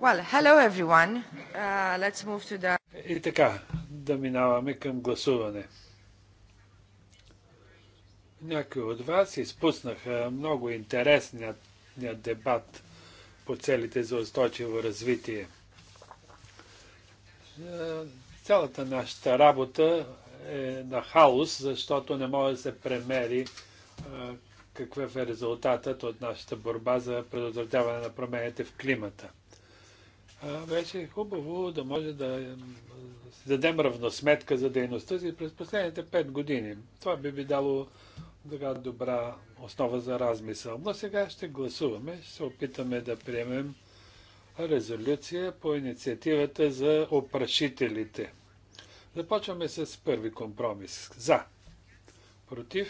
Well, hello everyone. Uh, let's move to the... И така, да минаваме към гласуване. Някои от вас изпуснаха много интересния дебат по целите за устойчиво развитие. Е, цялата нашата работа е на хаос, защото не може да се премери е, какъв е резултатът от нашата борба за предотвратяване на промените в климата вече е хубаво да може да си дадем равносметка за дейността си през последните 5 години. Това би ви дало така добра основа за размисъл. Но сега ще гласуваме, ще се опитаме да приемем резолюция по инициативата за опрашителите. Започваме с първи компромис. За. Против.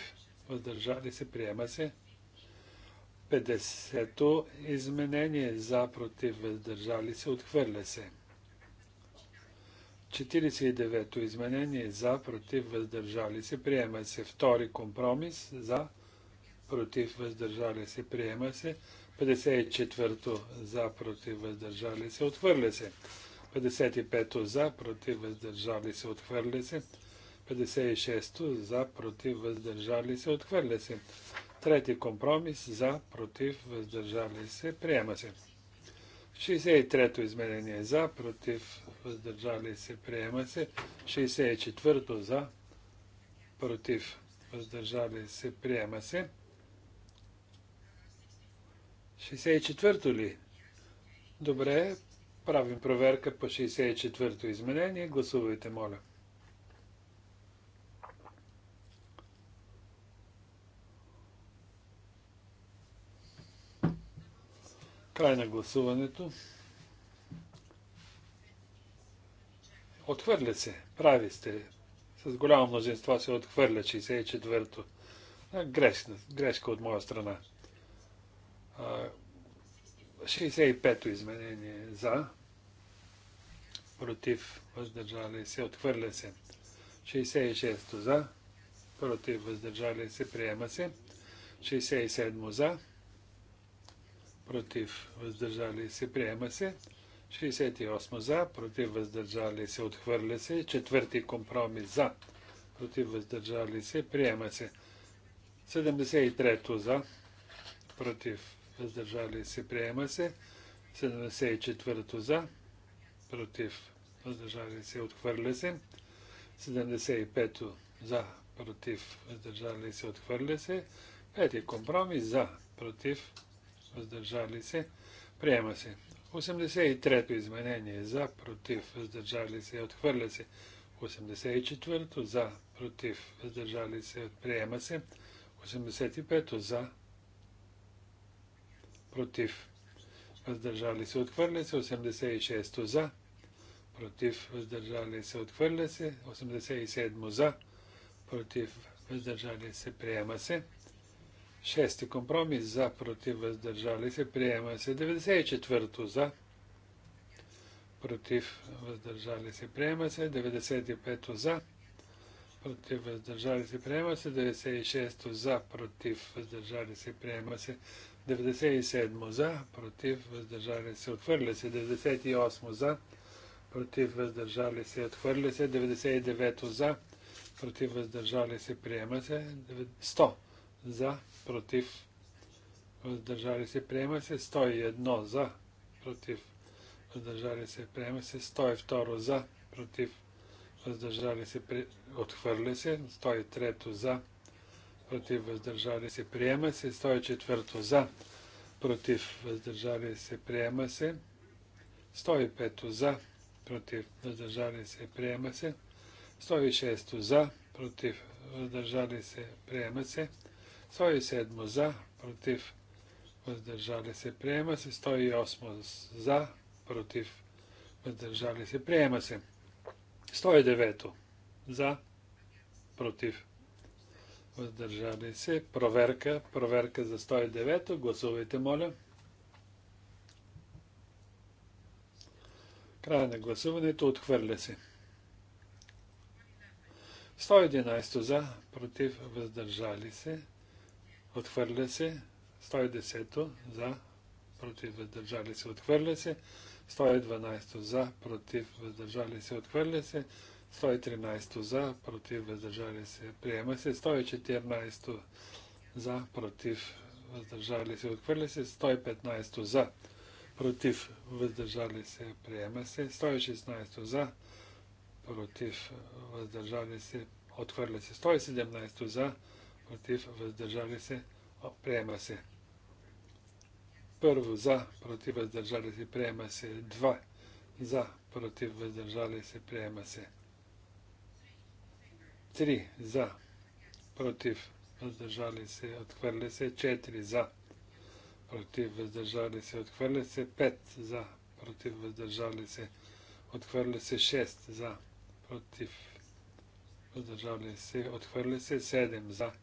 Въздържали се. Приема се. 50-то изменение за против въздържали се отхвърля се. 49-то изменение за против въздържали се приема се. Втори компромис за против въздържали се приема се. 54-то за против въздържали се отхвърля се. 55-то за против въздържали се отхвърля се. 56-то за против въздържали се отхвърля се. Трети компромис за, против, въздържали се, приема се. 63-то изменение за, против, въздържали се, приема се. 64-то за, против, въздържали се, приема се. 64-то ли? Добре, правим проверка по 64-то изменение. Гласувайте, моля. Край на гласуването. Отхвърля се. Прави сте. С голямо мнозинство се отхвърля 64-то. Грешна, грешка от моя страна. 65-то изменение за. Против. Въздържали се. Отхвърля се. 66-то за. Против. Въздържали се. Приема се. 67-то за против, въздържали се, приема се. 68 за, против, въздържали се, отхвърля се. Четвърти компромис за, против, въздържали се, приема се. 73 за, против, въздържали се, приема се. 74 за, против, въздържали се, отхвърля се. 75 за, против, въздържали се, отхвърля се. Пети компромис за, против, въздържали се, приема се. 83-то изменение за, против, въздържали се, отхвърля се. 84-то за, против, въздържали се, приема се. 85-то за, против, въздържали се, отхвърля се. 86-то за, против, въздържали се, отхвърля се. 87-то за, против, въздържали се, приема се. Шести компромис за, против, въздържали се, приема се. 94-то за, против, въздържали се, приема се. 95-то за, против, въздържали се, приема се. 96-то за, против, въздържали се, приема се. 97 за, против, въздържали се, отвърля се. 98 за, против, въздържали се, отхвърля се. 99 за, против, въздържали се, приема се. 100 за, против, въздържали се, приема се 101 за, против, въздържали се, приема се 102 за, против, въздържали се, при... отхвърля се 103 за, против, въздържали се, приема се 104 за, против, въздържали се, приема се 105 за, против, въздържали се, приема се 106 за, против, въздържали се, приема се 107 за, против, въздържали се, приема се. 108 за, против, въздържали се, приема се. 109 за, против, въздържали се. Проверка, проверка за 109. Гласувайте, моля. Края на гласуването отхвърля се. 111 за, против, въздържали се. Отхвърля се. 110 за. Против. Въздържали се. Отхвърля се. 112 за. Против. Въздържали се. Отхвърля се. 113 за. Против. Въздържали се. Приема се. 114 за. Против. Въздържали се. Отхвърля се. 115 за. Против. Въздържали се. Приема се. 116 за. Против. Въздържали се. Отхвърля се. 117 за против, въздържали се, приема се. Първо за, против, въздържали се, приема се. Два за, против, въздържали се, приема се. Три за, против, въздържали се, отхвърля се. Четири за, против, въздържали се, отхвърля се. Пет за, против, въздържали се, отхвърля се. Шест за, против, въздържали се, отхвърля се. Седем за, против,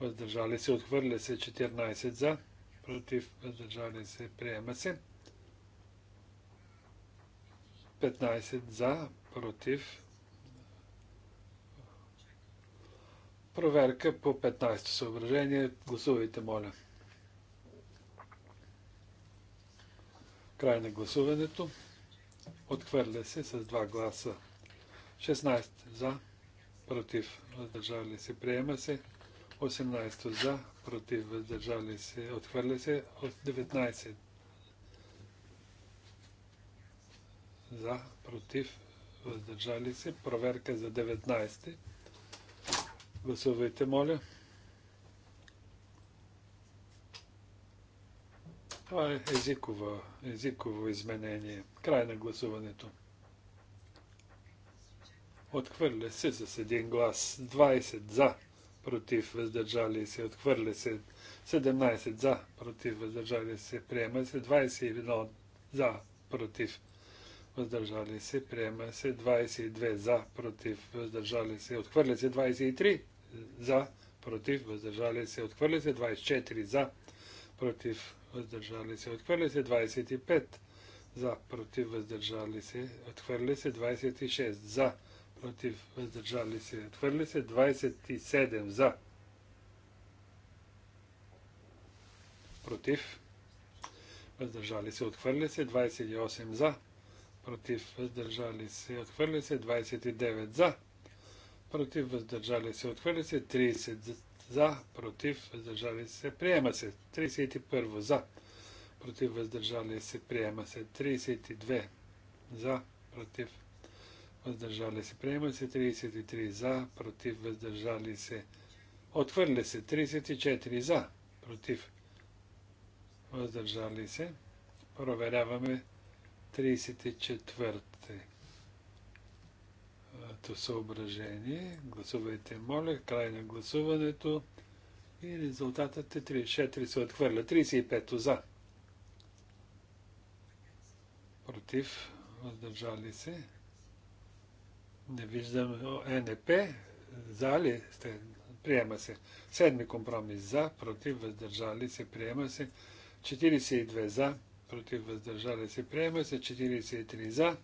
въздържали се, отхвърля се 14 за, против, въздържали се, приема се. 15 за, против. Проверка по 15 съображение. Гласувайте, моля. Край на гласуването. Отхвърля се с 2 гласа. 16 за, против, въздържали се, приема се. 18 за, против, въздържали се, отхвърля се от 19 за, против, въздържали се. Проверка за 19. Гласувайте, моля. Това е езиково, езиково изменение. Край на гласуването. Отхвърля се с един глас. 20 за против, въздържали се, отхвърля се 17 за, против, въздържали се, приема се 21 за, против, въздържали се, приема се 22 за, против, въздържали се, отхвърли се 23 за, против, въздържали се, отхвърли се 24 за, против, въздържали се, отхвърли се 25 за, против, въздържали се, отхвърли се 26 за, против, въздържали се, отхвърли се, 27 за, против, въздържали се, отхвърли се, 28 за, против, въздържали се, отхвърли се, 29 за, против, въздържали се, отхвърли се, 30 за, против, въздържали се, приема се, 31 за, против, въздържали се, приема се, 32 за, против, въздържали се, приема се 33 за, против, въздържали се, отхвърля се 34 за, против, въздържали се. Проверяваме 34-то съображение. Гласувайте, моля, край на гласуването и резултатът е 34 се отхвърля. 35 за. Против, въздържали се. Не виждам е НП. За ли сте? Приема се. Седми компромис за, против, въздържали се, приема се. 42 за, против, въздържали се, приема се. 43 за,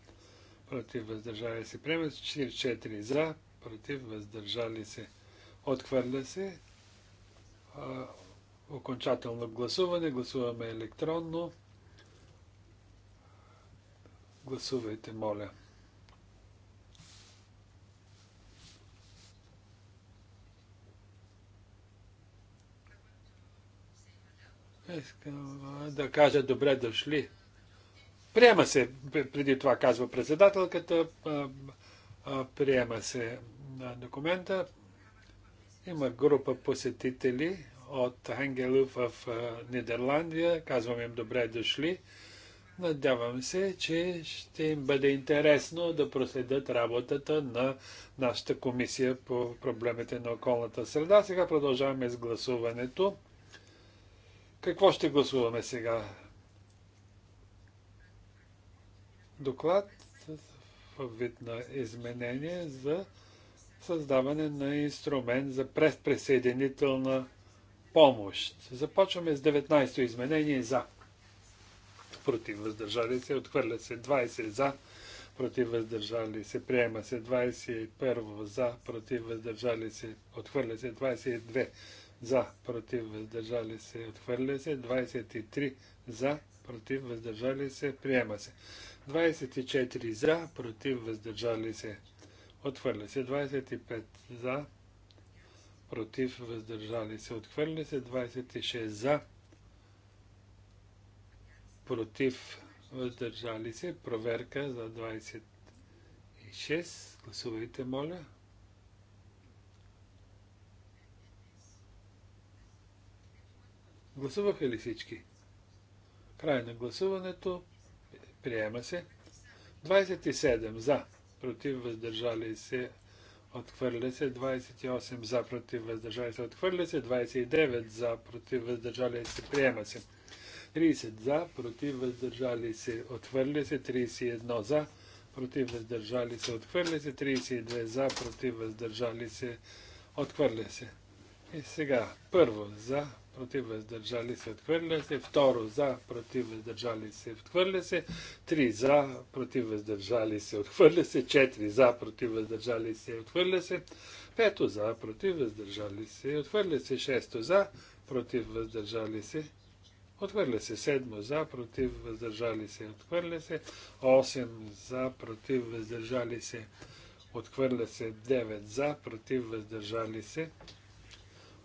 против, въздържали се, приема се. 44 за, против, въздържали се, отхвърля се. окончателно гласуване. Гласуваме електронно. Гласувайте, моля. Искам да кажа добре дошли. Приема се, преди това казва председателката, приема се на документа. Има група посетители от Хенгелу в Нидерландия. Казвам им добре дошли. Надявам се, че ще им бъде интересно да проследят работата на нашата комисия по проблемите на околната среда. Сега продължаваме с гласуването. Какво ще гласуваме сега? Доклад в вид на изменение за създаване на инструмент за предпресъединителна помощ. Започваме с 19-то изменение за. Против въздържали се, отхвърля се 20 за, против въздържали се, приема се 21 за, против въздържали се, отхвърля се 22 за, против, въздържали се, отхвърля се. 23 за, против, въздържали се, приема се. 24 за, против, въздържали се, отхвърля се. 25 за, против, въздържали се, отхвърля се. 26 за, против, въздържали се. Проверка за 26. Гласувайте, моля. Гласуваха ли всички? Край на гласуването. Приема се. 27 за, против, въздържали се, отхвърля се. 28 за, против, въздържали се, отхвърля се. 29 за, против, въздържали се, приема се. 30 за, против, въздържали се, отхвърля се. 31 за, против, въздържали се, отхвърля се. 32 за, против, въздържали се, отхвърля се. И сега, първо за, против въздържали се, отхвърля се. Второ за, против въздържали се, отхвърля се. Три за, против въздържали се, отхвърля се. Четири за, против въздържали се, отхвърля се. Пето за, против въздържали се, отхвърля се. Шесто за, против въздържали се, Отхвърля се 7 за, против, въздържали се, отхвърля се. 8 за, против, въздържали се, отхвърля се. 9 за, против, въздържали се,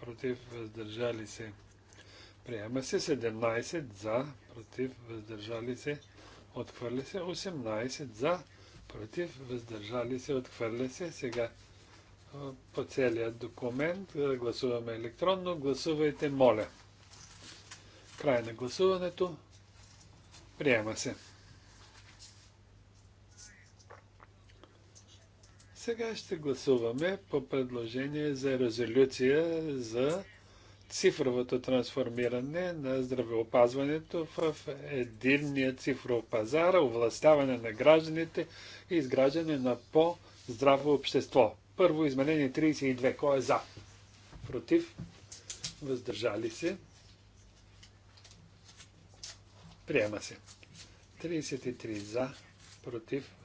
против, въздържали се. Приема се 17 за, против, въздържали се, отхвърля се 18 за, против, въздържали се, отхвърля се. Сега по целият документ гласуваме електронно. Гласувайте, моля. Край на гласуването. Приема се. Сега ще гласуваме по предложение за резолюция за цифровото трансформиране на здравеопазването в единния цифров пазар, овластяване на гражданите и изграждане на по-здраво общество. Първо изменение 32. Кой е за? Против? Въздържали се? Приема се. 33 за, против,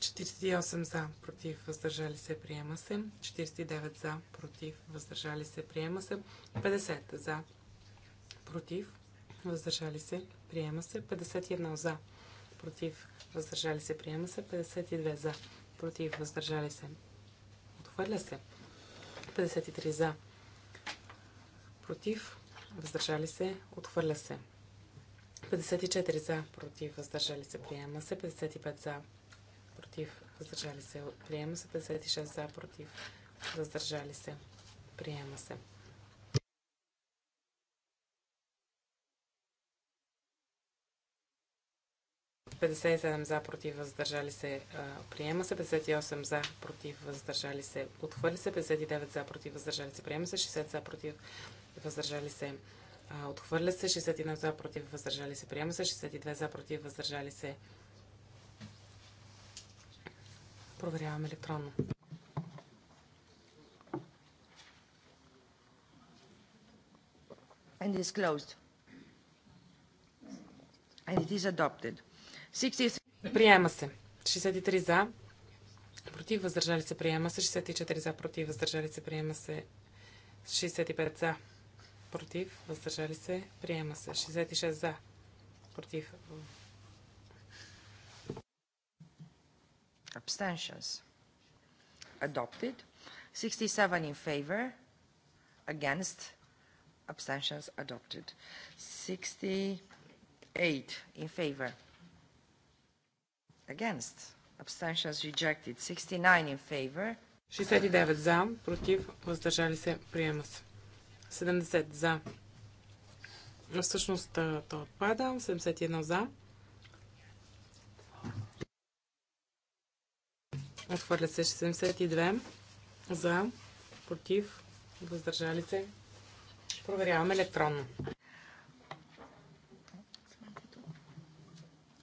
48 за, против, въздържали се, приема се. 49 за, против, въздържали се, приема се. 50 за, против, въздържали се, приема се. 51 за, против, въздържали се, приема се. 52 за, против, въздържали се, отхвърля се. 53 за, против, въздържали се, отхвърля се. 54 за, против, въздържали се, приема се. 55 за, против, въздържали се. Приема се 56 за, против, въздържали се. Приема се. ...57 за, против, въздържали се, приема се, 58 за, против, въздържали се, отхвърли се, 59 за, против, въздържали се, приема се, 60 за, против, въздържали се, отхвърля се, 61 за, против, въздържали се, приема се, 62 за, против, въздържали се, Проверяваме електронно. And is closed. And it is adopted. 63... Приема се. 63 за. Против въздържали се приема се. 64 за. Против въздържали се приема се. 65 за. Против въздържали се приема се. 66 за. Против abstentions adopted 67 in favor against abstentions adopted 68 in favor against abstentions rejected 69 in favor 69 за против въздържали се приема се 70 за всъщност то отпада 71 за Отхвърля се 72 за, против, въздържали се. Проверяваме електронно.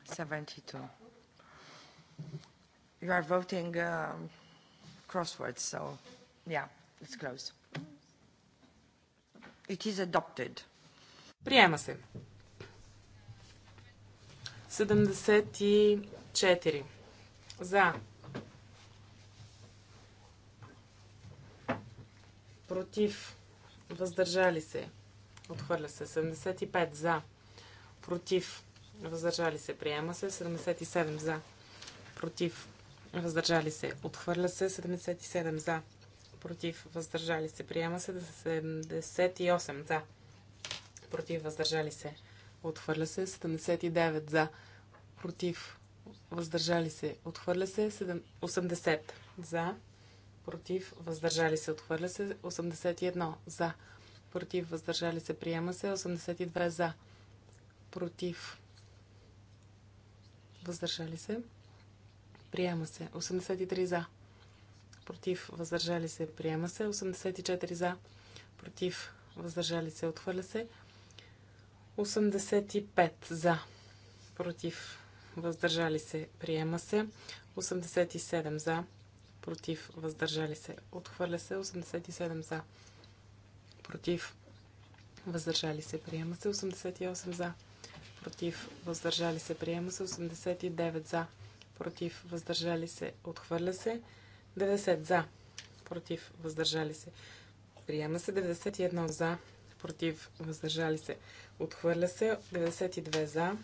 72. You are voting uh, crosswords, so yeah, it's close. It is adopted. Приема се. 74. За. против, въздържали се, отхвърля се. 75 за, против, въздържали се, приема се. 77 за, против, въздържали се, отхвърля се. 77 за, против, въздържали се, приема се. 78 за, против, въздържали се, отхвърля се. 79 за, против, въздържали се, отхвърля се. 80 за, против, въздържали се, отхвърля се. 81 за, против, въздържали се, приема се. 82 за, против, въздържали се, приема се. 83 за, против, въздържали се, приема се. 84 за, против, въздържали се, отхвърля се. 85 за, против, въздържали се, приема се. 87 за, против, въздържали се. Отхвърля се 87 за, против, въздържали се. Приема се 88 за, против, въздържали се. Приема се 89 за, против, въздържали се. Отхвърля се 90 за, против, въздържали се. Приема се 91 за, против, въздържали се. Отхвърля се 92 за,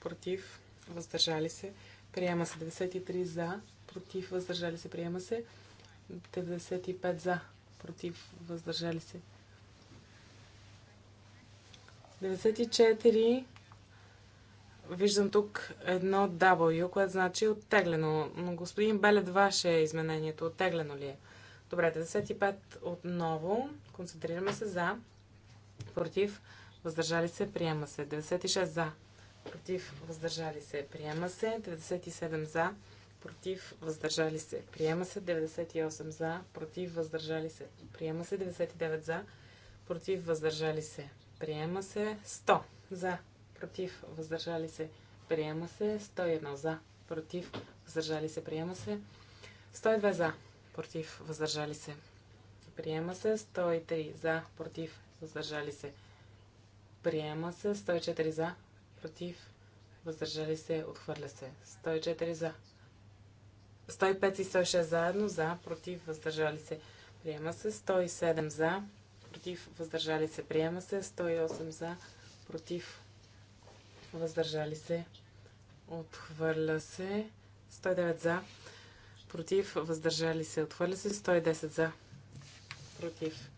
против, въздържали се. Приема се 93 за, против, въздържали се, приема се. 95 за, против, въздържали се. 94. Виждам тук едно W, което значи оттеглено. Но господин Белет, ваше е изменението. Оттеглено ли е? Добре, 95 отново. Концентрираме се за. Против. Въздържали се. Приема се. 96 за. Против. Въздържали се. Приема се. 97 за против, въздържали се, приема се 98 за, против, въздържали се, приема се 99 за, против, въздържали се, приема се 100 за, против, въздържали се, приема се 101 за, против, въздържали се, приема се 102 за, против, въздържали се, приема се 103 за, против, въздържали се, приема се 104 за, против, въздържали се, отхвърля се 104 за, 105 и 106 заедно за, против, въздържали се, приема се. 107 за, против, въздържали се, приема се. 108 за, против, въздържали се, отхвърля се. 109 за, против, въздържали се, отхвърля се. 110 за, против,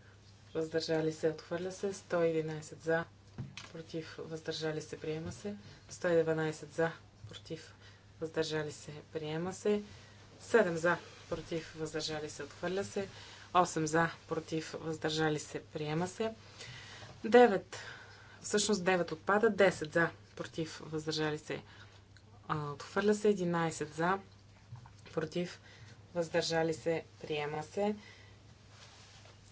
въздържали се, отхвърля се. 111 за, против, въздържали се, приема се. 112 за, против, въздържали се, приема се. 7 за, против, въздържали се, отхвърля се. 8 за, против, въздържали се, приема се. 9, всъщност 9 отпада. 10 за, против, въздържали се, отхвърля се. 11 за, против, въздържали се, приема се.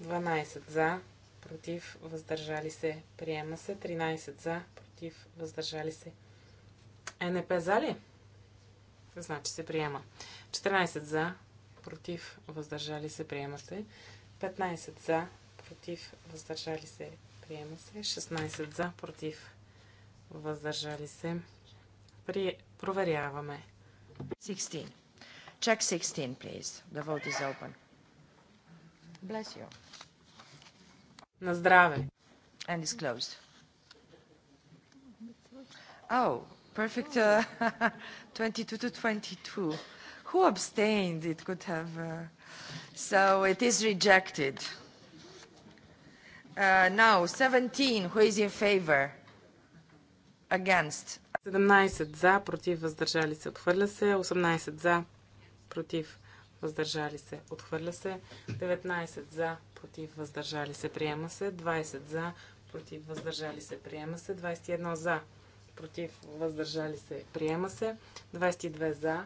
12 за, против, въздържали се, приема се. 13 за, против, въздържали се. Е, НП за ли? Значи се приема. 14 за, против, въздържали се, приема се. 15 за, против, въздържали се, приема се. 16 за, против, въздържали се. При... Проверяваме. 16. Check 16, please. The vote is open. Bless you. На здраве. And is closed. Oh, perfect. Uh, 22 to 22. Who abstained? It could have. Uh, so it is rejected. Uh, now, 17. Who is in favor? Against. 17 за, против, въздържали се, отхвърля се. 18 за, против, въздържали се, отхвърля се. 19 за, против, въздържали се, приема се. 20 за, против, въздържали се, приема се. 21 за, против, въздържали се, приема се. 22 за,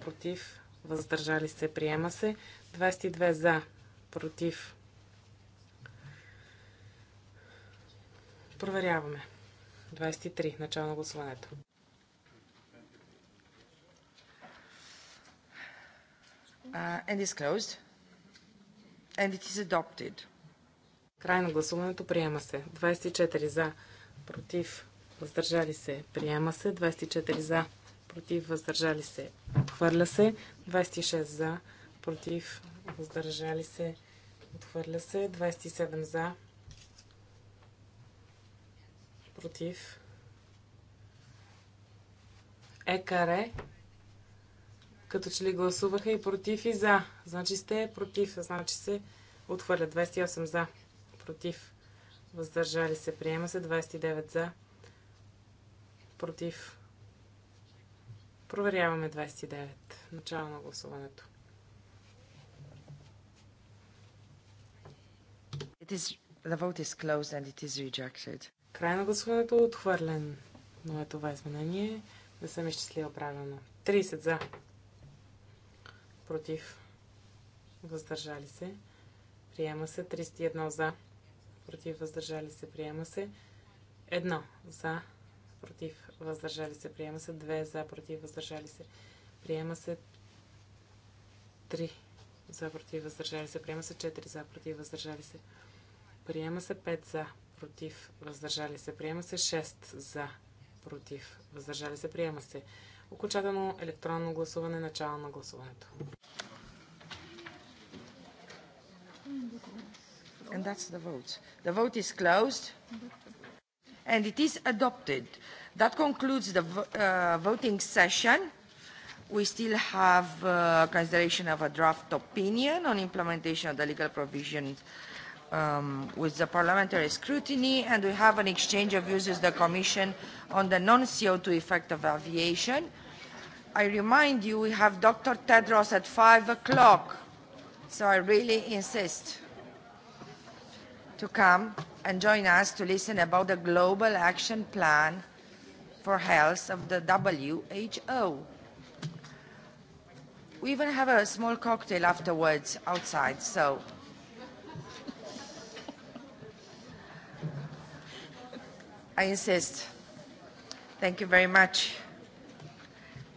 против, въздържали се, приема се. 22 за, против. Проверяваме. 23. Начало на гласуването. Uh, and is closed. And it is adopted. Край на гласуването приема се. 24 за, против, въздържали се, приема се. 24 за, против, въздържали се, отхвърля се. 26 за, против, въздържали се, отхвърля се. 27 за, против. Екаре, като че ли гласуваха и против и за. Значи сте против, значи се отхвърля. 28 за, против, въздържали се, приема се. 29 за, против, Проверяваме 29. Начало на гласуването. It is, the vote is closed and it is rejected. Край на гласуването е отхвърлен. Но е това изменение. Не съм изчислила правилно. 30 за. Против. Въздържали се. Приема се. 31 за. Против. Въздържали се. Приема се. 1 за против, въздържали се, приема се. 2 за, против, въздържали се, приема се. 3 за, против, въздържали се, приема се. 4 за, против, въздържали се, приема се. 5 за, против, въздържали се, приема се. 6 за, против, въздържали се, приема се. Окончателно електронно гласуване, начало на гласуването. And that's the vote. The vote is closed and it is adopted. That concludes the uh, voting session. We still have uh, consideration of a draft opinion on implementation of the legal provisions um, with the parliamentary scrutiny, and we have an exchange of views with the Commission on the non-CO2 effect of aviation. I remind you, we have Dr. Tedros at 5 o'clock, so I really insist to come and join us to listen about the Global Action Plan for Health of the WHO. We even have a small cocktail afterwards outside, so. I insist. Thank you very much.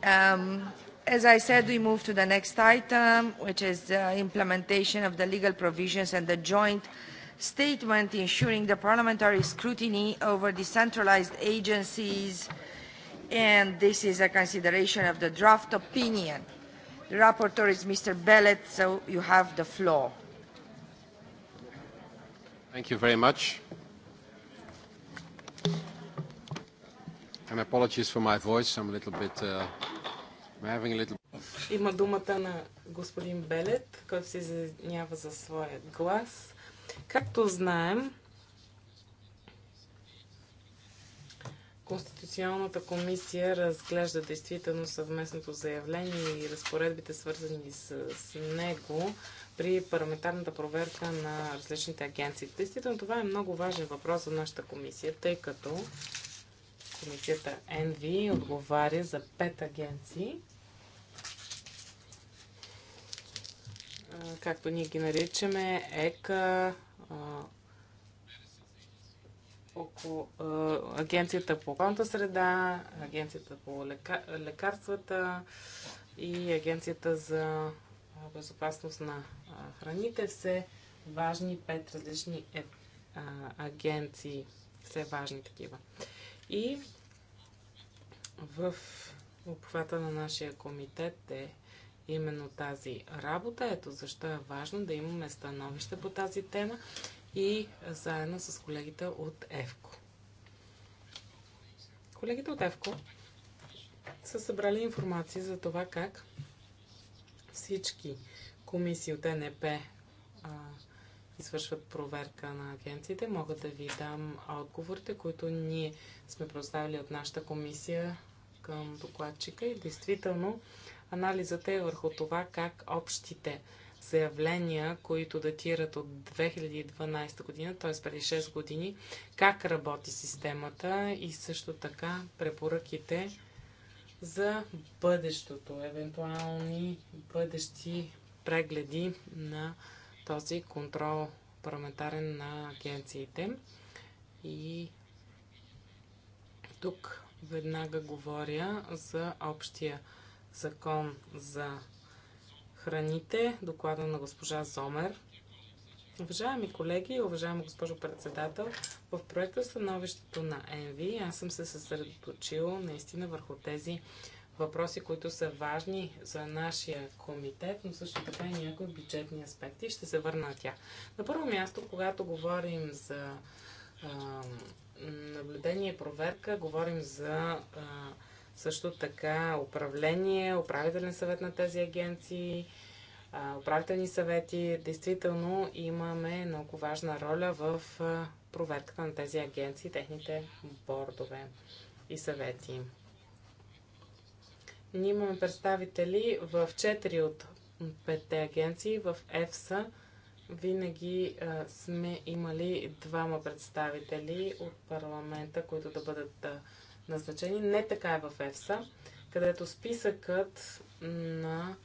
Um, As I said, we move to the next item, which is the implementation of the legal provisions and the joint statement ensuring the parliamentary scrutiny over decentralized agencies, and this is a consideration of the draft opinion. The rapporteur is Mr. Bellet, so you have the floor. Thank you very much. And apologies for my voice. I'm a little bit. Uh, I'm having a little. Има думата на господин Белет, който се извинява за своя глас. Както знаем, Конституционната комисия разглежда действително съвместното заявление и разпоредбите свързани с, с него при парламентарната проверка на различните агенции. Действително това е много важен въпрос за нашата комисия, тъй като комисията НВ отговаря за пет агенции – както ние ги наричаме, ЕКА, около Агенцията по околната среда, Агенцията по лека, лекарствата и Агенцията за безопасност на храните. Все важни пет различни е, агенции. Все важни такива. И в обхвата на нашия комитет е именно тази работа. Ето защо е важно да имаме становище по тази тема и заедно с колегите от ЕВКО. Колегите от ЕВКО са събрали информации за това как всички комисии от НП а, извършват проверка на агенциите. Мога да ви дам отговорите, които ние сме представили от нашата комисия към докладчика и действително Анализът е върху това как общите заявления, които датират от 2012 година, т.е. преди 6 години, как работи системата и също така препоръките за бъдещото, евентуални бъдещи прегледи на този контрол парламентарен на агенциите. И тук веднага говоря за общия закон за храните, доклада на госпожа Зомер. Уважаеми колеги, уважаема госпожо председател, в проекта становището на ЕНВИ аз съм се съсредоточила наистина върху тези въпроси, които са важни за нашия комитет, но също така и някои бюджетни аспекти. Ще се върна на тях. На първо място, когато говорим за а, наблюдение и проверка, говорим за а, също така управление, управителен съвет на тези агенции, управителни съвети. Действително имаме много важна роля в проверката на тези агенции, техните бордове и съвети. Ние имаме представители в 4 от 5 агенции. В ЕФСА винаги сме имали двама представители от парламента, които да бъдат назначени. Не така е в ЕФСА, където списъкът на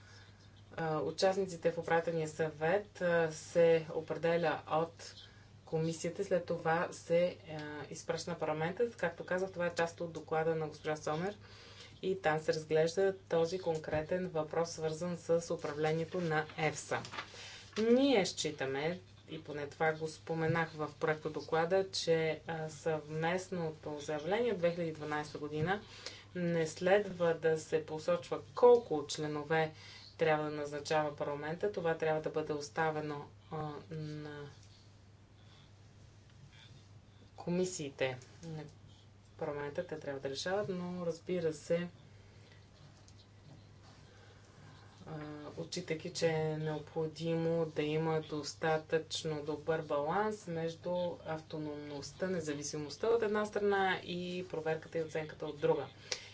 участниците в управителния съвет се определя от комисията, след това се изпраща на парламента. Както казах, това е част от доклада на госпожа Сомер и там се разглежда този конкретен въпрос, свързан с управлението на ЕФСА. Ние считаме, и поне това го споменах в проекта доклада, че съвместното заявление от 2012 година не следва да се посочва колко членове трябва да назначава парламента. Това трябва да бъде оставено на комисиите на парламента. Те трябва да решават, но разбира се, отчитайки, че е необходимо да има достатъчно добър баланс между автономността, независимостта от една страна и проверката и оценката от друга.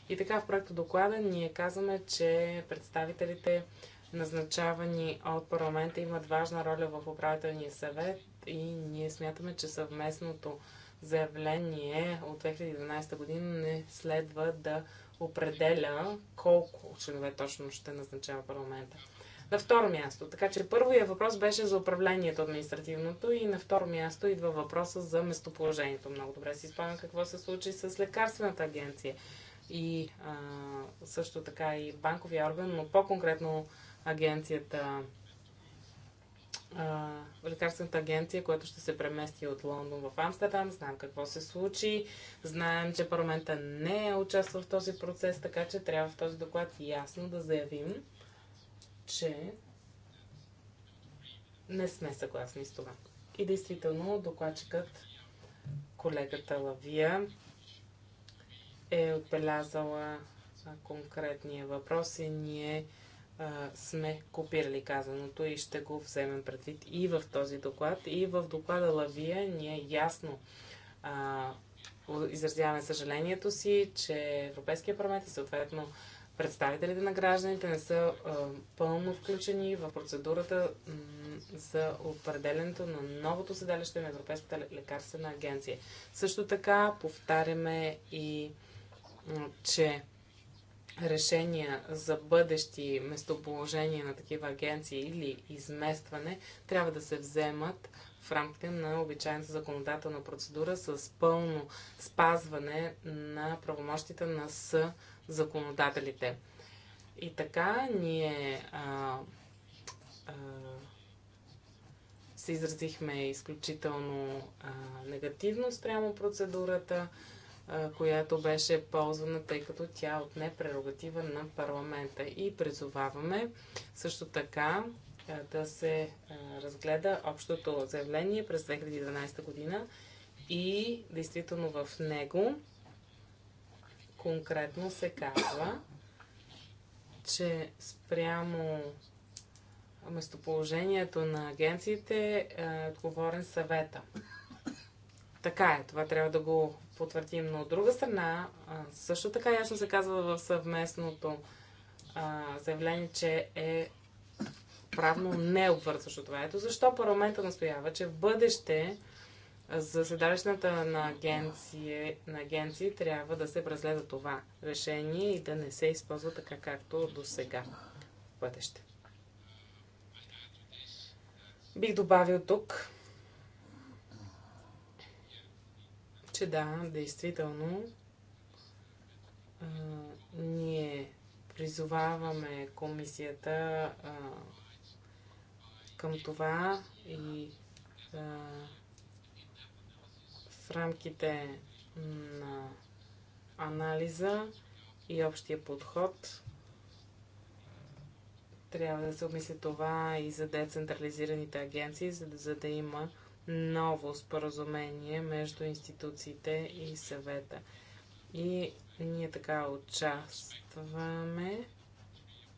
И така в проекта доклада ние казваме, че представителите назначавани от парламента имат важна роля в управителния съвет и ние смятаме, че съвместното заявление от 2012 година не следва да определя колко членове точно ще назначава парламента. На второ място. Така че първия въпрос беше за управлението административното и на второ място идва въпроса за местоположението. Много добре си спомням какво се случи с лекарствената агенция и а, също така и банковия орган, но по-конкретно агенцията а, лекарствената агенция, която ще се премести от Лондон в Амстердам. Знаем какво се случи. Знаем, че парламента не е участвал в този процес, така че трябва в този доклад ясно да заявим, че не сме съгласни с това. И действително докладчикът, колегата Лавия, е отбелязала конкретния въпрос и ние а, сме копирали казаното и ще го вземем предвид и в този доклад. И в доклада Лавия ние ясно а, изразяваме съжалението си, че Европейския парламент и съответно представителите на гражданите не са а, пълно включени в процедурата за определенето на новото седалище на Европейската лекарствена агенция. Също така повтаряме и, че решения за бъдещи местоположения на такива агенции или изместване трябва да се вземат в рамките на обичайната законодателна процедура с пълно спазване на правомощите на с законодателите. И така ние а, а, се изразихме изключително а, негативно спрямо процедурата която беше ползвана, тъй като тя е отне прерогатива на парламента. И призоваваме също така да се разгледа общото заявление през 2012 година и действително в него конкретно се казва, че спрямо местоположението на агенциите е отговорен съвета. Така е, това трябва да го потвърдим. Но от друга страна, също така ясно се казва в съвместното заявление, че е правно необвързващо това. Ето защо парламента настоява, че в бъдеще за седалищната на, на агенции трябва да се разгледа това решение и да не се използва така както до сега в бъдеще. Бих добавил тук, че да, действително, а, ние призоваваме комисията а, към това и а, в рамките на анализа и общия подход трябва да се обмисли това и за децентрализираните агенции, за да, за да има ново споразумение между институциите и съвета. И ние така участваме,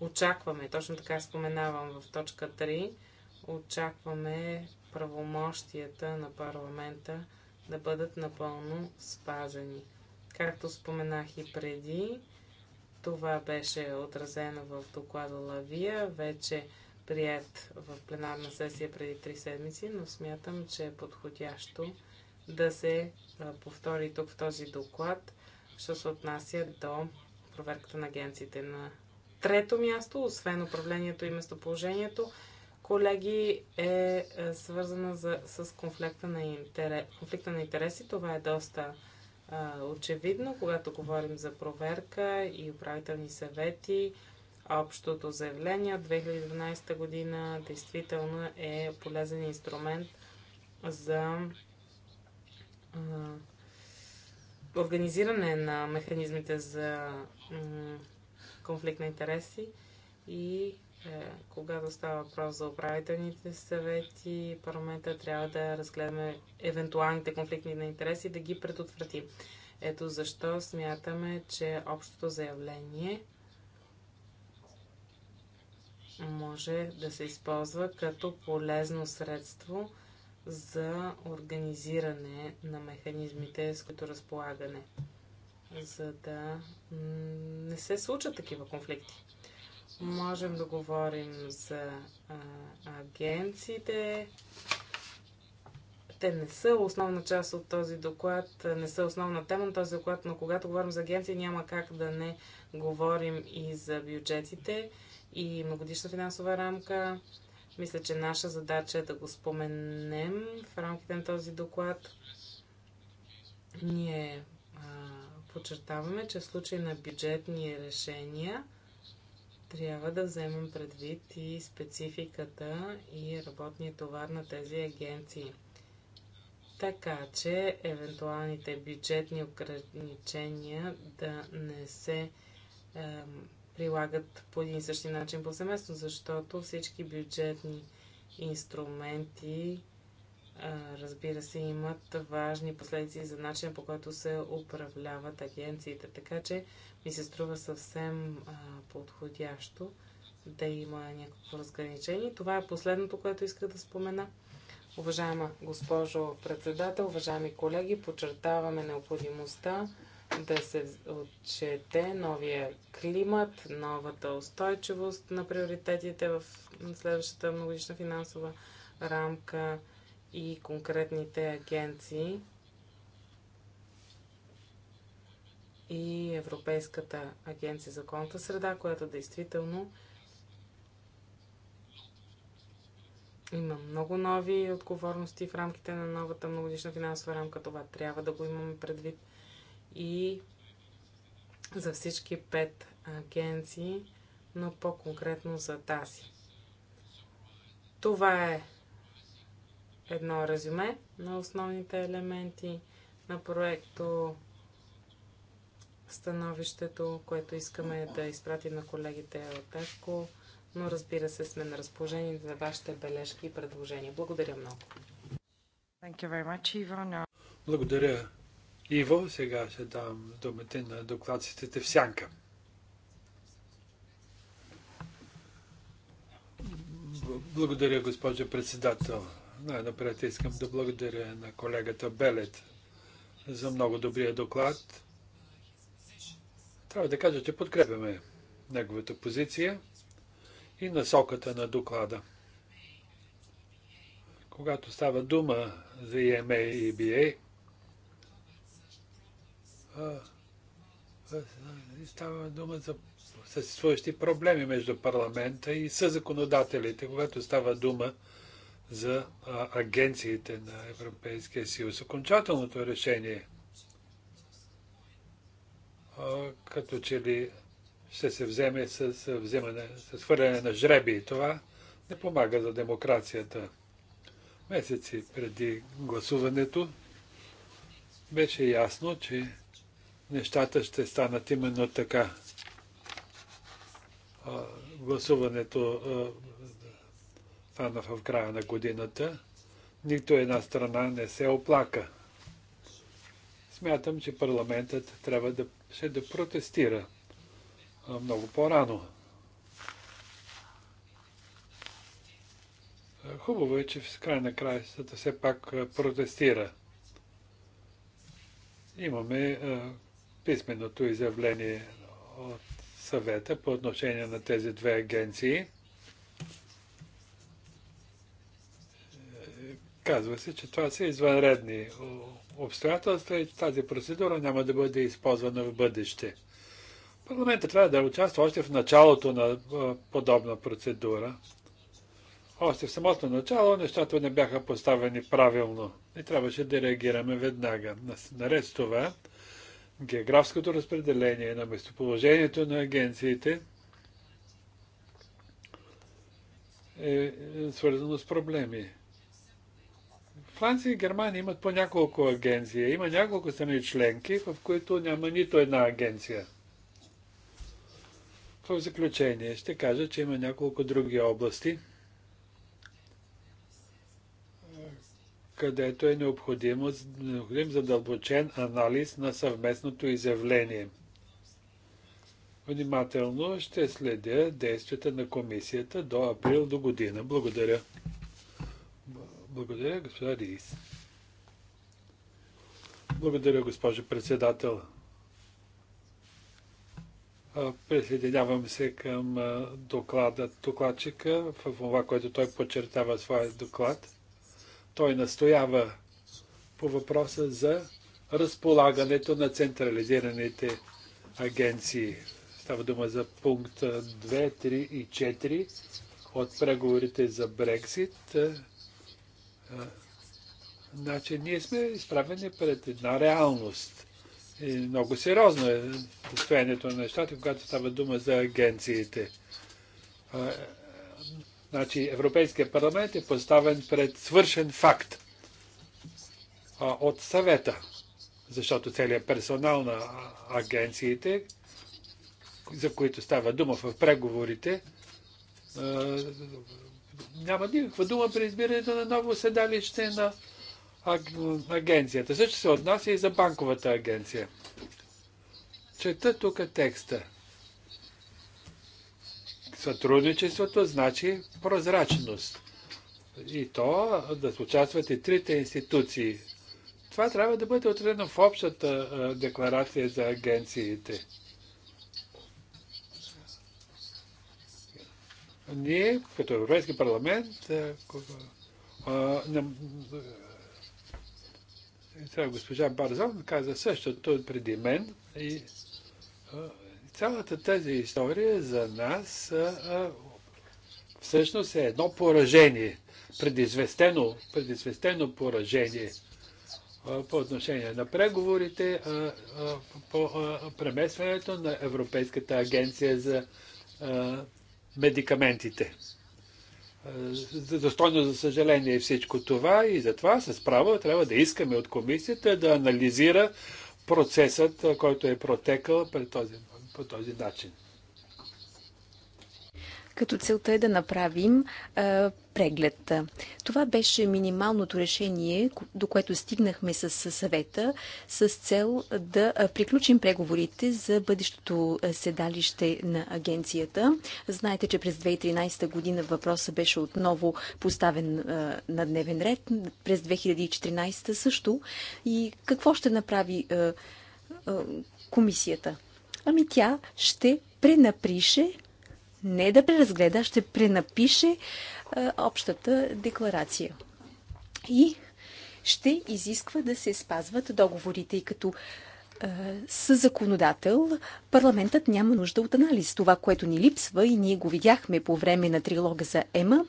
очакваме, точно така споменавам в точка 3, очакваме правомощията на парламента да бъдат напълно спазени. Както споменах и преди, това беше отразено в доклада Лавия. Вече прият в пленарна сесия преди три седмици, но смятам, че е подходящо да се повтори тук в този доклад, що се отнася до проверката на агенциите. На трето място, освен управлението и местоположението, колеги, е, е свързана за, с конфликта на, интерес, конфликта на интереси. Това е доста а, очевидно, когато говорим за проверка и управителни съвети Общото заявление от 2012 година действително е полезен инструмент за а, организиране на механизмите за конфликт на интереси и е, когато става въпрос за управителните съвети, парламента трябва да разгледаме евентуалните конфликти на интереси и да ги предотвратим. Ето защо смятаме, че общото заявление може да се използва като полезно средство за организиране на механизмите, с които разполагане, за да не се случат такива конфликти. Можем да говорим за агенциите. Те не са основна част от този доклад, не са основна тема на този доклад, но когато говорим за агенции, няма как да не говорим и за бюджетите и многодишна финансова рамка. Мисля, че наша задача е да го споменем в рамките на този доклад. Ние а, подчертаваме, че в случай на бюджетни решения трябва да вземем предвид и спецификата и работния товар на тези агенции. Така че евентуалните бюджетни ограничения да не се прилагат по един и същи начин повсеместно, защото всички бюджетни инструменти, разбира се, имат важни последици за начина по който се управляват агенциите. Така че ми се струва съвсем подходящо да има някакво разграничение. Това е последното, което иска да спомена. Уважаема госпожо председател, уважаеми колеги, подчертаваме необходимостта да се отчете новия климат, новата устойчивост на приоритетите в следващата многогодишна финансова рамка и конкретните агенции и Европейската агенция за конта среда, която действително има много нови отговорности в рамките на новата многодишна финансова рамка. Това трябва да го имаме предвид – и за всички пет агенции, но по-конкретно за тази. Това е едно резюме на основните елементи на проекто становището, което искаме да изпратим на колегите от ЕФКО, но разбира се сме на разположение за вашите бележки и предложения. Благодаря много. Благодаря, Иво, сега ще дам думата на докладците в сянка. Благодаря, госпожо председател. Най-напред искам да благодаря на колегата Белет за много добрия доклад. Трябва да кажа, че подкрепяме неговата позиция и насоката на доклада. Когато става дума за EMA и EBA, става дума за съществуващи проблеми между парламента и законодателите, когато става дума за агенциите на Европейския съюз. Окончателното решение като че ли ще се вземе с, вземане, с хвърляне на жреби. и Това не помага за демокрацията. Месеци преди гласуването беше ясно, че нещата ще станат именно така. Гласуването стана в края на годината. Нито една страна не се оплака. Смятам, че парламентът трябва да ще да протестира много по-рано. Хубаво е, че в край на краищата все пак протестира. Имаме писменото изявление от съвета по отношение на тези две агенции. Казва се, че това са извънредни обстоятелства и тази процедура няма да бъде използвана в бъдеще. Парламентът трябва да участва още в началото на подобна процедура. Още в самото начало нещата не бяха поставени правилно и трябваше да реагираме веднага. Наред с това, географското разпределение, на местоположението на агенциите е, е свързано с проблеми. Франция и Германия имат по няколко агенции. Има няколко страни членки, в които няма нито една агенция. В заключение ще кажа, че има няколко други области – където е необходимо, необходим задълбочен анализ на съвместното изявление. Внимателно ще следя действията на комисията до април до година. Благодаря. Благодаря, господа Рис. Благодаря, госпожо председател. Присъединявам се към доклада, докладчика в това, което той подчертава своя доклад. Той настоява по въпроса за разполагането на централизираните агенции. Става дума за пункт 2, 3 и 4 от преговорите за Брексит. Значи ние сме изправени пред една реалност. И много сериозно е състоянието на нещата, когато става дума за агенциите. Значи Европейския парламент е поставен пред свършен факт а, от съвета, защото целият персонал на агенциите, за които става дума в преговорите, а, няма никаква дума при избирането на ново седалище на агенцията. Също се отнася и за банковата агенция. Чета тук текста. Сътрудничеството значи прозрачност. И то да участват и трите институции. Това трябва да бъде отредено в общата декларация за агенциите. Ние, като Европейски парламент, госпожа Барзон каза същото преди мен и Цялата тази история за нас а, всъщност е едно поражение, предизвестено, предизвестено поражение а, по отношение на преговорите а, по преместването на Европейската агенция за медикаментите. Достойно за съжаление е всичко това и затова с право трябва да искаме от комисията да анализира процесът, който е протекал по този, по този начин като целта е да направим а, преглед. Това беше минималното решение, до което стигнахме с съвета, с цел да приключим преговорите за бъдещото седалище на агенцията. Знаете, че през 2013 година въпросът беше отново поставен а, на дневен ред, през 2014 също. И какво ще направи а, комисията? Ами тя ще пренаприше не да преразгледа, ще пренапише а, общата декларация. И ще изисква да се спазват договорите и като със законодател, парламентът няма нужда от анализ. Това, което ни липсва и ние го видяхме по време на трилога за ЕМА,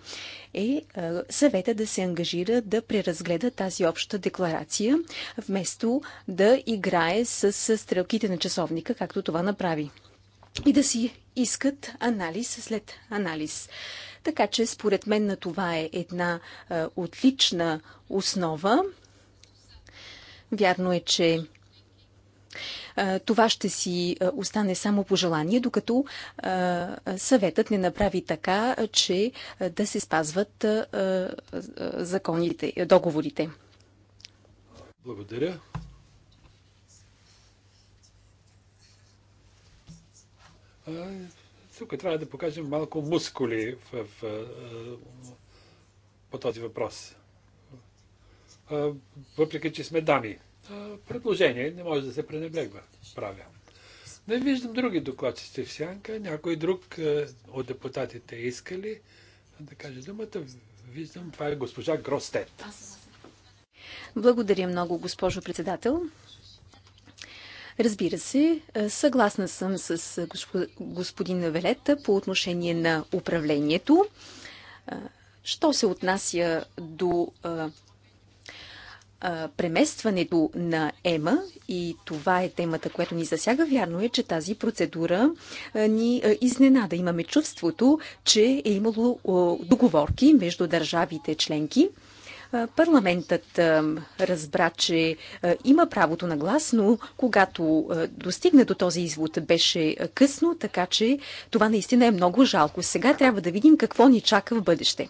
е съвета да се ангажира да преразгледа тази обща декларация, вместо да играе с стрелките на часовника, както това направи и да си искат анализ след анализ. Така че, според мен, на това е една а, отлична основа. Вярно е, че а, това ще си а, остане само пожелание, докато а, съветът не направи така, че а, да се спазват а, а, законите, договорите. Благодаря. Тук трябва да покажем малко мускули в, в, по този въпрос. Въпреки, че сме дами. Предложение не може да се пренебрегва. Правя. Не виждам други докладчици в сянка. Някой друг от депутатите е искали да каже думата. Виждам, това е госпожа Гростет. Благодаря много, госпожо председател. Разбира се, съгласна съм с господин Велета по отношение на управлението. Що се отнася до преместването на ЕМА и това е темата, която ни засяга, вярно е, че тази процедура ни изненада. Имаме чувството, че е имало договорки между държавите членки е, парламентът е, разбра, че е, има правото на глас, но когато достигне до този извод беше късно, така че това наистина е много жалко. Сега трябва да видим какво ни чака в бъдеще.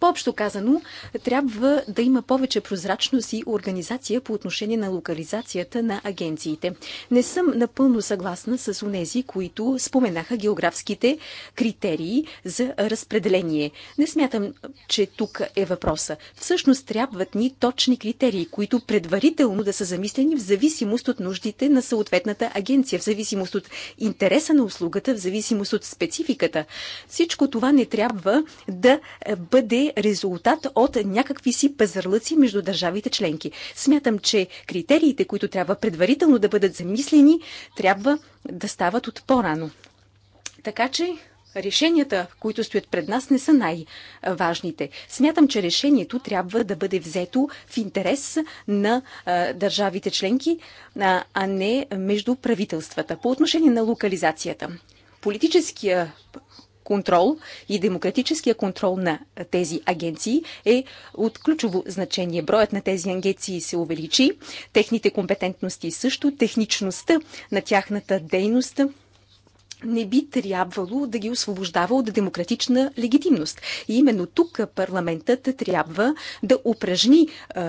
По-общо казано, трябва да има повече прозрачност и организация по отношение на локализацията на агенциите. Не съм напълно съгласна с унези, които споменаха географските критерии за разпределение. Не смятам, че тук е въпроса. Всъщност трябват ни точни критерии, които предварително да са замислени в зависимост от нуждите на съответната агенция, в зависимост от интереса на услугата, в зависимост от спецификата. Всичко това не трябва да бъде бъде резултат от някакви си пазарлъци между държавите членки. Смятам, че критериите, които трябва предварително да бъдат замислени, трябва да стават от по-рано. Така че решенията, които стоят пред нас, не са най-важните. Смятам, че решението трябва да бъде взето в интерес на а, държавите членки, а, а не между правителствата. По отношение на локализацията. Политическия контрол и демократическия контрол на тези агенции е от ключово значение. Броят на тези агенции се увеличи, техните компетентности също, техничността на тяхната дейност не би трябвало да ги освобождава от демократична легитимност. И именно тук парламентът трябва да упражни е,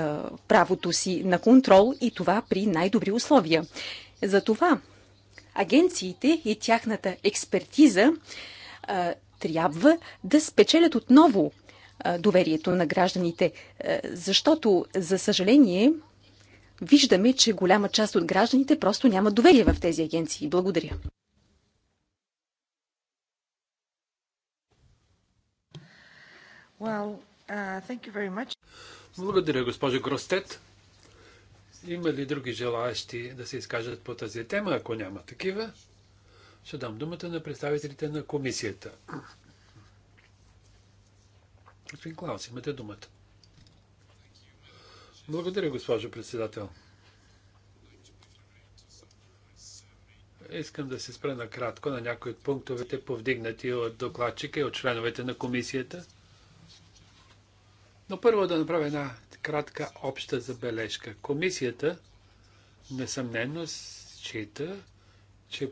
правото си на контрол и това при най-добри условия. Затова агенциите и тяхната експертиза трябва да спечелят отново доверието на гражданите, защото, за съжаление, виждаме, че голяма част от гражданите просто нямат доверие в тези агенции. Благодаря. Well, uh, Благодаря, госпожо Гростет. Има ли други желаящи да се изкажат по тази тема? Ако няма такива, ще дам думата на представителите на комисията. Господин Клаус, имате думата. Благодаря, госпожо председател. Искам да се спра накратко на някои от пунктовете, повдигнати от докладчика и от членовете на комисията. Но първо да направя една кратка обща забележка. Комисията несъмнено счита, че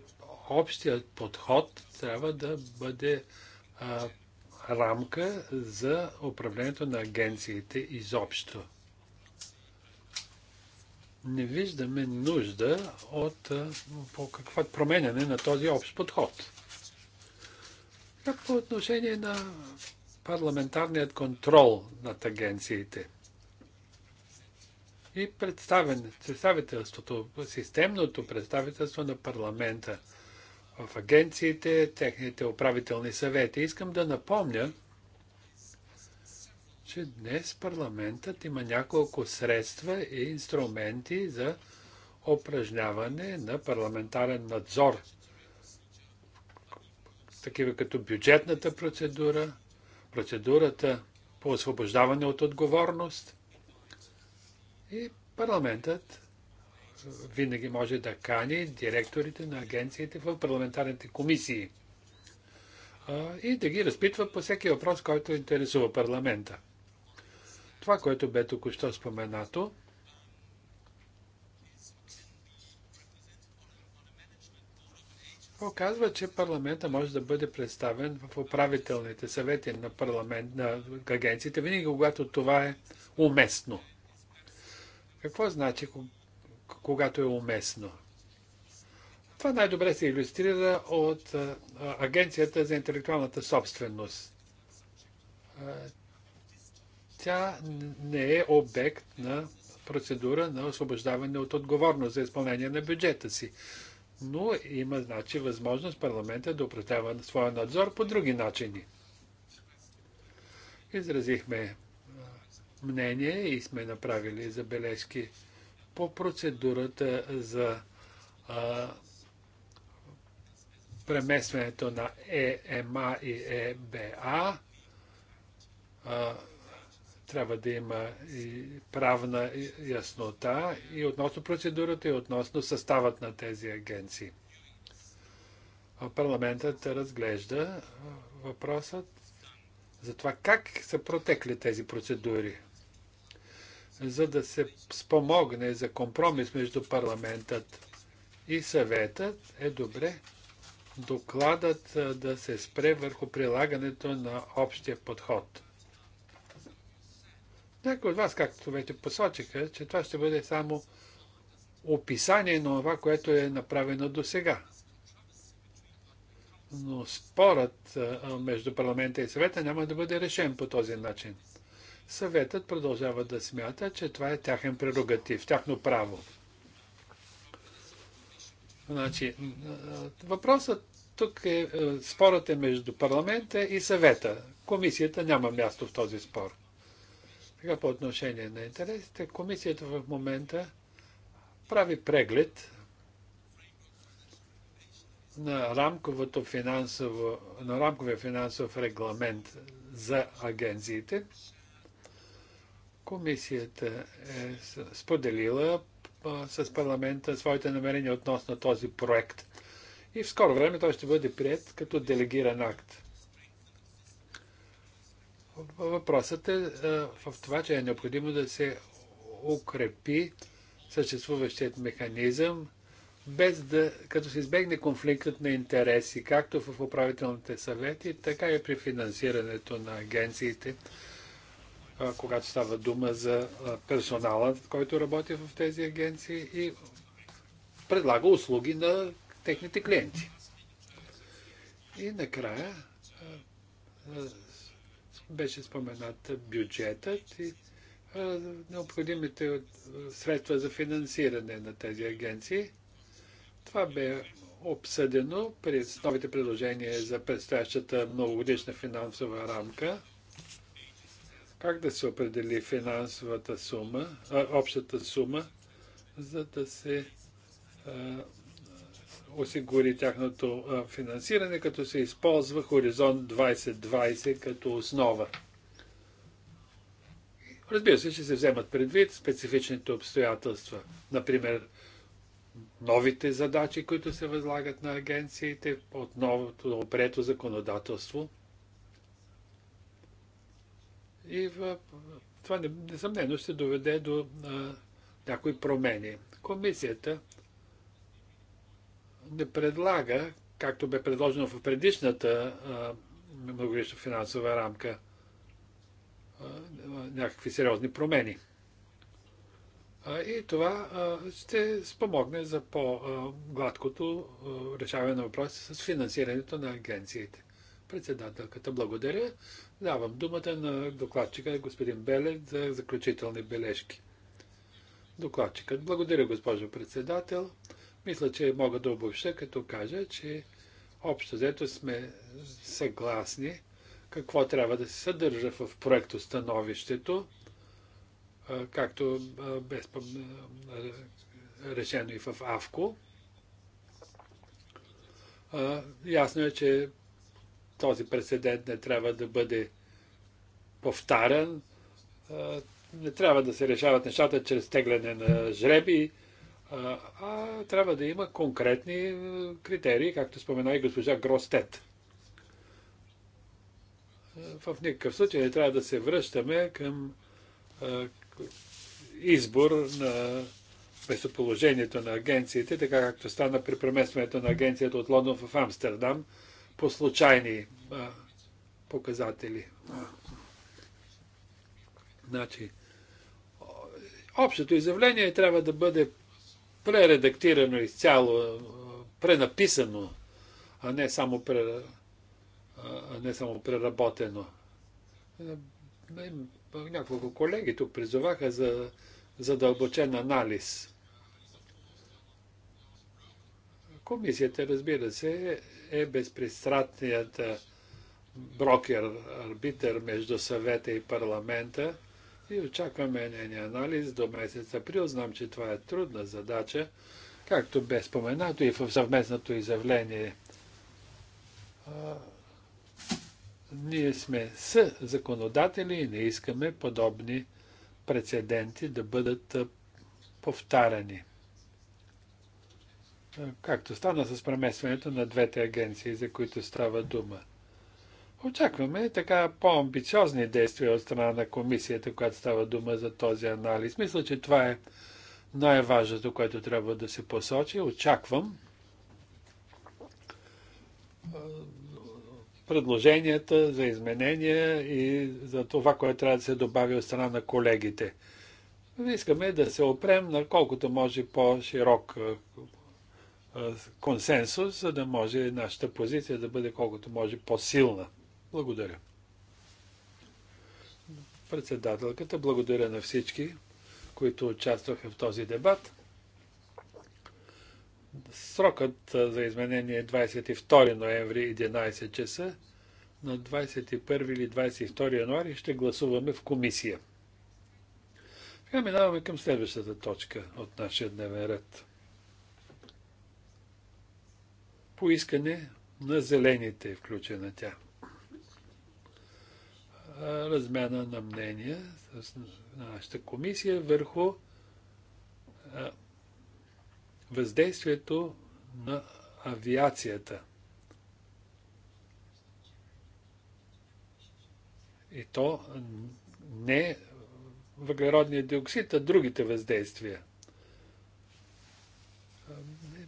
общият подход трябва да бъде а, рамка за управлението на агенциите изобщо. Не виждаме нужда от каква по какво променяне на този общ подход. Как по отношение на парламентарният контрол над агенциите и представителството, системното представителство на парламента – в агенциите, техните управителни съвети. Искам да напомня, че днес парламентът има няколко средства и инструменти за упражняване на парламентарен надзор. Такива като бюджетната процедура, процедурата по освобождаване от отговорност и парламентът винаги може да кани директорите на агенциите в парламентарните комисии и да ги разпитва по всеки въпрос, който интересува парламента. Това, което бе току-що споменато, показва, че парламента може да бъде представен в управителните съвети на парламент, на агенциите, винаги когато това е уместно. Какво значи когато е уместно. Това най-добре се иллюстрира от Агенцията за интелектуалната собственост. Тя не е обект на процедура на освобождаване от отговорност за изпълнение на бюджета си. Но има, значи, възможност парламента да упражнява своя надзор по други начини. Изразихме мнение и сме направили забележки по процедурата за а, преместването на ЕМА и ЕБА. А, трябва да има и правна яснота и относно процедурата, и относно съставът на тези агенции. Парламентът разглежда въпросът за това как са протекли тези процедури за да се спомогне за компромис между парламентът и съветът, е добре докладът да се спре върху прилагането на общия подход. Някои от вас, както вече посочиха, че това ще бъде само описание на това, което е направено до сега. Но спорът между парламента и съвета няма да бъде решен по този начин. Съветът продължава да смята, че това е тяхен прерогатив, тяхно право. Значи, въпросът тук е, е, спорът е между парламента и съвета. Комисията няма място в този спор. Сега по отношение на интересите, комисията в момента прави преглед на рамковото финансово, на рамковия финансов регламент за агенциите, Комисията е споделила с парламента своите намерения относно този проект. И в скоро време той ще бъде прият като делегиран акт. Въпросът е в това, че е необходимо да се укрепи съществуващият механизъм, без да, като се избегне конфликтът на интереси, както в управителните съвети, така и при финансирането на агенциите когато става дума за персонала, който работи в тези агенции и предлага услуги на техните клиенти. И накрая беше споменат бюджетът и необходимите средства за финансиране на тези агенции. Това бе обсъдено при новите предложения за предстоящата многогодишна финансова рамка – как да се определи финансовата сума, а, общата сума, за да се а, осигури тяхното а, финансиране, като се използва Хоризонт 2020 като основа. Разбира се, ще се вземат предвид специфичните обстоятелства. Например, новите задачи, които се възлагат на агенциите от новото опрето законодателство – и в... това несъмнено ще доведе до а, някои промени. Комисията не предлага, както бе предложено в предишната многогодишна финансова рамка, а, някакви сериозни промени. А, и това а, ще спомогне за по-гладкото решаване на въпроса с финансирането на агенциите. Председателката, благодаря. Давам думата на докладчика господин Белев за заключителни бележки. Докладчикът, благодаря госпожо председател. Мисля, че мога да обобща, като кажа, че общо взето сме съгласни какво трябва да се съдържа в проекто становището, както бе решено и в АВКО. Ясно е, че този прецедент не трябва да бъде повтарен. Не трябва да се решават нещата чрез тегляне на жреби, а трябва да има конкретни критерии, както спомена и госпожа Гростет. В никакъв случай не трябва да се връщаме към избор на местоположението на агенциите, така както стана при преместването на агенцията от Лондон в Амстердам – по случайни а, показатели. Значи, общото изявление трябва да бъде прередактирано изцяло, пренаписано, а не само, прер... а не само преработено. Е, няколко колеги тук призоваха за задълбочен анализ. Комисията, разбира се, е безпристрастният е, брокер, арбитър между съвета и парламента и очакваме нейния анализ до месец април. Знам, че това е трудна задача, както бе споменато и в съвместното изявление. ние сме с законодатели и не искаме подобни прецеденти да бъдат повтарани както стана с преместването на двете агенции, за които става дума. Очакваме така по-амбициозни действия от страна на комисията, която става дума за този анализ. Мисля, че това е най-важното, което трябва да се посочи. Очаквам предложенията за изменения и за това, което трябва да се добави от страна на колегите. Искаме да се опрем на колкото може по-широк консенсус, за да може нашата позиция да бъде колкото може по-силна. Благодаря. Председателката, благодаря на всички, които участваха в този дебат. Срокът за изменение е 22 ноември 11 часа. На 21 или 22 януари ще гласуваме в комисия. Сега минаваме към следващата точка от нашия дневен ред поискане на зелените е включена тя. Размяна на мнения с нашата комисия върху въздействието на авиацията. И то не въглеродния диоксид, а другите въздействия –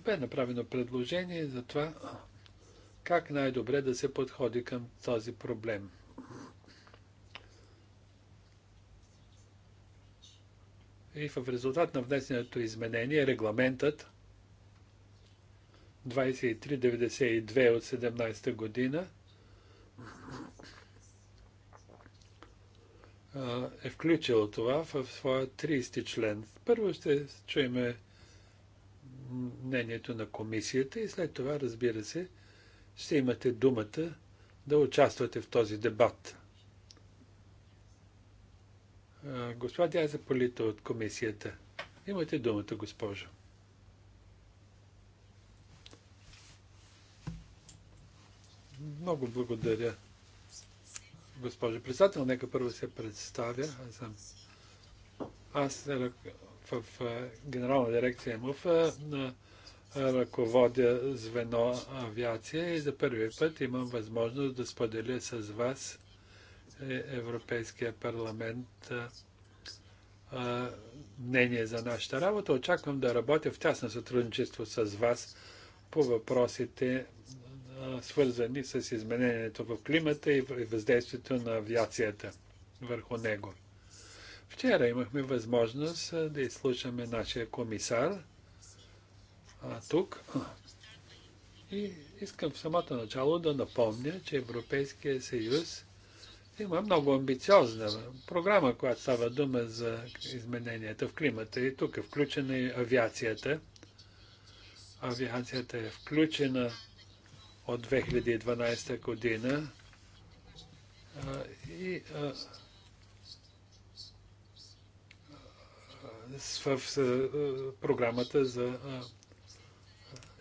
бе направено предложение за това как най-добре да се подходи към този проблем. И в резултат на внесеното изменение регламентът 2392 от 17 година е включил това в своя 30 член. Първо ще чуем мнението на комисията и след това, разбира се, ще имате думата да участвате в този дебат. Господи Дяза Полита от комисията. Имате думата, госпожо. Много благодаря, госпожо председател. Нека първо се представя. Аз съм аз в генерална дирекция МУФ ръководя звено авиация и за първи път имам възможност да споделя с вас е, Европейския парламент мнение за нашата работа. Очаквам да работя в тясно сътрудничество с вас по въпросите, свързани с изменението в климата и въздействието на авиацията върху него. Вчера имахме възможност да изслушаме нашия комисар а, тук. И искам в самото начало да напомня, че Европейския съюз има много амбициозна програма, която става дума за измененията в климата. И тук е включена и авиацията. Авиацията е включена от 2012 година. А, и а, в програмата за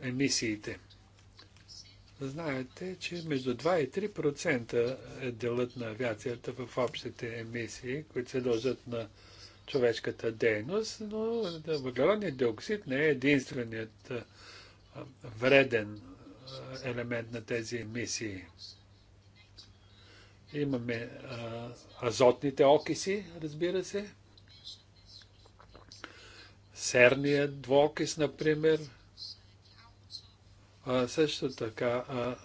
емисиите. Знаете, че между 2 и 3% е делът на авиацията в общите емисии, които се дължат на човешката дейност, но въглеродният диоксид не е единственият вреден елемент на тези емисии. Имаме азотните окиси, разбира се, серния двокис, например, а, също така а,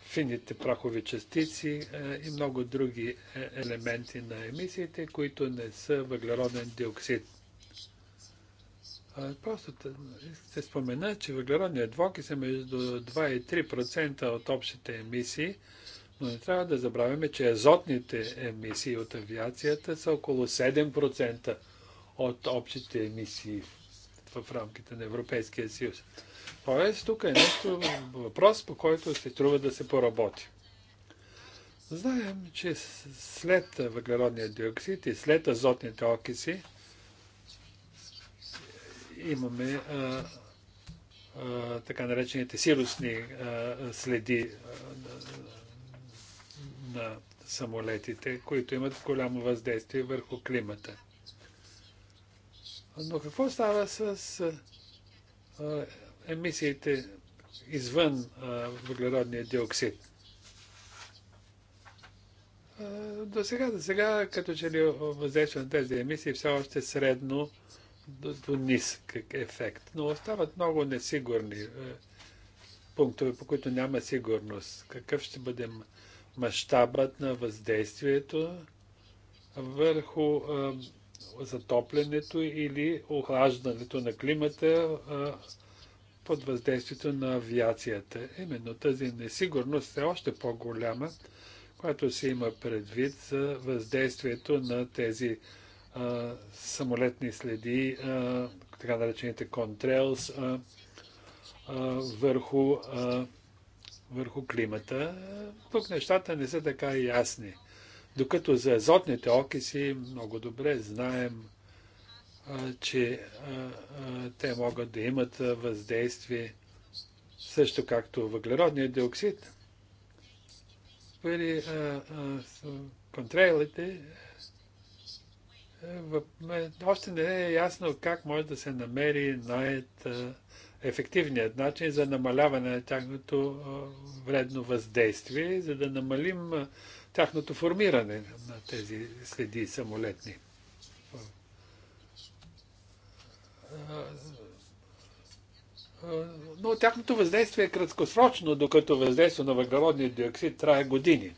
фините прахови частици а, и много други е, елементи на емисиите, които не са въглероден диоксид. А, просто се спомена, че въглеродният двокис е между 2 и 3% от общите емисии, но не трябва да забравяме, че азотните емисии от авиацията са около 7% от общите емисии в, в рамките на Европейския съюз. Тоест, тук е нещо, въпрос, по който се трува да се поработи. Знаем, че след въглеродния диоксид и след азотните окиси имаме а, а, така наречените сирусни а, следи на самолетите, които имат голямо въздействие върху климата. Но какво става с а, емисиите извън а, въглеродния диоксид? А, до сега, до сега, като че ли въздействие на тези емисии все още е средно до, до нисък ефект. Но остават много несигурни пунктове, по които няма сигурност. Какъв ще бъде мащабът на въздействието върху затоплянето или охлаждането на климата под въздействието на авиацията. Именно тази несигурност е още по-голяма, която се има предвид за въздействието на тези а, самолетни следи, а, така наречените контрелс, а, а, върху, а, върху климата. Тук нещата не са така ясни. Докато за азотните окиси много добре знаем, че те могат да имат въздействие също както въглеродния диоксид. При контрейлите още не е ясно как може да се намери най-ефективният начин за намаляване на тяхното вредно въздействие, за да намалим тяхното формиране на тези следи самолетни. Но тяхното въздействие е краткосрочно, докато въздействие на въглеродния диоксид трае години.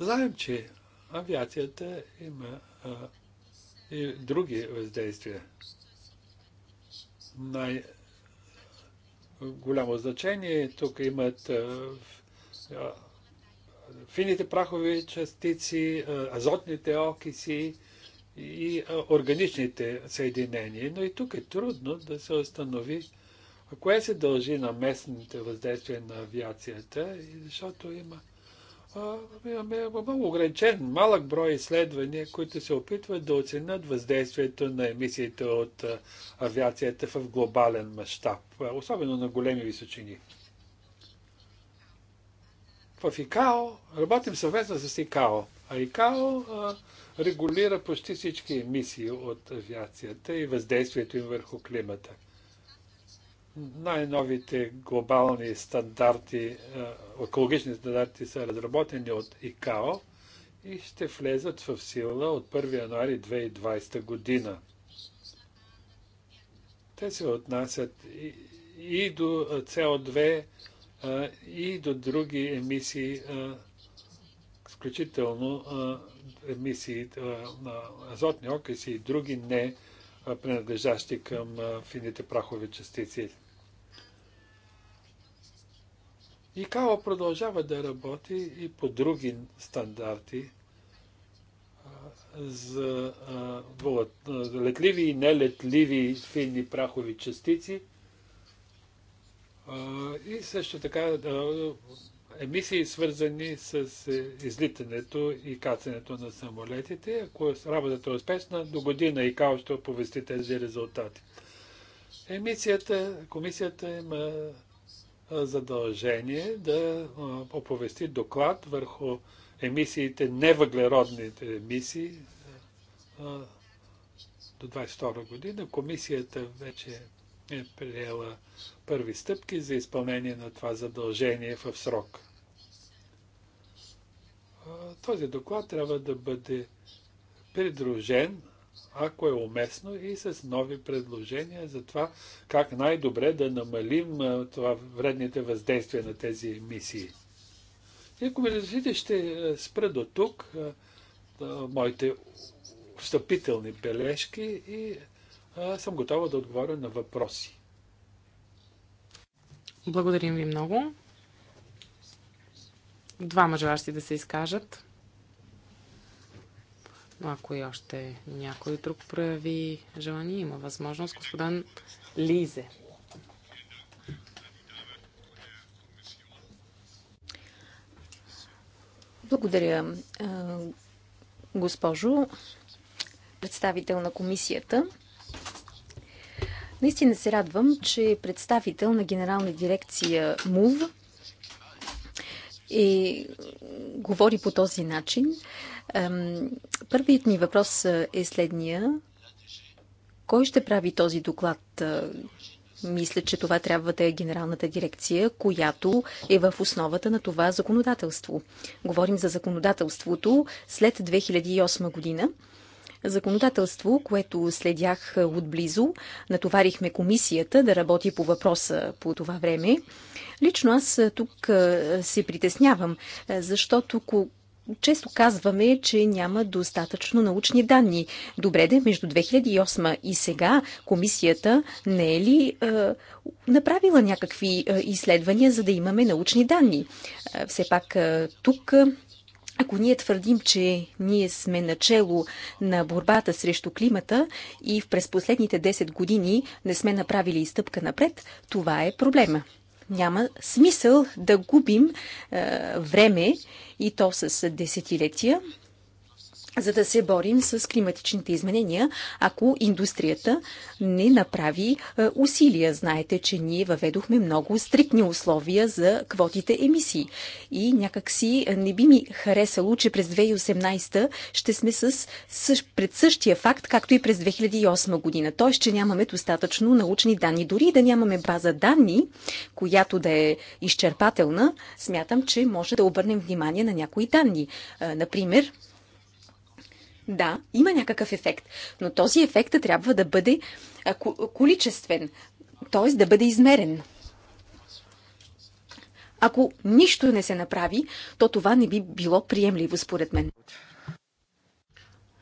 Знаем, че авиацията има а, и други въздействия. Най- голямо значение. Тук имат фините прахови частици, азотните окиси и органичните съединения. Но и тук е трудно да се установи кое се дължи на местните въздействия на авиацията, защото има имаме много ограничен, малък брой изследвания, които се опитват да оценят въздействието на емисиите от авиацията в глобален мащаб, особено на големи височини. В ИКАО работим съвместно с ИКАО, а ИКАО регулира почти всички емисии от авиацията и въздействието им върху климата. Най-новите глобални стандарти, е, екологични стандарти са разработени от ИКАО и ще влезат в сила от 1 януари 2020 година. Те се отнасят и, и до со е, 2 е, и до други емисии, включително емисии на азотни окиси и други не принадлежащи към фините прахови частици. И КАО продължава да работи и по други стандарти за, за летливи и нелетливи финни прахови частици и също така емисии свързани с е, излитането и кацането на самолетите. Ако работата е успешна, до година и КАО ще оповести тези резултати. Емисията, комисията има задължение да оповести доклад върху емисиите, невъглеродните емисии до 22 година. Комисията вече е приела първи стъпки за изпълнение на това задължение в срок. Този доклад трябва да бъде придружен ако е уместно, и с нови предложения за това как най-добре да намалим това вредните въздействия на тези емисии. И ако ми разрешите, ще спра до тук моите встъпителни бележки и съм готова да отговоря на въпроси. Благодарим ви много. Двама желащи да се изкажат. Ако и още някой друг прояви желание, има възможност. Господан Лизе. Благодаря, госпожо, представител на комисията. Наистина се радвам, че представител на генерална дирекция МУВ е, говори по този начин. Първият ни въпрос е, е следния. Кой ще прави този доклад? Е, мисля, че това трябва да е генералната дирекция, която е в основата на това законодателство. Говорим за законодателството след 2008 година. Законодателство, което следях е, отблизо, натоварихме комисията да работи по въпроса по това време. Лично аз тук се притеснявам, защото често казваме, че няма достатъчно научни данни. Добре де, между 2008 и сега комисията не е ли е, направила някакви е, изследвания, за да имаме научни данни? Е, все пак е, тук е, ако ние твърдим, че ние сме начало на борбата срещу климата и през последните 10 години не сме направили изтъпка напред, това е проблема няма смисъл да губим е, време и то с десетилетия за да се борим с климатичните изменения, ако индустрията не направи е, усилия. Знаете, че ние въведохме много стриктни условия за квотите емисии. И някакси е, не би ми харесало, че през 2018 ще сме с, с, пред същия факт, както и през 2008 година. Т.е. че нямаме достатъчно научни данни. Дори да нямаме база данни, която да е изчерпателна, смятам, че може да обърнем внимание на някои данни. Е, например, да, има някакъв ефект, но този ефект трябва да бъде количествен, т.е. да бъде измерен. Ако нищо не се направи, то това не би било приемливо, според мен.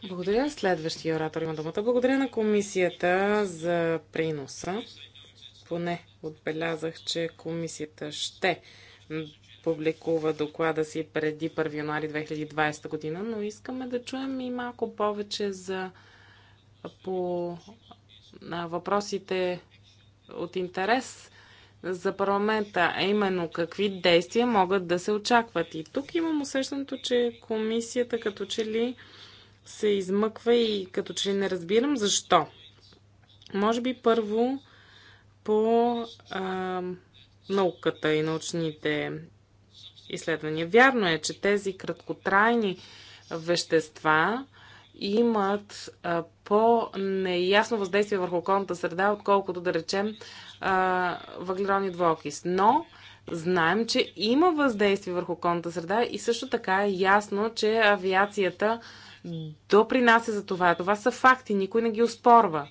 Благодаря. Следващия оратор има думата. Благодаря на комисията за приноса. Поне отбелязах, че комисията ще публикува доклада си преди 1 януари 2020 година, но искаме да чуем и малко повече за по на въпросите от интерес за парламента, а именно какви действия могат да се очакват. И тук имам усещането, че комисията като че ли се измъква и като че ли не разбирам защо. Може би първо по а, науката и научните изследвания. Вярно е, че тези краткотрайни вещества имат по-неясно въздействие върху околната среда, отколкото да речем въглеродни двуокис. Но знаем, че има въздействие върху околната среда и също така е ясно, че авиацията допринася за това. Това са факти, никой не ги оспорва.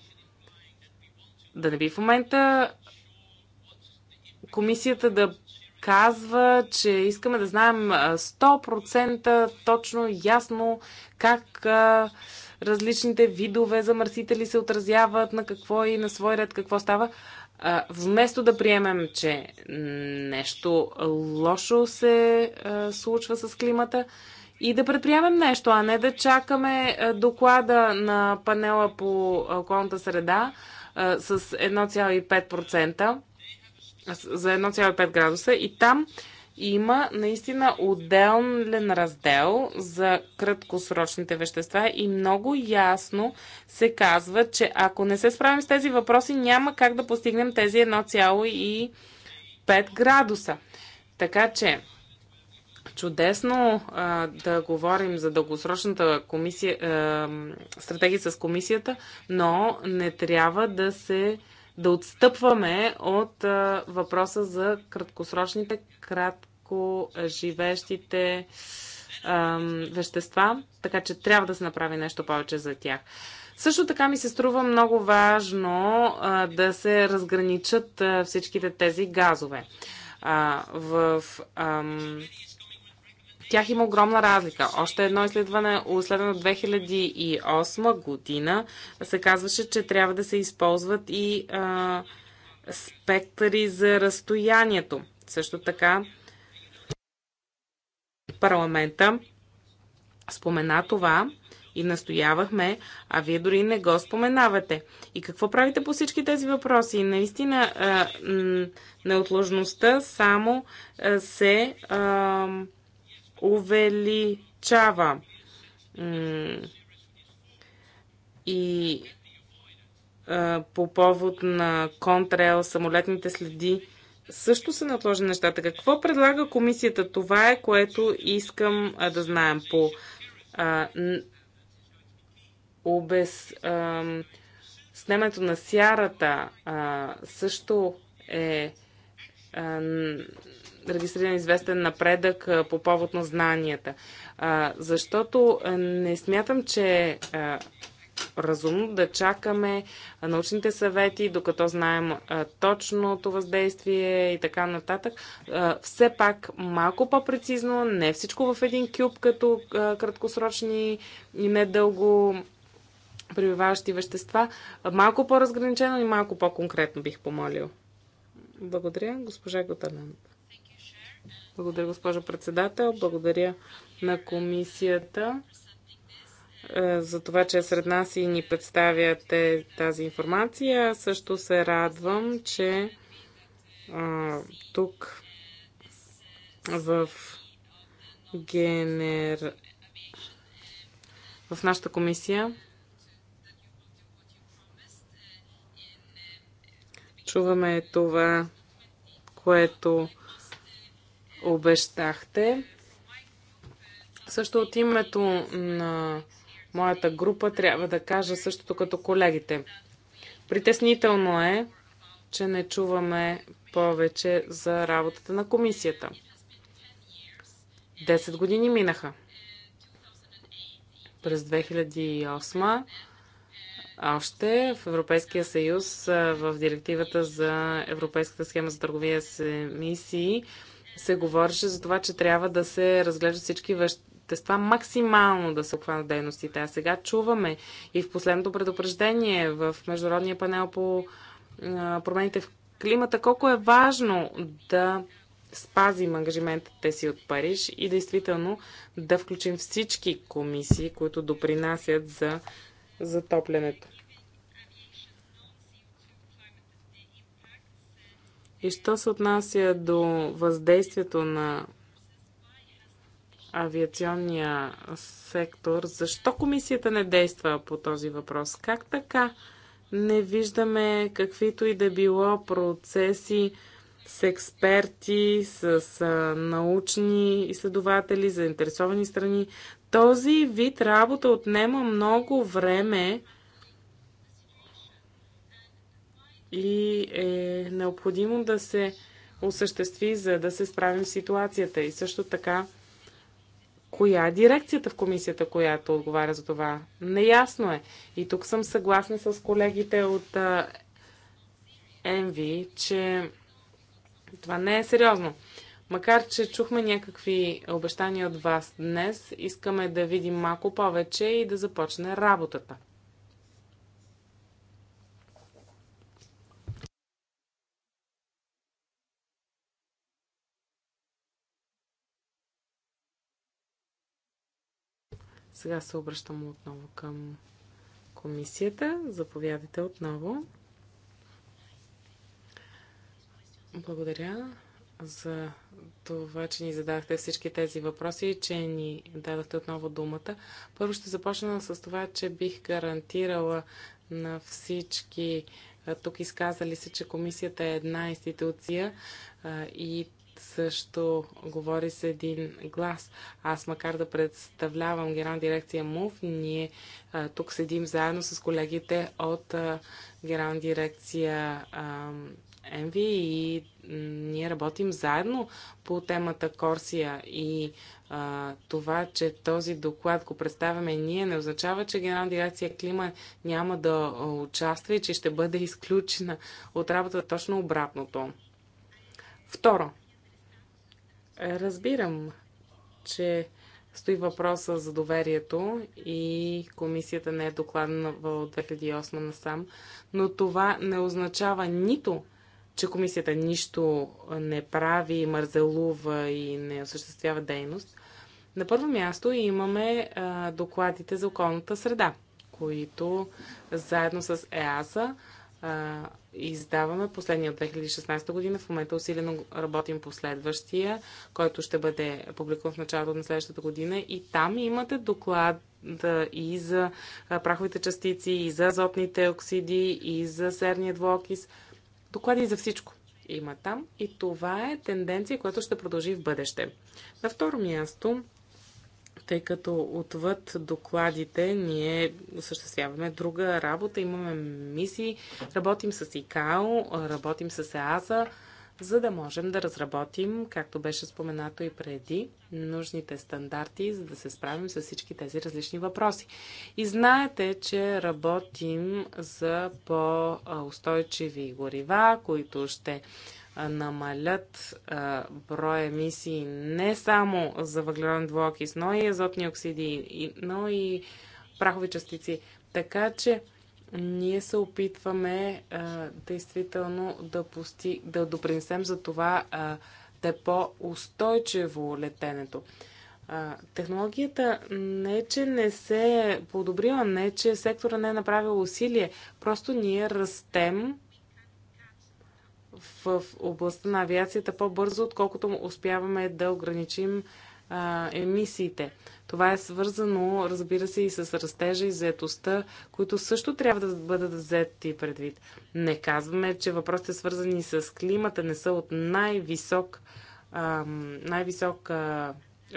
Да не би в момента комисията да казва, че искаме да знаем 100% точно, ясно как различните видове замърсители се отразяват, на какво и на свой ред какво става. Вместо да приемем, че нещо лошо се случва с климата, и да предприемем нещо, а не да чакаме доклада на панела по околната среда с 1,5% за 1,5 градуса и там има наистина отделен раздел за краткосрочните вещества и много ясно се казва, че ако не се справим с тези въпроси, няма как да постигнем тези 1,5 градуса. Така че, чудесно а, да говорим за дългосрочната комисия, а, стратегия с комисията, но не трябва да се да отстъпваме от а, въпроса за краткосрочните, кратко живеещите вещества, така че трябва да се направи нещо повече за тях. Също така ми се струва много важно а, да се разграничат а, всичките тези газове. А, в А, тях има огромна разлика. Още едно изследване, от 2008 година, се казваше, че трябва да се използват и а, спектъри за разстоянието. Също така парламента спомена това и настоявахме, а вие дори не го споменавате. И какво правите по всички тези въпроси? Наистина, неотложността само се увеличава. И по повод на Контрел, самолетните следи, също са неотложни нещата. Какво предлага комисията? Това е, което искам да знаем по а, обез, а, снемането на сярата а, също е а, регистриран известен напредък по повод на знанията. Защото не смятам, че разумно да чакаме научните съвети, докато знаем точното въздействие и така нататък. Все пак малко по-прецизно, не всичко в един кюб, като краткосрочни и недълго пребиваващи вещества. Малко по-разграничено и малко по-конкретно бих помолил. Благодаря, госпожа Готалент. Благодаря, госпожо председател. Благодаря на комисията е, за това, че е сред нас и ни представяте тази информация. Също се радвам, че а, е, тук в генер... в нашата комисия чуваме това, което обещахте. Също от името на моята група трябва да кажа същото като колегите. Притеснително е, че не чуваме повече за работата на комисията. Десет години минаха. През 2008 още в Европейския съюз в директивата за Европейската схема за търговия с емисии се говореше за това, че трябва да се разглеждат всички вещества максимално да се обхванат дейностите. А сега чуваме и в последното предупреждение в Международния панел по промените в климата, колко е важно да спазим ангажиментите си от Париж и действително да включим всички комисии, които допринасят за затоплянето. И що се отнася до въздействието на авиационния сектор, защо комисията не действа по този въпрос? Как така не виждаме каквито и да било процеси с експерти, с научни изследователи, заинтересовани страни? Този вид работа отнема много време и е необходимо да се осъществи, за да се справим с ситуацията. И също така, коя е дирекцията в комисията, която отговаря за това? Неясно е. И тук съм съгласна с колегите от ЕНВИ, че това не е сериозно. Макар, че чухме някакви обещания от вас днес, искаме да видим малко повече и да започне работата. Сега се обръщам отново към комисията. Заповядайте отново. Благодаря за това, че ни зададахте всички тези въпроси и че ни дадахте отново думата. Първо ще започна с това, че бих гарантирала на всички тук изказали се, че комисията е една институция и също говори с един глас. Аз макар да представлявам Геран дирекция МУВ, ние а, тук седим заедно с колегите от а, дирекция МВ и ние работим заедно по темата Корсия и а, това, че този доклад го представяме ние, не означава, че Генерална дирекция Клима няма да участва и че ще бъде изключена от работа точно обратното. Второ, Разбирам, че стои въпроса за доверието и комисията не е докладна от 2008 насам, но това не означава нито, че комисията нищо не прави, мързелува и не осъществява дейност. На първо място имаме а, докладите за околната среда, които заедно с ЕАСА а, издаваме последния от 2016 година. В момента усилено работим по следващия, който ще бъде публикуван в началото на следващата година. И там имате доклад да, и за праховите частици, и за азотните оксиди, и за серния двуокис. Доклади за всичко има там. И това е тенденция, която ще продължи в бъдеще. На второ място тъй като отвъд докладите ние осъществяваме друга работа, имаме мисии, работим с ИКАО, работим с ЕАЗа, за да можем да разработим, както беше споменато и преди, нужните стандарти, за да се справим с всички тези различни въпроси. И знаете, че работим за по-устойчиви горива, които ще намалят а, броя емисии не само за въглероден двуокис, но и азотни оксиди, но и прахови частици. Така че ние се опитваме а, действително да, пости, да допринесем за това а, да е по-устойчиво летенето. А, технологията не, е, че не се е подобрила, не, е, че сектора не е направил усилие. Просто ние растем в областта на авиацията по-бързо, отколкото успяваме да ограничим емисиите. Това е свързано, разбира се, и с растежа и заетостта, които също трябва да бъдат взети предвид. Не казваме, че въпросите свързани с климата не са от най-висок, най-висок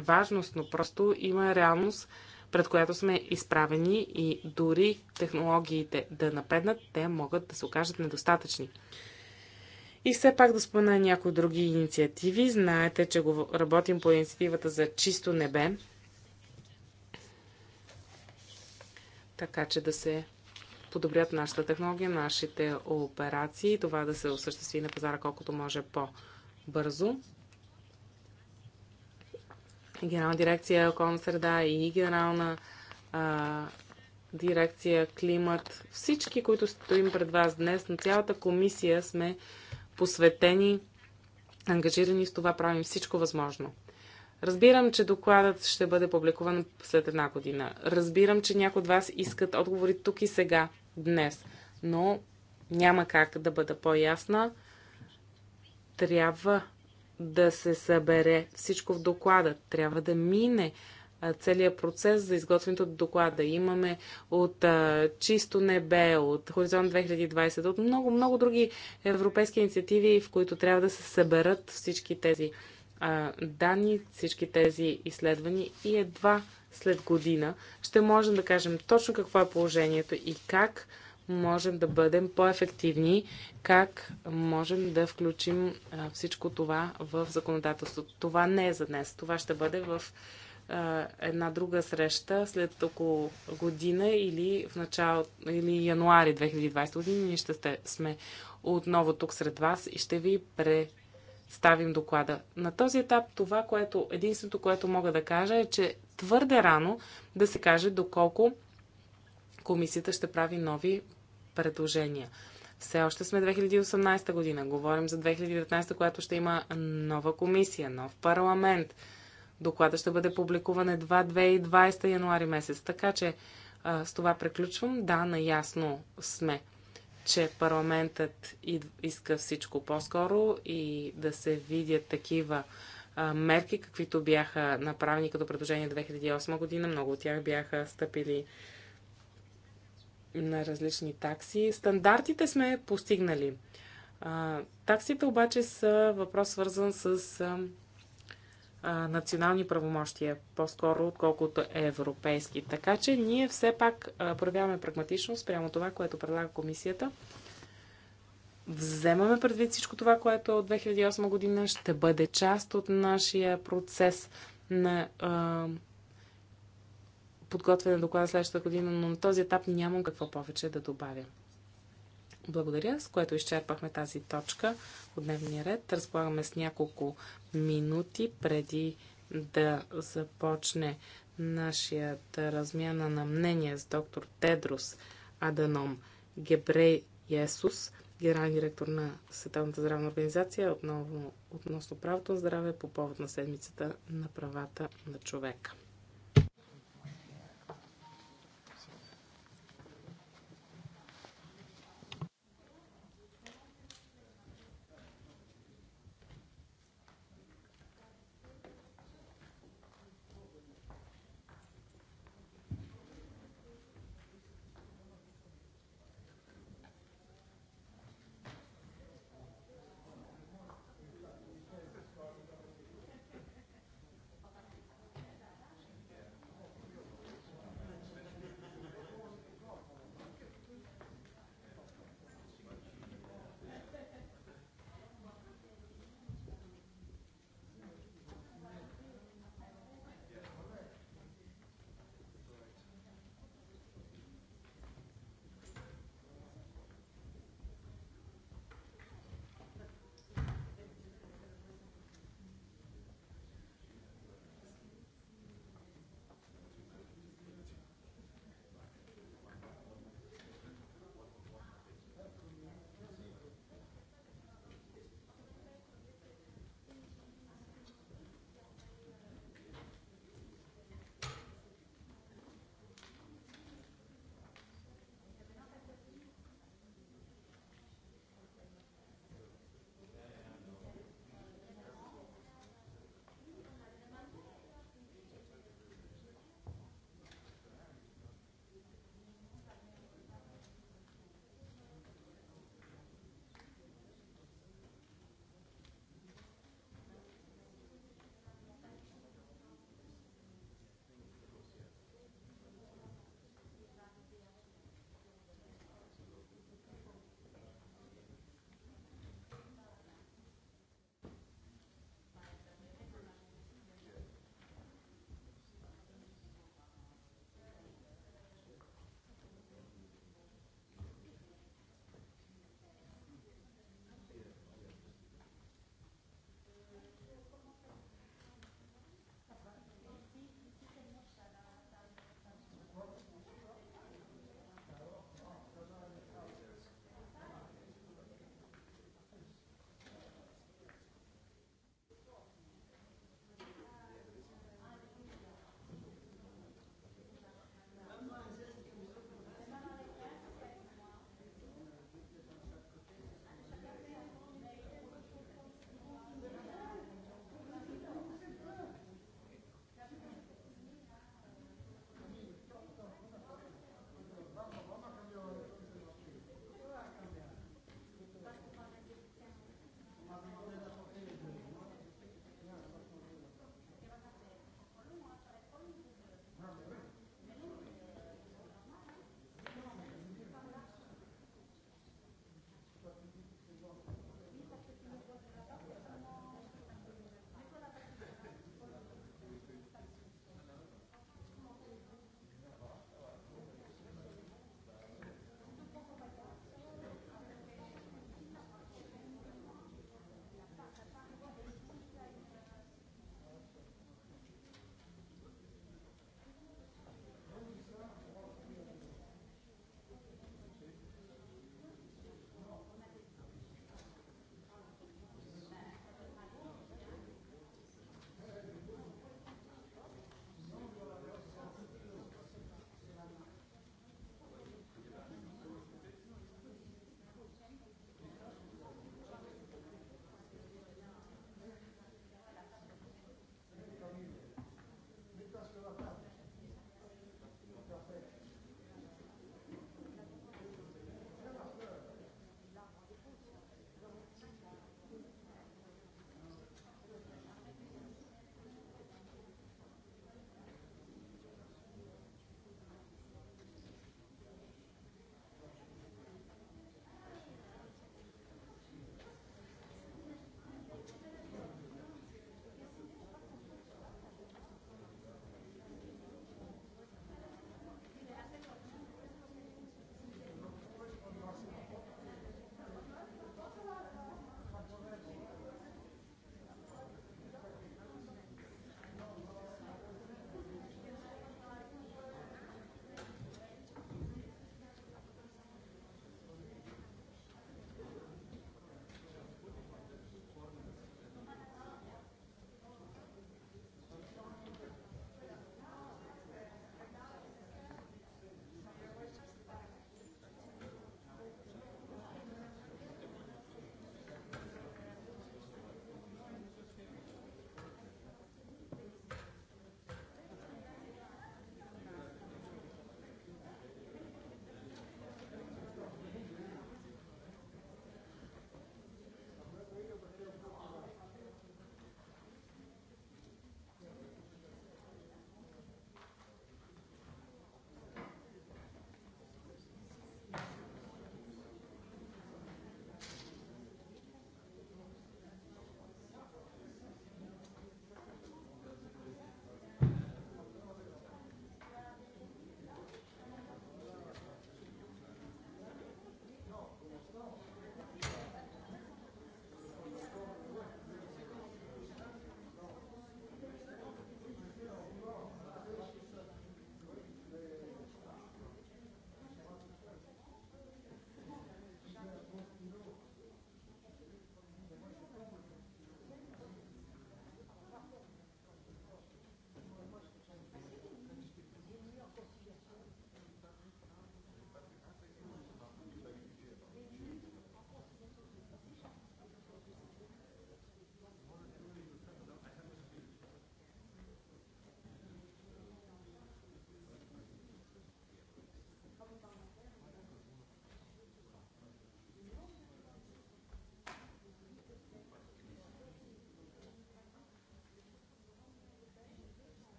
важност, но просто има реалност, пред която сме изправени и дори технологиите да напеднат, те могат да се окажат недостатъчни. И все пак да спомена някои други инициативи. Знаете, че го работим по инициативата за чисто небе. Така че да се подобрят нашата технология, нашите операции, това да се осъществи на пазара колкото може по-бързо. Генерална дирекция околна среда и генерална а, дирекция климат, всички, които стоим пред вас днес, на цялата комисия сме посветени, ангажирани с това, правим всичко възможно. Разбирам, че докладът ще бъде публикуван след една година. Разбирам, че някои от вас искат отговори тук и сега, днес. Но няма как да бъда по-ясна. Трябва да се събере всичко в доклада. Трябва да мине целият процес за изготвянето от доклада. Имаме от а, Чисто небе, от Хоризонт 2020, от много, много други европейски инициативи, в които трябва да се съберат всички тези а, данни, всички тези изследвания и едва след година ще можем да кажем точно какво е положението и как можем да бъдем по-ефективни, как можем да включим а, всичко това в законодателството. Това не е за днес. Това ще бъде в една друга среща след около година или в начало, или януари 2020 година. Ние ще сме отново тук сред вас и ще ви представим доклада. На този етап това, което, единственото, което мога да кажа е, че твърде рано да се каже доколко комисията ще прави нови предложения. Все още сме 2018 година. Говорим за 2019, която ще има нова комисия, нов парламент, Доклада ще бъде публикуван едва 2020 януари месец. Така че а, с това приключвам. Да, наясно сме, че парламентът иска всичко по-скоро и да се видят такива а, мерки, каквито бяха направени като предложение 2008 година. Много от тях бяха стъпили на различни такси. Стандартите сме постигнали. А, таксите обаче са въпрос свързан с национални правомощия, по-скоро отколкото европейски. Така че ние все пак проявяваме прагматичност прямо това, което предлага комисията. Вземаме предвид всичко това, което от 2008 година ще бъде част от нашия процес на а, подготвяне на доклада следващата година, но на този етап нямам какво повече да добавя. Благодаря, с което изчерпахме тази точка от дневния ред. Разполагаме с няколко минути преди да започне нашата размяна на мнение с доктор Тедрос Аданом Гебрей Йесус, генерален директор на Световната здравна организация, отново относно правото на здраве по повод на седмицата на правата на човека.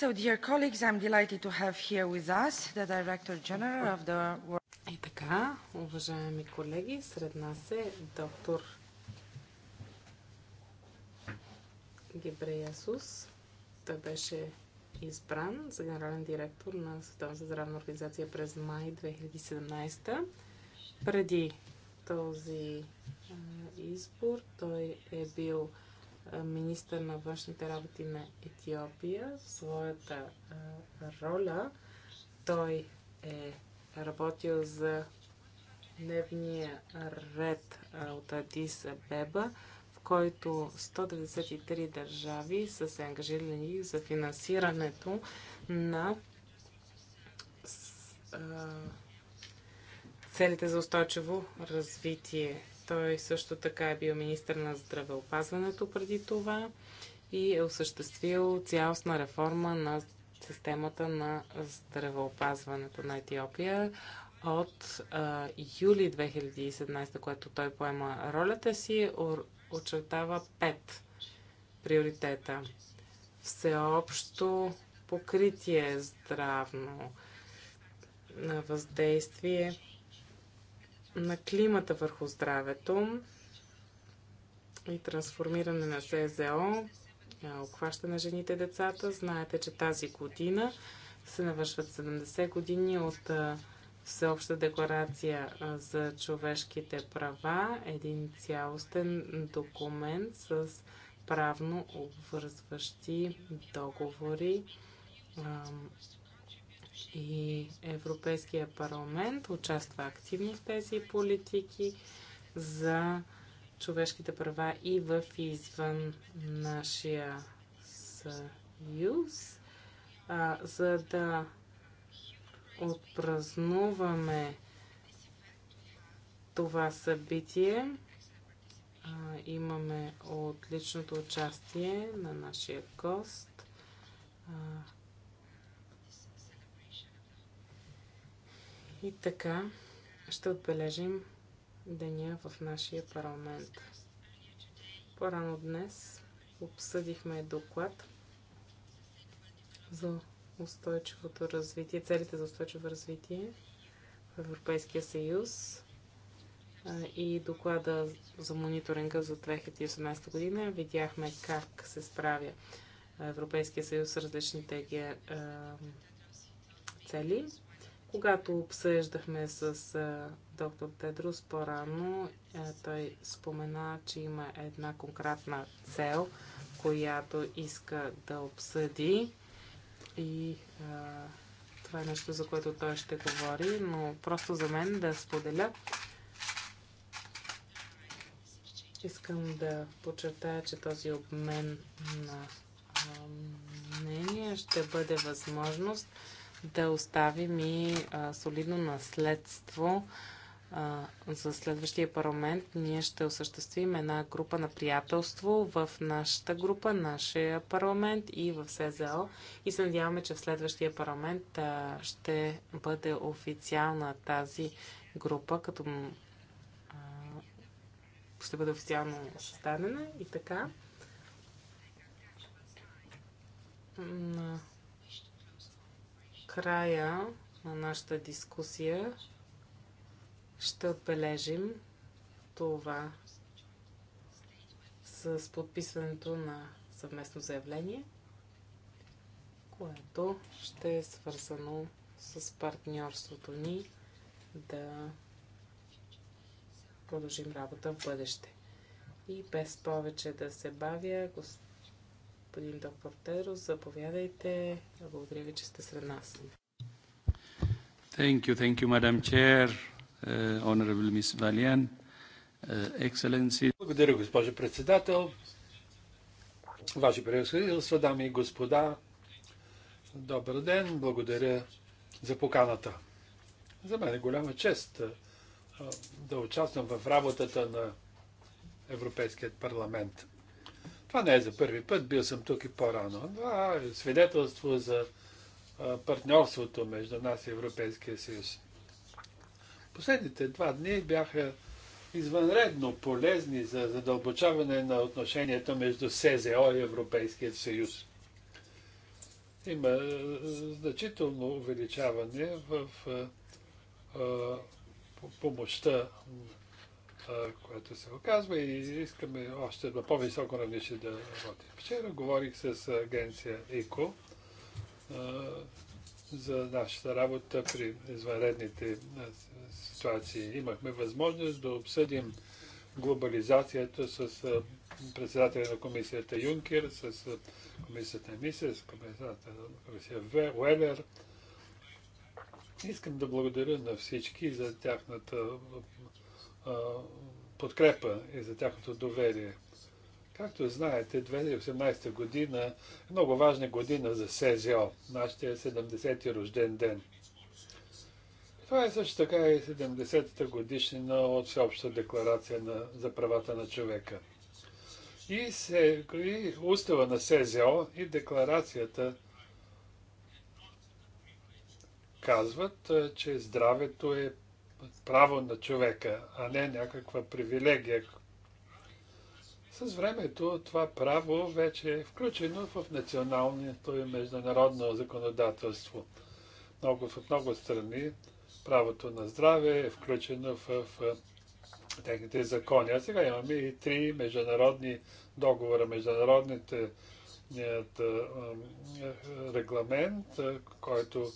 So, dear colleagues, I'm delighted to have here with us the Director General of the World... И така, уважаеми колеги, сред нас е доктор Гебреясус. Той беше избран за генерален директор на Световната здравна организация през май 2017. Преди този избор той е бил министър на външните работи на Етиопия. В своята роля той е работил за дневния ред от Адис Беба, в който 193 държави са се ангажирани за финансирането на целите за устойчиво развитие. Той също така е бил министр на здравеопазването преди това и е осъществил цялостна реформа на системата на здравеопазването на Етиопия от а, юли 2017, което той поема ролята си, е очертава пет приоритета. Всеобщо покритие здравно на въздействие на климата върху здравето и трансформиране на СЗО, е, обхваща на жените и децата. Знаете, че тази година се навършват 70 години от е, Всеобща декларация е, за човешките права, един цялостен документ с правно обвързващи договори и Европейския парламент участва активно в тези политики за човешките права и в извън нашия съюз, а, за да отпразнуваме това събитие. А, имаме отличното участие на нашия гост. А, И така ще отбележим деня в нашия парламент. По-рано днес обсъдихме доклад за устойчивото развитие, целите за устойчиво развитие в Европейския съюз и доклада за мониторинга за 2018 година. Видяхме как се справя Европейския съюз с различните цели. Когато обсъждахме с а, доктор Тедрус по-рано, а, той спомена, че има една конкретна цел, която иска да обсъди и а, това е нещо, за което той ще говори, но просто за мен да споделя. Искам да подчертая, че този обмен на а, мнение ще бъде възможност да оставим и а, солидно наследство а, за следващия парламент. Ние ще осъществим една група на приятелство в нашата група, нашия парламент и в СЗО. И се надяваме, че в следващия парламент а, ще бъде официална тази група, като а, ще бъде официално създадена и така края на нашата дискусия ще отбележим това с подписването на съвместно заявление, което ще е свързано с партньорството ни да продължим работа в бъдеще. И без повече да се бавя, гост господин доктор Тедрос. Заповядайте. Благодаря ви, че сте сред нас. Thank you, thank you, Madam Chair, uh, Honorable Miss Valian, uh, Excellency. Благодаря, госпожо председател. Ваше превъзходителство, дами и господа, добър ден, благодаря за поканата. За мен е голяма чест uh, да участвам в работата на Европейският парламент. Това не е за първи път, бил съм тук и по-рано. Това е свидетелство за партньорството между нас и Европейския съюз. Последните два дни бяха извънредно полезни за задълбочаване на отношенията между СЗО и Европейския съюз. Има значително увеличаване в помощта което се оказва и искаме още на по-високо равнище да работим. Вчера говорих с агенция ЕКО за нашата работа при извънредните ситуации. Имахме възможност да обсъдим глобализацията с председателя на комисията Юнкер, с комисията Мисес, с комисията, комисията Велер. Искам да благодаря на всички за тяхната подкрепа и за тяхното доверие. Както знаете, 2018 година е много важна година за СЗО, нашия 70-ти рожден ден. Това е също така и 70-та годишнина от Всеобща декларация на, за правата на човека. И, се, и устава на СЗО и декларацията казват, че здравето е право на човека, а не някаква привилегия. С времето това право вече е включено в националното и международно законодателство. Много, в много страни правото на здраве е включено в, в техните закони. А сега имаме и три международни договора, международните е, е, е, регламент, който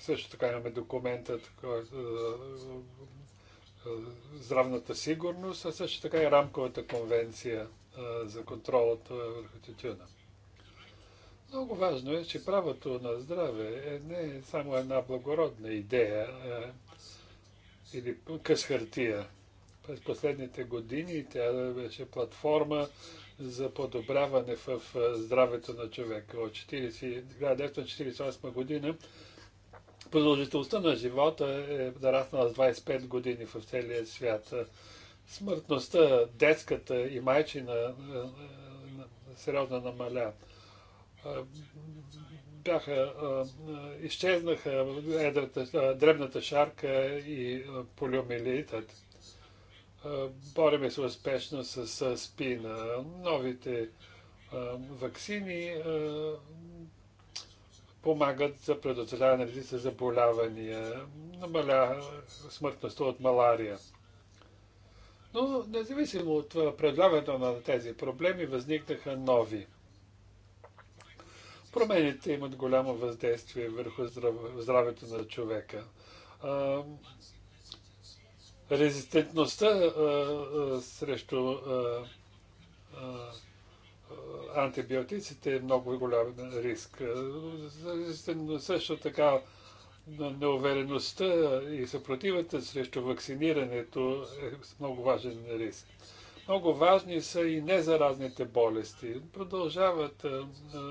Също така имаме документът за е, е, здравната сигурност, а също така и рамковата конвенция е, за контролът върху тютюна. Много важно е, че правото на здраве е не само една благородна идея е, или къс хартия. През последните години тя беше платформа за подобряване в здравето на човека. От 1948 година Продължителността на живота е нараснала с 25 години в целия свят. Смъртността, детската и майчина е, е, сериозно намаля. Е, бяха, изчезнаха едрата, дребната шарка и полиомилитът. Бориме се успешно с спина. Новите вакцини помагат за предотвратяване на заболявания, намаля смъртността от малария. Но независимо от предлагането на тези проблеми, възникнаха нови. Промените имат голямо въздействие върху здравето на човека. резистентността срещу антибиотиците е много голям риск. също така неувереността и съпротивата срещу вакцинирането е много важен риск. Много важни са и незаразните болести. Продължават а, а,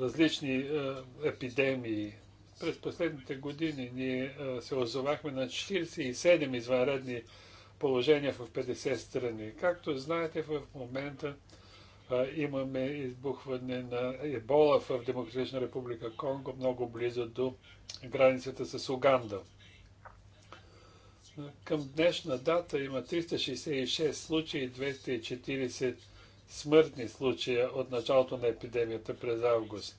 различни а, епидемии. През последните години ние се озовахме на 47 извънредни епидемии положение в 50 страни. Както знаете, в момента имаме избухване на ебола в Демократична република Конго, много близо до границата с Уганда. Към днешна дата има 366 случаи, 240 смъртни случая от началото на епидемията през август.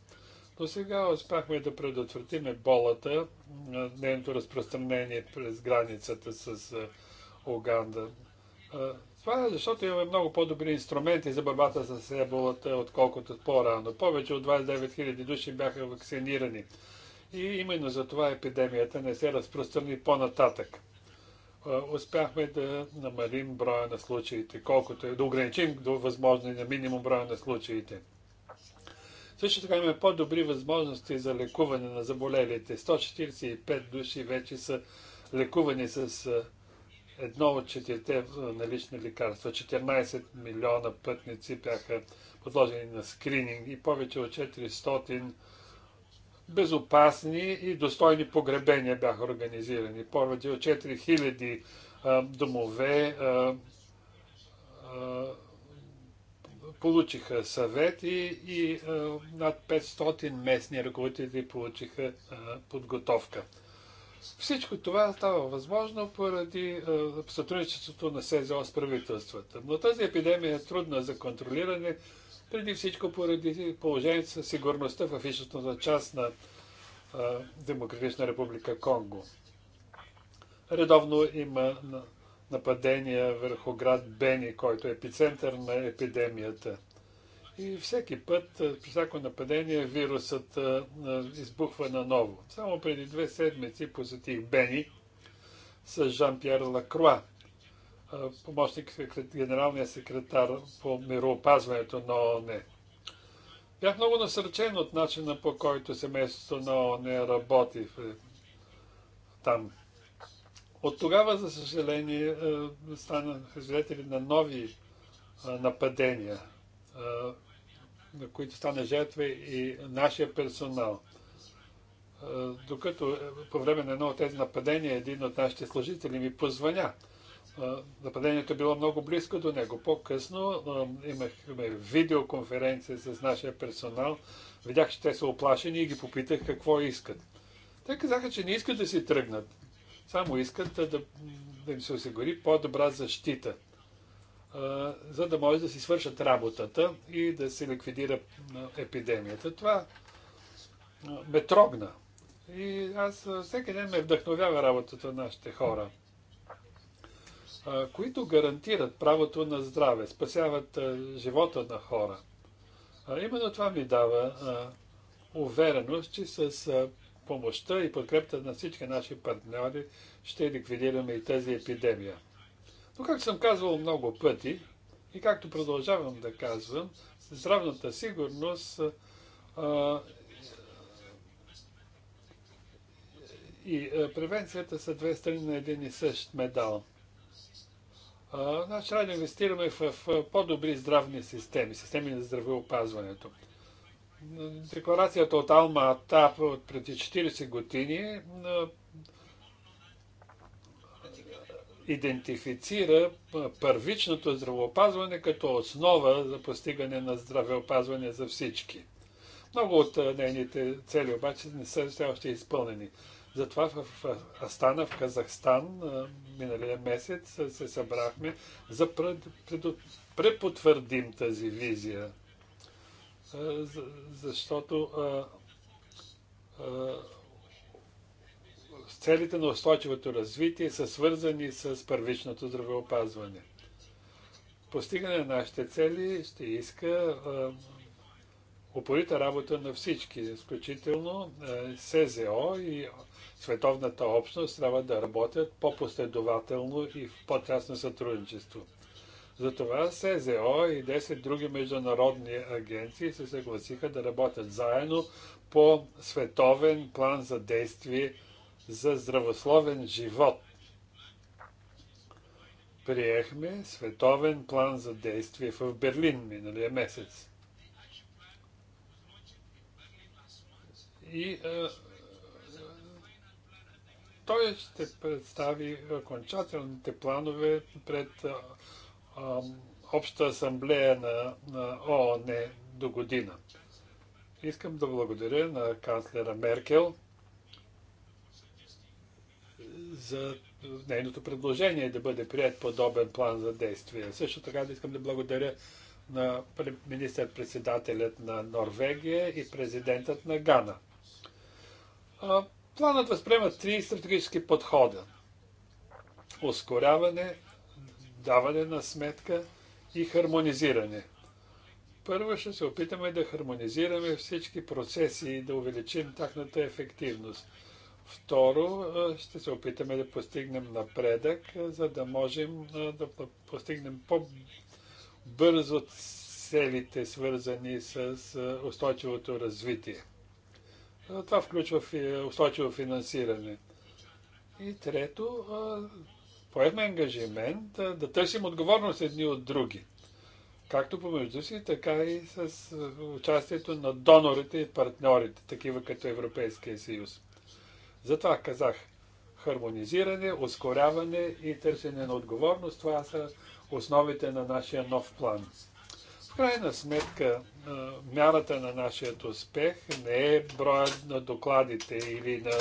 До сега успяхме да предотвратим еболата, нейното разпространение през границата с Уганда. Това е защото имаме много по-добри инструменти за борбата с еболата, отколкото по-рано. Повече от 29 000 души бяха вакцинирани. И именно за това епидемията не се разпространи по-нататък. Успяхме да намалим броя на случаите, колкото е, да ограничим до възможно на минимум броя на случаите. Също така имаме по-добри възможности за лекуване на заболелите. 145 души вече са лекувани с едно от четирите налични лекарства. 14 милиона пътници бяха подложени на скрининг и повече от 400 безопасни и достойни погребения бяха организирани. Повече от 4000 домове получиха съвети и над 500 местни ръководители получиха подготовка. Всичко това става възможно поради е, сътрудничеството на СЗО с правителствата. Но тази епидемия е трудна за контролиране, преди всичко поради положението със сигурността в източната част на е, Демократична република Конго. Редовно има нападения върху град Бени, който е епицентър на епидемията. И всеки път, е, при всяко нападение, вирусът е, е, избухва наново. Само преди две седмици посетих Бени с Жан-Пьер Лакруа, помощник генералния секретар по мироопазването на ООН. Бях много насърчен от начина по който семейството на ООН работи там. От тогава, за съжаление, станах свидетели на нови нападения на които стана жертва и нашия персонал. Е, докато е, по време на едно от тези нападения един от нашите служители ми позвъня. Е, нападението било много близко до него. По-късно имахме видеоконференция с нашия персонал. Видях, че те са оплашени и ги попитах какво искат. Те казаха, че не искат да си тръгнат. Само искат да, да им се осигури по-добра защита за да може да си свършат работата и да се ликвидира епидемията. Това ме трогна. И аз всеки ден ме вдъхновява работата на нашите хора, които гарантират правото на здраве, спасяват живота на хора. Именно това ми дава увереност, че с помощта и подкрепта на всички наши партньори ще ликвидираме и тази епидемия. Но както съм казвал много пъти и както продължавам да казвам, здравната сигурност а, и а, превенцията са две страни на един и същ медал. значи трябва да инвестираме в, в по-добри здравни системи, системи на здравеопазването. Декларацията от Алма Атап преди 40 години идентифицира първичното здравеопазване като основа за постигане на здравеопазване за всички. Много от нейните цели обаче не са все още изпълнени. Затова в Астана, в Казахстан, миналия месец се събрахме за препотвърдим тази визия. Защото целите на устойчивото развитие са свързани с първичното здравеопазване. Постигане на нашите цели ще иска упорита работа на всички, изключително СЗО и световната общност трябва да работят по-последователно и в по-тясно сътрудничество. Затова СЗО и 10 други международни агенции се съгласиха да работят заедно по световен план за действие за здравословен живот. Приехме световен план за действие в Берлин миналия месец. И а, той ще представи окончателните планове пред а, Обща асамблея на, на ООН до година. Искам да благодаря на канцлера Меркел за нейното предложение да бъде прият подобен план за действие. Също така да искам да благодаря на министър-председателят на Норвегия и президентът на Гана. Планът възприема три стратегически подхода. Ускоряване, даване на сметка и хармонизиране. Първо ще се опитаме да хармонизираме всички процеси и да увеличим тяхната ефективност – Второ, ще се опитаме да постигнем напредък, за да можем да постигнем по-бързо целите, свързани с устойчивото развитие. Това включва устойчиво финансиране. И трето, поеме ангажимент да, да търсим отговорност едни от други. Както помежду си, така и с участието на донорите и партньорите, такива като Европейския съюз. Затова казах хармонизиране, ускоряване и търсене на отговорност. Това са основите на нашия нов план. В крайна сметка, мярата на нашия успех не е броят на докладите или на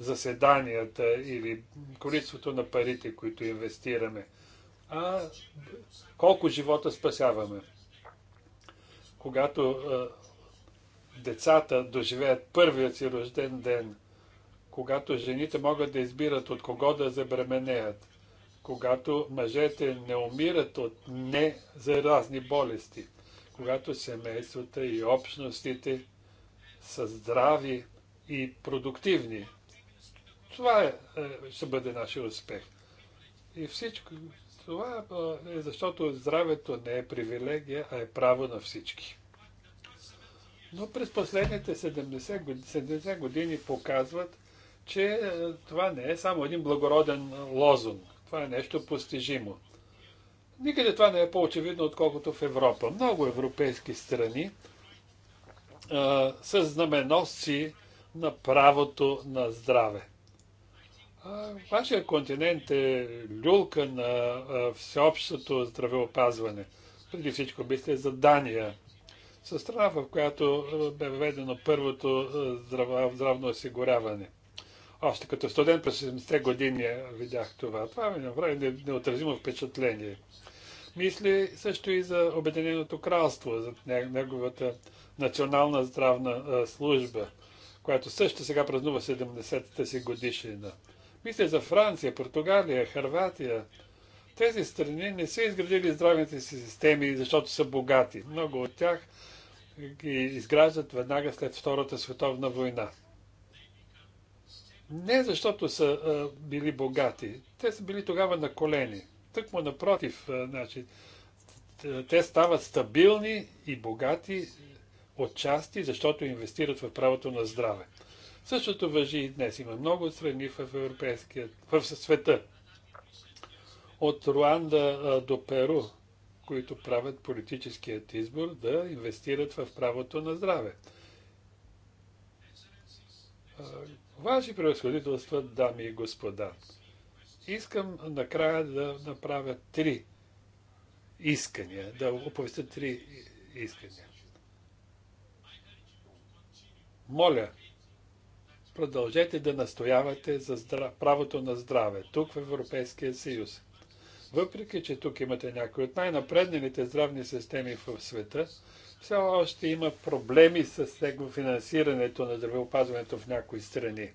заседанията или количеството на парите, които инвестираме, а колко живота спасяваме. Когато децата доживеят първият си рожден ден когато жените могат да избират от кого да забременеят, когато мъжете не умират от незаразни болести, когато семействата и общностите са здрави и продуктивни. Това е, е ще бъде нашия успех. И всичко това е защото здравето не е привилегия, а е право на всички. Но през последните 70 години, 70 години показват, че е, това не е само един благороден е, лозунг. Това е нещо постижимо. Никъде това не е по-очевидно, отколкото в Европа. Много европейски страни а, е, са знаменосци на правото на здраве. А, вашия континент е люлка на а, всеобщото здравеопазване. Преди всичко мисля за Дания. Със страна, в която бе въведено първото здраво, здравно осигуряване. Още като студент през 70-те години видях това. Това ми направи неотразимо впечатление. Мисли също и за Обединеното кралство, за неговата национална здравна служба, която също сега празнува 70-та си годишнина. Мисля за Франция, Португалия, Харватия. Тези страни не са изградили здравните си системи, защото са богати. Много от тях ги изграждат веднага след Втората световна война. Не защото са а, били богати. Те са били тогава на колени. Тъкмо напротив, а, значи, те стават стабилни и богати отчасти, защото инвестират в правото на здраве. Същото въжи и днес. Има много страни в, европейския, в света. От Руанда а, до Перу, които правят политическият избор да инвестират в правото на здраве Ваши превъзходителства, дами и господа, искам накрая да направя три искания, да оповестя три искания. Моля, продължете да настоявате за правото на здраве тук в Европейския съюз. Въпреки, че тук имате някои от най напредните здравни системи в света, все още има проблеми с него финансирането на здравеопазването в някои страни.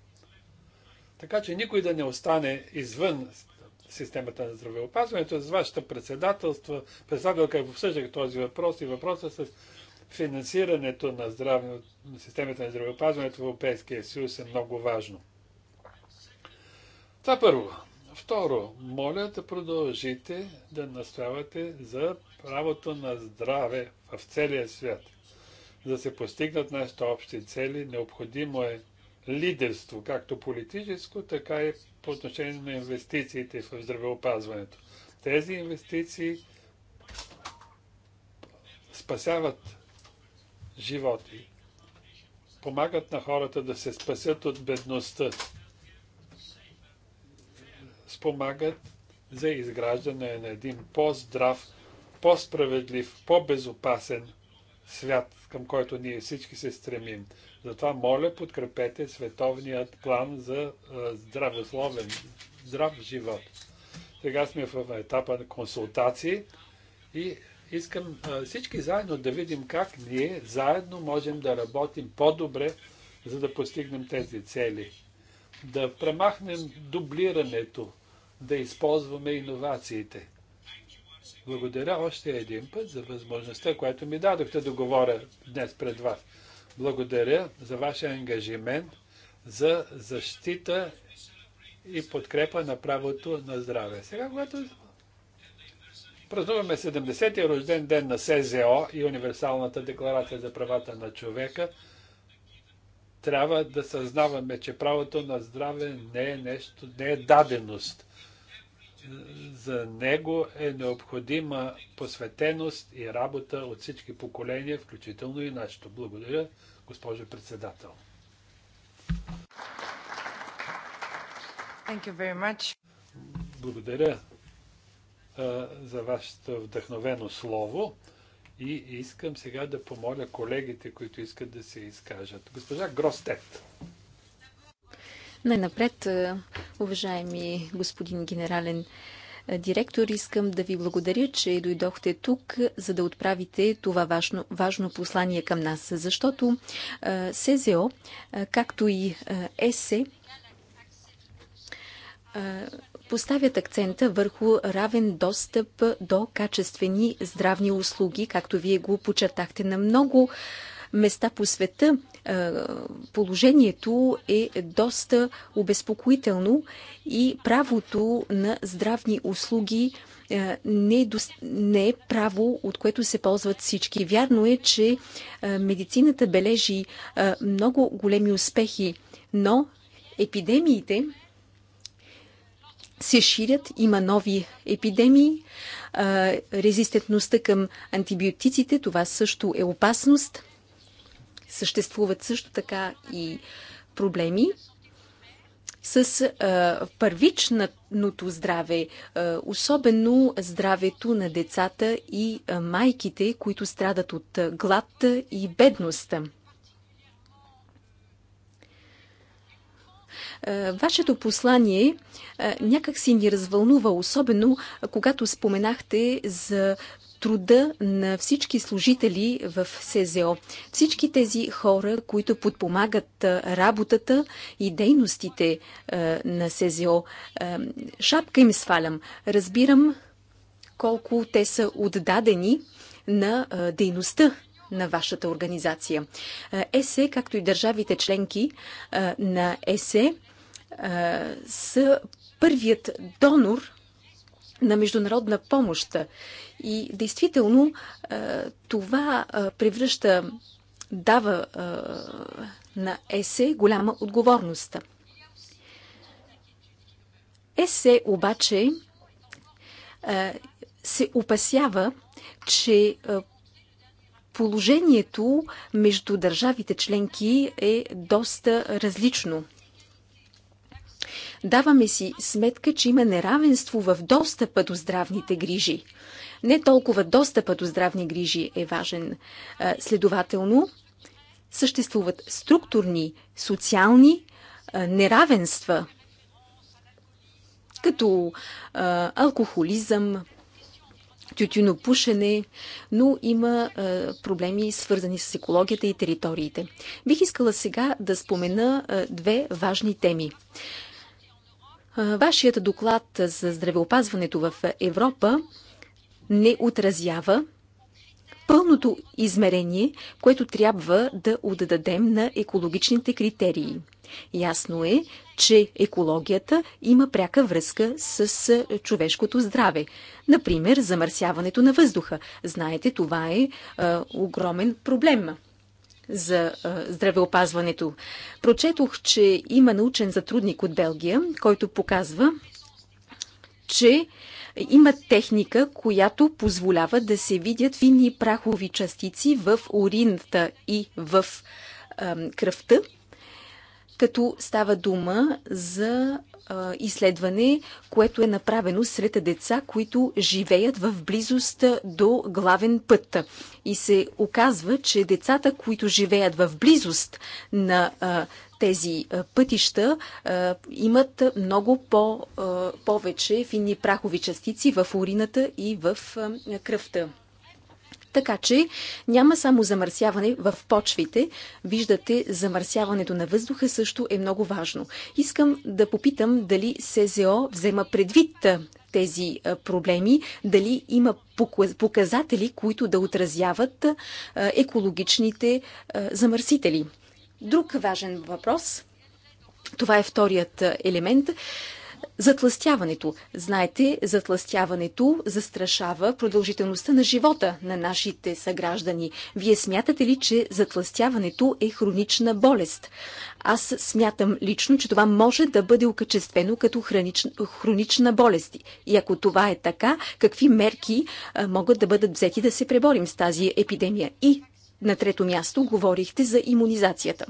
Така че никой да не остане извън системата на здравеопазването. С вашата председателство, председателка е обсъждах този въпрос и въпроса с финансирането на на системата на здравеопазването в Европейския съюз е много важно. Това първо. Второ, моля да продължите да настоявате за правото на здраве в целия свят. За да се постигнат нашите общи цели, необходимо е лидерство, както политическо, така и по отношение на инвестициите в здравеопазването. Тези инвестиции спасяват животи, помагат на хората да се спасят от бедността, спомагат за изграждане на един по-здрав по-справедлив, по-безопасен свят, към който ние всички се стремим. Затова моля, подкрепете световният план за здравословен, здрав живот. Сега сме в етапа на консултации и искам всички заедно да видим как ние заедно можем да работим по-добре, за да постигнем тези цели. Да премахнем дублирането, да използваме иновациите – благодаря още един път за възможността, която ми дадохте да говоря днес пред вас. Благодаря за вашия ангажимент за защита и подкрепа на правото на здраве. Сега, когато празнуваме 70-я рожден ден на СЗО и Универсалната декларация за правата на човека, трябва да съзнаваме, че правото на здраве не е нещо, не е даденост – за него е необходима посветеност и работа от всички поколения, включително и нашето. Благодаря, госпожо председател. Thank you very much. Благодаря а, за вашето вдъхновено слово и искам сега да помоля колегите, които искат да се изкажат. Госпожа Гростет. Най-напред, е, уважаеми господин генерален е, директор, искам да ви благодаря, че дойдохте тук, за да отправите това важно, важно послание към нас, защото е, СЗО, както и ЕСЕ, поставят акцента върху равен достъп до качествени здравни услуги, както вие го почертахте на много места по света положението е доста обезпокоително и правото на здравни услуги не е, до... не е право, от което се ползват всички. Вярно е, че медицината бележи много големи успехи, но епидемиите се ширят, има нови епидемии, резистентността към антибиотиците, това също е опасност съществуват също така и проблеми с а, първичното здраве, а, особено здравето на децата и а, майките, които страдат от глад и бедност. Вашето послание някак си ни развълнува, особено когато споменахте за труда на всички служители в СЗО. Всички тези хора, които подпомагат работата и дейностите на СЗО. Шапка им свалям. Разбирам колко те са отдадени на дейността на вашата организация. ЕСЕ, както и държавите членки на ЕСЕ, са първият донор на международна помощ. И действително е, това е, превръща, дава е, на ЕСЕ голяма отговорност. ЕСЕ обаче се опасява, че положението между държавите членки е доста различно Даваме си сметка, че има неравенство в достъпа до здравните грижи. Не толкова достъпа до здравни грижи е важен. Следователно, съществуват структурни, социални неравенства, като алкохолизъм, тютюнопушене, но има а, проблеми свързани с екологията и териториите. Бих искала сега да спомена а, две важни теми. Вашият доклад за здравеопазването в Европа не отразява пълното измерение, което трябва да отдадем на екологичните критерии. Ясно е, че екологията има пряка връзка с човешкото здраве. Например, замърсяването на въздуха. Знаете, това е, е огромен проблем за здравеопазването. Прочетох, че има научен затрудник от Белгия, който показва, че има техника, която позволява да се видят фини прахови частици в урината и в кръвта като става дума за а, изследване, което е направено сред деца, които живеят в близост до главен път. И се оказва, че децата, които живеят в близост на а, тези пътища а, имат много по, а, повече финни прахови частици в урината и в а, кръвта. Така че няма само замърсяване в почвите. Виждате, замърсяването на въздуха също е много важно. Искам да попитам дали СЗО взема предвид тези проблеми, дали има показатели, които да отразяват екологичните замърсители. Друг важен въпрос. Това е вторият елемент затластяването. Знаете, затластяването застрашава продължителността на живота на нашите съграждани. Вие смятате ли, че затластяването е хронична болест? Аз смятам лично, че това може да бъде окачествено като хронич... хронична болест. И ако това е така, какви мерки могат да бъдат взети да се преборим с тази епидемия? И на трето място говорихте за иммунизацията.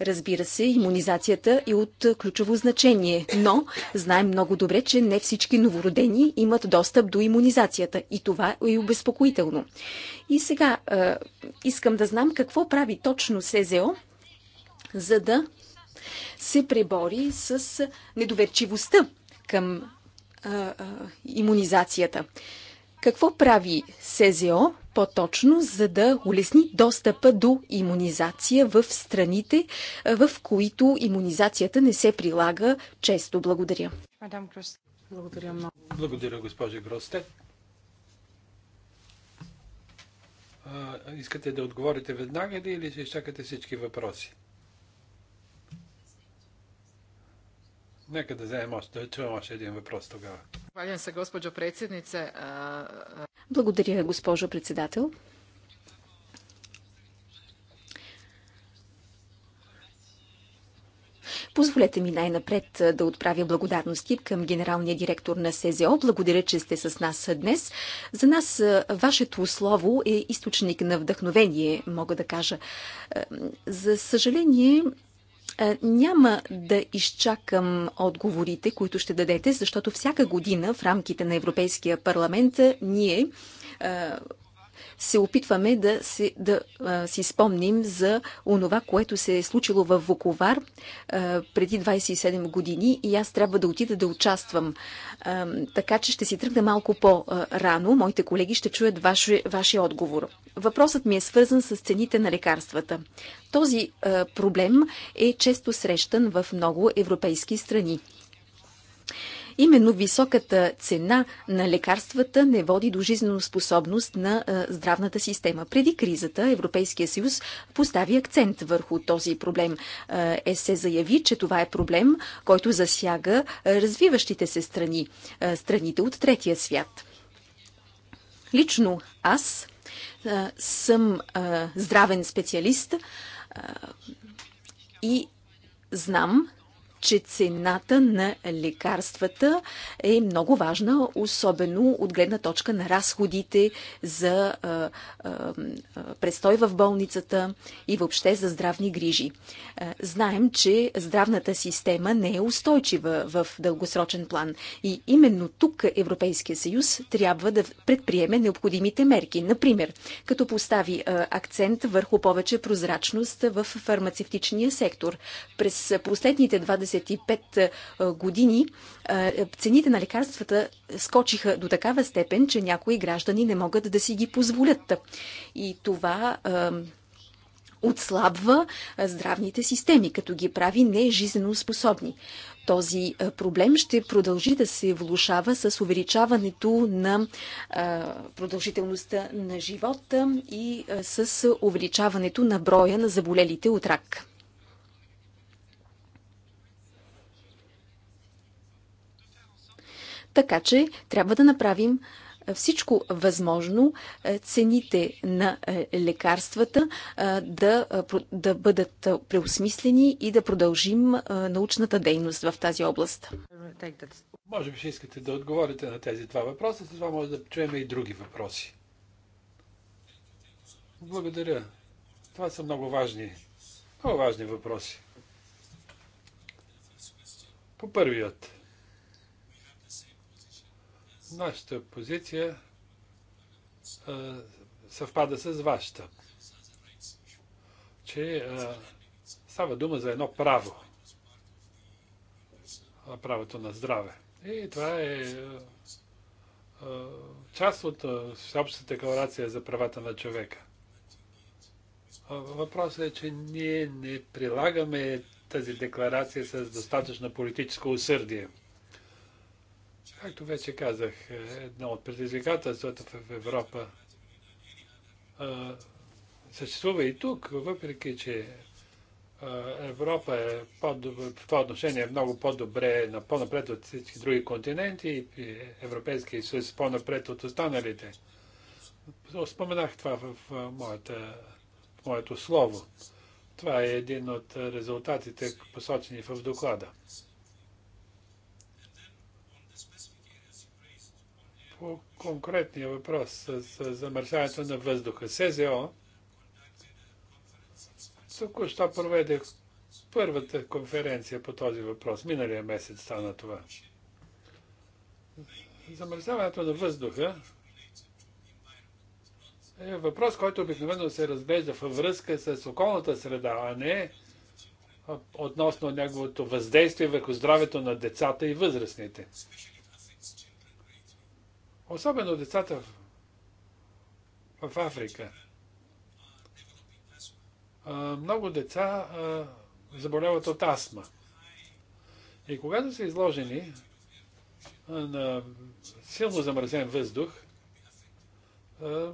Разбира се, иммунизацията е от ключово значение, но знаем много добре, че не всички новородени имат достъп до иммунизацията и това е обезпокоително. И сега е, искам да знам какво прави точно СЗО, за да се пребори с недоверчивостта към е, е, иммунизацията. Какво прави СЗО по-точно, за да улесни достъпа до иммунизация в страните, в които иммунизацията не се прилага често. Благодаря. Благодаря много. Благодаря, госпожа Гростет. Искате да отговорите веднага ли или ще изчакате всички въпроси? Нека да вземем още, да чуем още един въпрос тогава. Благодаря, госпожо председател. Позволете ми най-напред да отправя благодарности към генералния директор на СЗО. Благодаря, че сте с нас днес. За нас вашето слово е източник на вдъхновение, мога да кажа. За съжаление, няма да изчакам отговорите, които ще дадете, защото всяка година в рамките на Европейския парламент ние се опитваме да, си, да а, си спомним за онова, което се е случило в Вуковар а, преди 27 години и аз трябва да отида да участвам. А, така че ще си тръгна малко по-рано. Моите колеги ще чуят ваше, вашия отговор. Въпросът ми е свързан с цените на лекарствата. Този а, проблем е често срещан в много европейски страни. Именно високата цена на лекарствата не води до жизненоспособност на здравната система. Преди кризата Европейския съюз постави акцент върху този проблем. ЕСЕ заяви, че това е проблем, който засяга развиващите се страни, страните от третия свят. Лично аз съм здравен специалист и знам, че цената на лекарствата е много важна, особено от гледна точка на разходите за престой в болницата и въобще за здравни грижи. знаем, че здравната система не е устойчива в дългосрочен план и именно тук Европейския съюз трябва да предприеме необходимите мерки. Например, като постави акцент върху повече прозрачност в фармацевтичния сектор. През последните 20 25 е, години е, цените на лекарствата скочиха до такава степен, че някои граждани не могат да си ги позволят. И това е, отслабва здравните системи, като ги прави нежизнено способни. Този проблем ще продължи да се влушава с увеличаването на продължителността на живота и с увеличаването на броя на заболелите от рак. Така че трябва да направим всичко възможно цените на лекарствата да, да бъдат преосмислени и да продължим научната дейност в тази област. Може би ще искате да отговорите на тези два въпроса, с това може да чуем и други въпроси. Благодаря. Това са много важни, много важни въпроси. По първият Нашата позиция съвпада с вашата, че става дума за едно право. Правото на здраве. И това е част от Всеобщата декларация за правата на човека. Въпросът е, че ние не прилагаме тази декларация с достатъчно политическо усърдие. Както вече казах, е едно от предизвикателствата в Европа а, съществува и тук, въпреки че Европа е в това отношение е много по-добре, на по-напред от всички други континенти и Европейския съюз по-напред от останалите. Споменах това в, моята, в моето слово. Това е един от резултатите, посочени в доклада. по конкретния въпрос с, замърсяването на въздуха. СЗО току-що проведе първата конференция по този въпрос. Миналия месец стана това. Замърсяването на въздуха е въпрос, който обикновено се разглежда във връзка с околната среда, а не относно неговото въздействие върху здравето на децата и възрастните. Особено децата в, в Африка. А, много деца а, заболяват от астма. И когато са изложени на силно замразен въздух,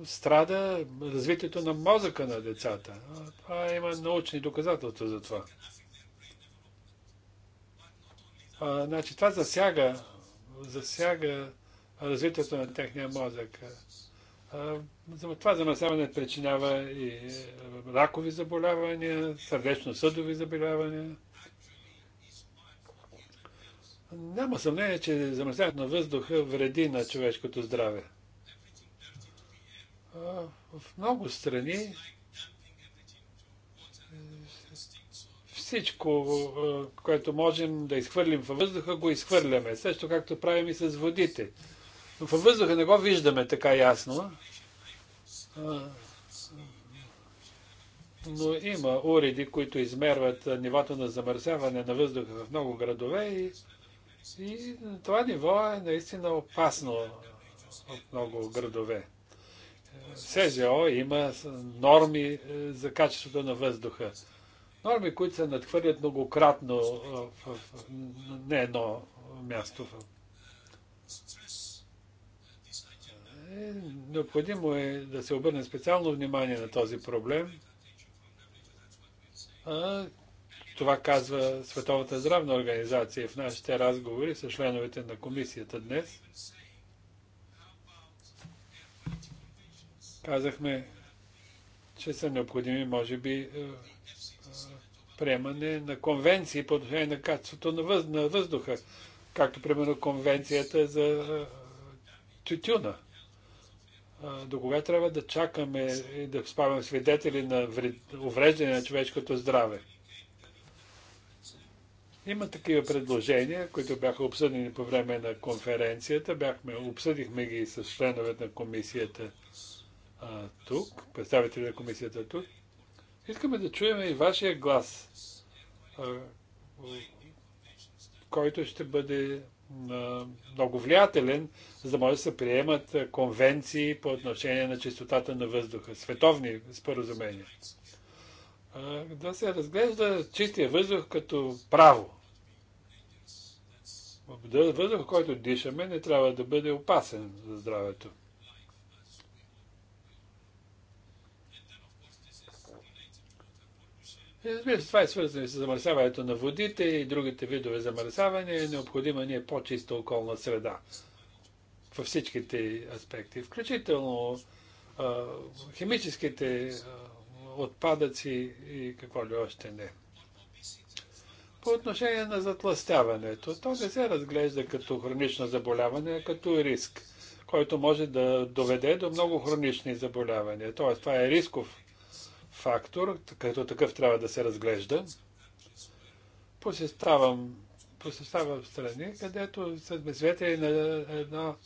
страда развитието на мозъка на децата. Това има научни доказателства за това. А, значи, това засяга, засяга развитието на техния мозък. Това замърсяване причинява и ракови заболявания, сърдечно-съдови заболявания. Няма съмнение, че замърсяването на въздуха вреди на човешкото здраве. В много страни всичко, което можем да изхвърлим във въздуха, го изхвърляме. Също както правим и с водите във въздуха не го виждаме така ясно. Но има уреди, които измерват нивото на замърсяване на въздуха в много градове и, и това ниво е наистина опасно от много градове. СЗО има норми е, за качеството на въздуха. Норми, които се надхвърлят многократно в, в, в не едно място необходимо е да се обърне специално внимание на този проблем. А, това казва Световната здравна организация в нашите разговори с членовете на комисията днес. Казахме, че са необходими, може би, е, е, приемане на конвенции по отношение на качеството на въздуха, както, примерно, конвенцията за е, тютюна до кога трябва да чакаме и да спаваме свидетели на вред, увреждане на човешкото здраве? Има такива предложения, които бяха обсъдени по време на конференцията. Бяхме, обсъдихме ги с членовете на комисията а, тук, представители на комисията тук. Искаме да чуем и вашия глас, а, който ще бъде много влиятелен, за да може да се приемат конвенции по отношение на чистотата на въздуха, световни споразумения. Да се разглежда чистия въздух като право. Въздух, който дишаме, не трябва да бъде опасен за здравето. И разбира се, това е свързано и с замърсяването на водите и другите видове замърсяване. Е необходима ни е по-чиста околна среда във всичките аспекти, включително а, химическите а, отпадъци и какво ли още не. По отношение на затластяването, то не се разглежда като хронично заболяване, а като риск, който може да доведе до много хронични заболявания. Тоест, това е рисков фактор, като такъв трябва да се разглежда. Посещавам, посещавам страни, където сме свидетели на едно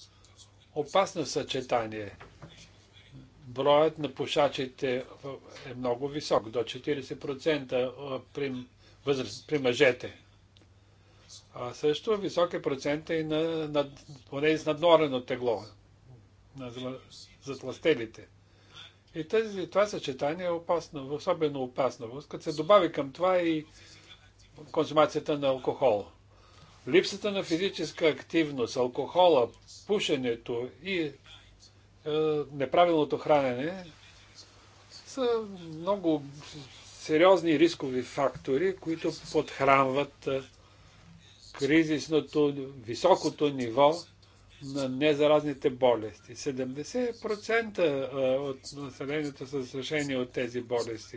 опасно съчетание. Броят на пушачите е много висок, до 40% при, възраст, при мъжете. А също висок е процента и на, на, на, на, тегло, на затластелите. И тази, това съчетание е опасно, особено опасно, като се добави към това и консумацията на алкохол. Липсата на физическа активност, алкохола, пушенето и е, неправилното хранене са много сериозни рискови фактори, които подхранват е, кризисното, високото ниво на незаразните болести. 70% от населението са застрашени от тези болести.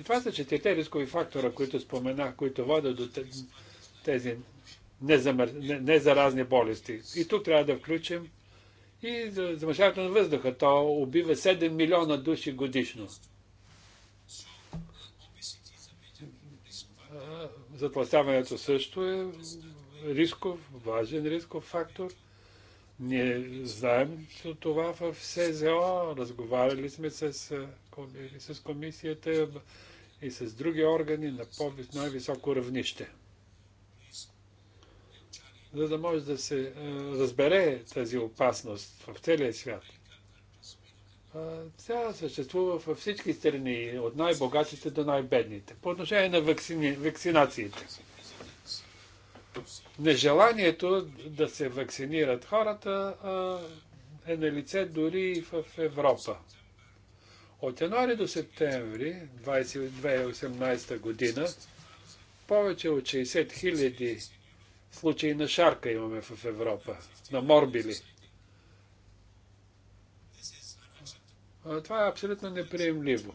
И това са четирите рискови фактора, които споменах, които водят до тези незаразни болести. И тук трябва да включим и замърсяването на въздуха. То убива 7 милиона души годишно. Затластяването също е рисков, важен рисков фактор – ние знаем това в СЗО, разговаряли сме с, с комисията и с други органи на най-високо равнище. За да може да се разбере тази опасност в целия свят. Тя съществува във всички страни, от най-богатите до най-бедните. По отношение на вакцини, вакцинациите нежеланието да се вакцинират хората е на лице дори и в Европа. От януари до септември 2018 година повече от 60 хиляди случаи на шарка имаме в Европа, на морбили. Това е абсолютно неприемливо.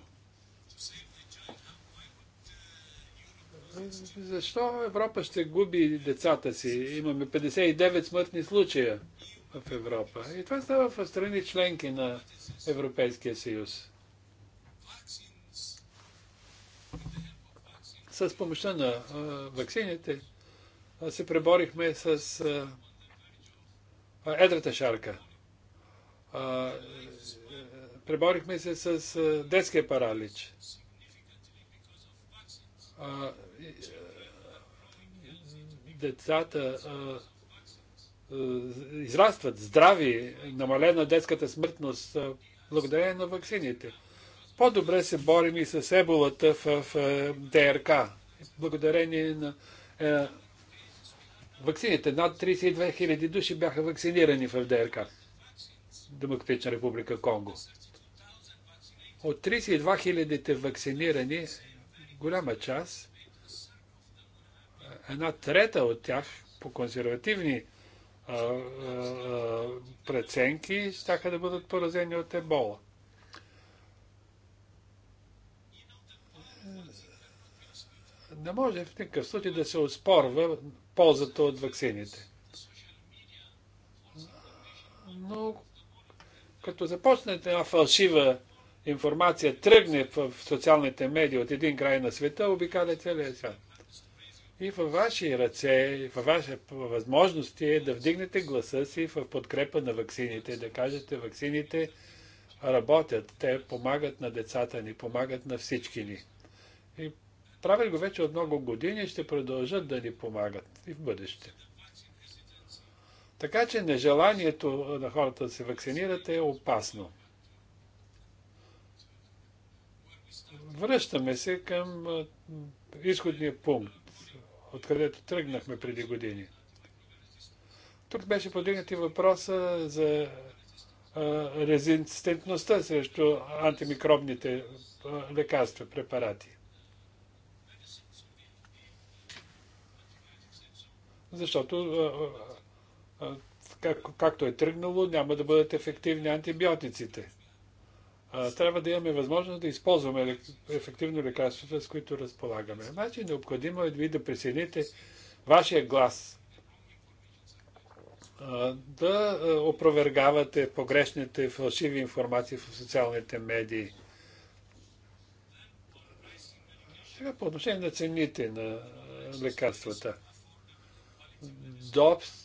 Защо Европа ще губи децата си? Имаме 59 смъртни случая в Европа. И това става в страни членки на Европейския съюз. С помощта на а, вакцините а, се преборихме с а, едрата шарка. А, преборихме се с детския паралич. А, децата израстват здрави, намалена детската смъртност благодарение на вакцините. По-добре се борим и с еболата в, ДРК. Благодарение на е, вакцините. Над 32 000 души бяха вакцинирани в ДРК. Демократична република Конго. От 32 000 вакцинирани, голяма част Една трета от тях по консервативни а, а, а, преценки щяха да бъдат поразени от ебола. Не може в никакъв случай да се оспорва ползата от вакцините. Но като започнете една фалшива информация тръгне в социалните медии от един край на света, обикаля целия свят. И във ваши ръце, във ваши възможности е да вдигнете гласа си в подкрепа на ваксините, да кажете ваксините работят, те помагат на децата ни, помагат на всички ни. И правят го вече от много години, и ще продължат да ни помагат и в бъдеще. Така че нежеланието на хората да се вакцинират е опасно. Връщаме се към изходния пункт откъдето тръгнахме преди години. Тук беше подигнат и въпроса за резистентността срещу антимикробните лекарства, препарати. Защото както е тръгнало, няма да бъдат ефективни антибиотиците трябва да имаме възможност да използваме ефективно лекарствата, с които разполагаме. Значи необходимо е ви да присъедините вашия глас, да опровергавате погрешните фалшиви информации в социалните медии. Сега по отношение на цените на лекарствата.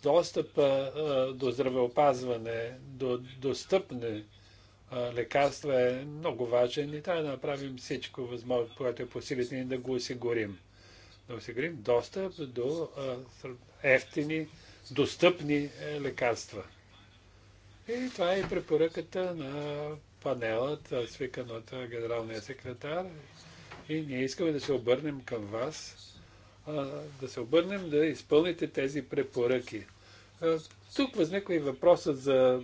Достъпа до здравеопазване, до достъпни лекарства е много важен и трябва да направим всичко възможно, което е по силите ни да го осигурим. Да осигурим достъп до ефтини, достъпни е, лекарства. И това е и препоръката на панелът, е свикан от генералния секретар. И ние искаме да се обърнем към вас, да се обърнем да изпълните тези препоръки. Тук възниква и въпросът за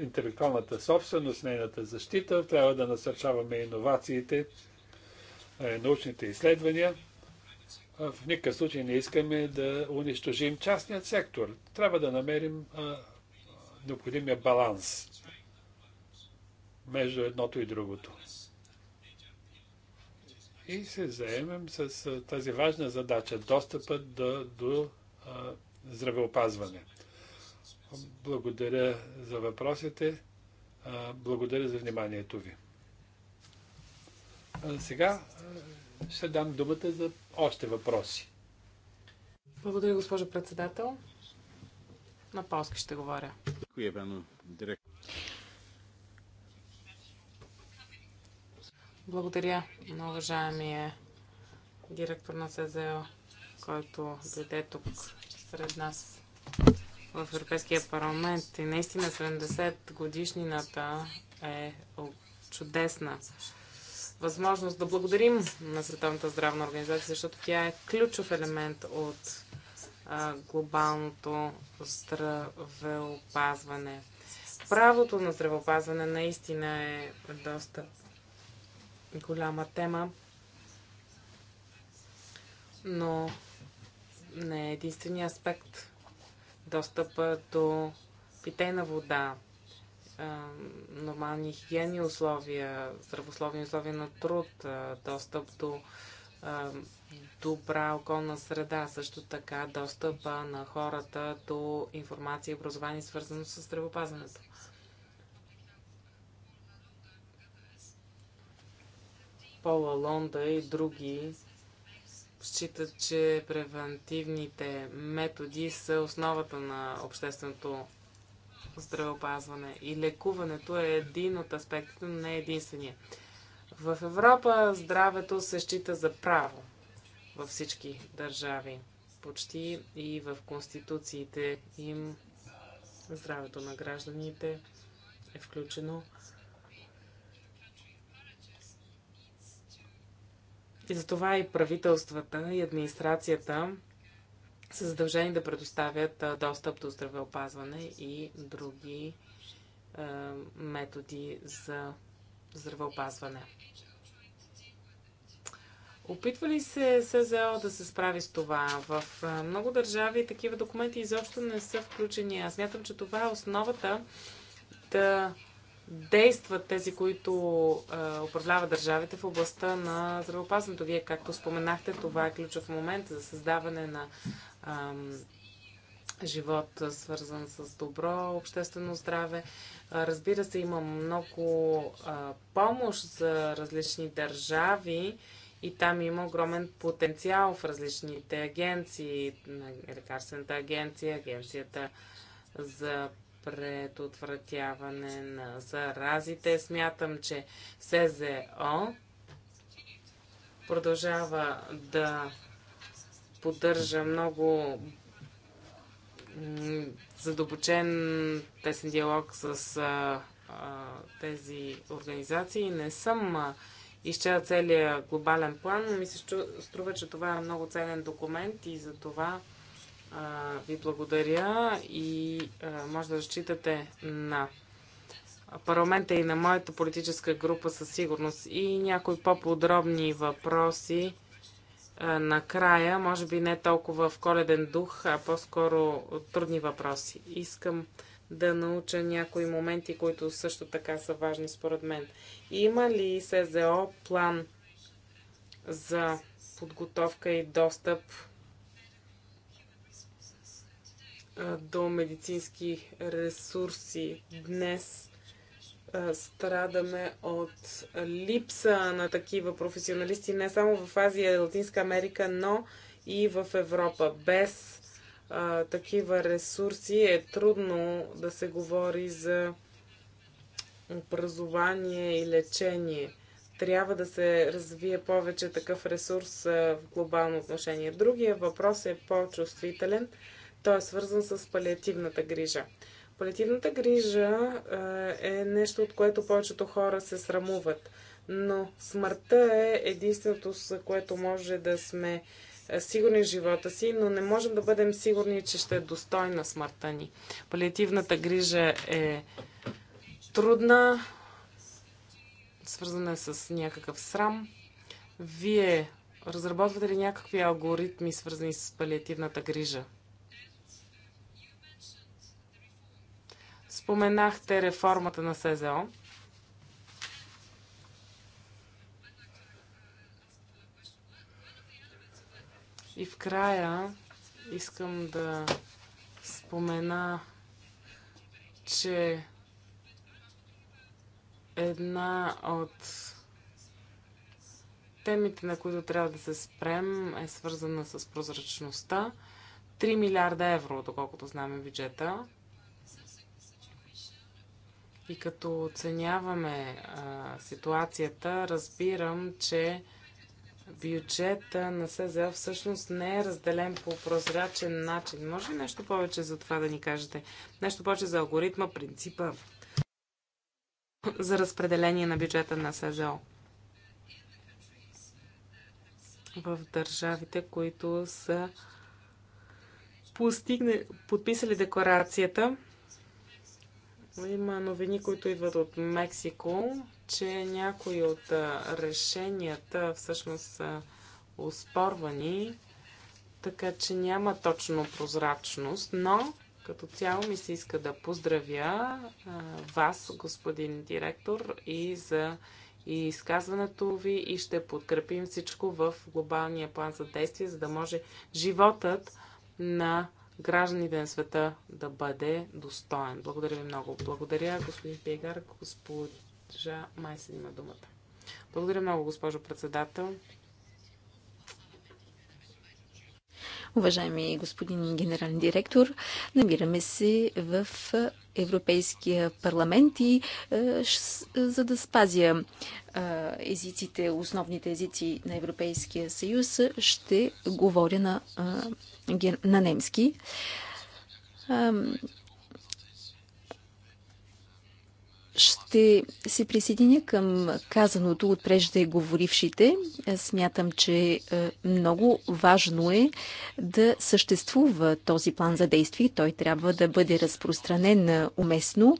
интелектуалната собственост, нейната защита. Трябва да насърчаваме иновациите, научните изследвания. В никакъв случай не искаме да унищожим частният сектор. Трябва да намерим необходимия баланс между едното и другото. И се заемем с тази важна задача достъпът до, до здравеопазване. Благодаря за въпросите. Благодаря за вниманието ви. Сега ще дам думата за още въпроси. Благодаря, госпожо председател. На полски ще говоря. Благодаря на уважаемия директор на СЗО, който дойде тук сред нас в Европейския парламент и наистина 70 годишнината е чудесна възможност да благодарим на Световната здравна организация, защото тя е ключов елемент от а, глобалното здравеопазване. Правото на здравеопазване наистина е доста голяма тема, но не е единствения аспект достъпа до питейна вода, нормални хигиени условия, здравословни условия на труд, достъп до добра околна среда, също така достъпа на хората до информация и образование, свързано с здравеопазването. Пола Лонда и други считат, че превентивните методи са основата на общественото здравеопазване и лекуването е един от аспектите, но не е единствения. В Европа здравето се счита за право във всички държави. Почти и в конституциите им здравето на гражданите е включено И затова и правителствата, и администрацията са задължени да предоставят достъп до здравеопазване и други е, методи за здравеопазване. Опитва ли се СЗО да се справи с това? В много държави такива документи изобщо не са включени. Аз мятам, че това е основата да действат тези, които а, е, управляват държавите в областта на здравеопазването. Вие, както споменахте, това е ключов момент за създаване на а, живот, свързан с добро обществено здраве. А, разбира се, има много а, помощ за различни държави и там има огромен потенциал в различните агенции, лекарствената агенция, агенцията за предотвратяване на заразите. Смятам, че СЗО продължава да поддържа много задълбочен тесен диалог с а, а, тези организации. Не съм изчела целият глобален план, но ми се струва, че това е много ценен документ и за това ви благодаря и може да разчитате на парламента и на моята политическа група със сигурност. И някои по-подробни въпроси накрая, може би не толкова в коледен дух, а по-скоро трудни въпроси. Искам да науча някои моменти, които също така са важни според мен. Има ли СЗО план за подготовка и достъп до медицински ресурси. Днес страдаме от липса на такива професионалисти не само в Азия и Латинска Америка, но и в Европа. Без а, такива ресурси е трудно да се говори за образование и лечение. Трябва да се развие повече такъв ресурс а, в глобално отношение. Другия въпрос е по-чувствителен. Той е свързан с палиативната грижа. Палиативната грижа е нещо, от което повечето хора се срамуват. Но смъртта е единственото, за което може да сме сигурни в живота си, но не можем да бъдем сигурни, че ще е достойна смъртта ни. Палиативната грижа е трудна, свързана е с някакъв срам. Вие разработвате ли някакви алгоритми, свързани с палиативната грижа? Споменахте реформата на СЗО. И в края искам да спомена, че една от темите, на които трябва да се спрем, е свързана с прозрачността. 3 милиарда евро, доколкото знаме бюджета. И като оценяваме а, ситуацията, разбирам, че бюджета на СЗЛ всъщност не е разделен по прозрачен начин. Може ли нещо повече за това да ни кажете? Нещо повече за алгоритма, принципа за разпределение на бюджета на СЗО? В държавите, които са постигне, подписали декларацията, има новини, които идват от Мексико, че някои от решенията всъщност са успорвани, така че няма точно прозрачност, но като цяло ми се иска да поздравя вас, господин директор, и за и изказването ви и ще подкрепим всичко в глобалния план за действие, за да може животът на гражданите на света да бъде достоен. Благодаря ви много. Благодаря, господин Пейгар. Госпожа Майсен има думата. Благодаря много, госпожо председател. Уважаеми господин генерален директор, намираме се в Европейския парламент и е, за да спазя е, езиците, основните езици на Европейския съюз, ще говоря на, е, на немски. Ще се присъединя към казаното от преждеговорившите. Смятам, че е, много важно е да съществува този план за действие. Той трябва да бъде разпространен е, уместно,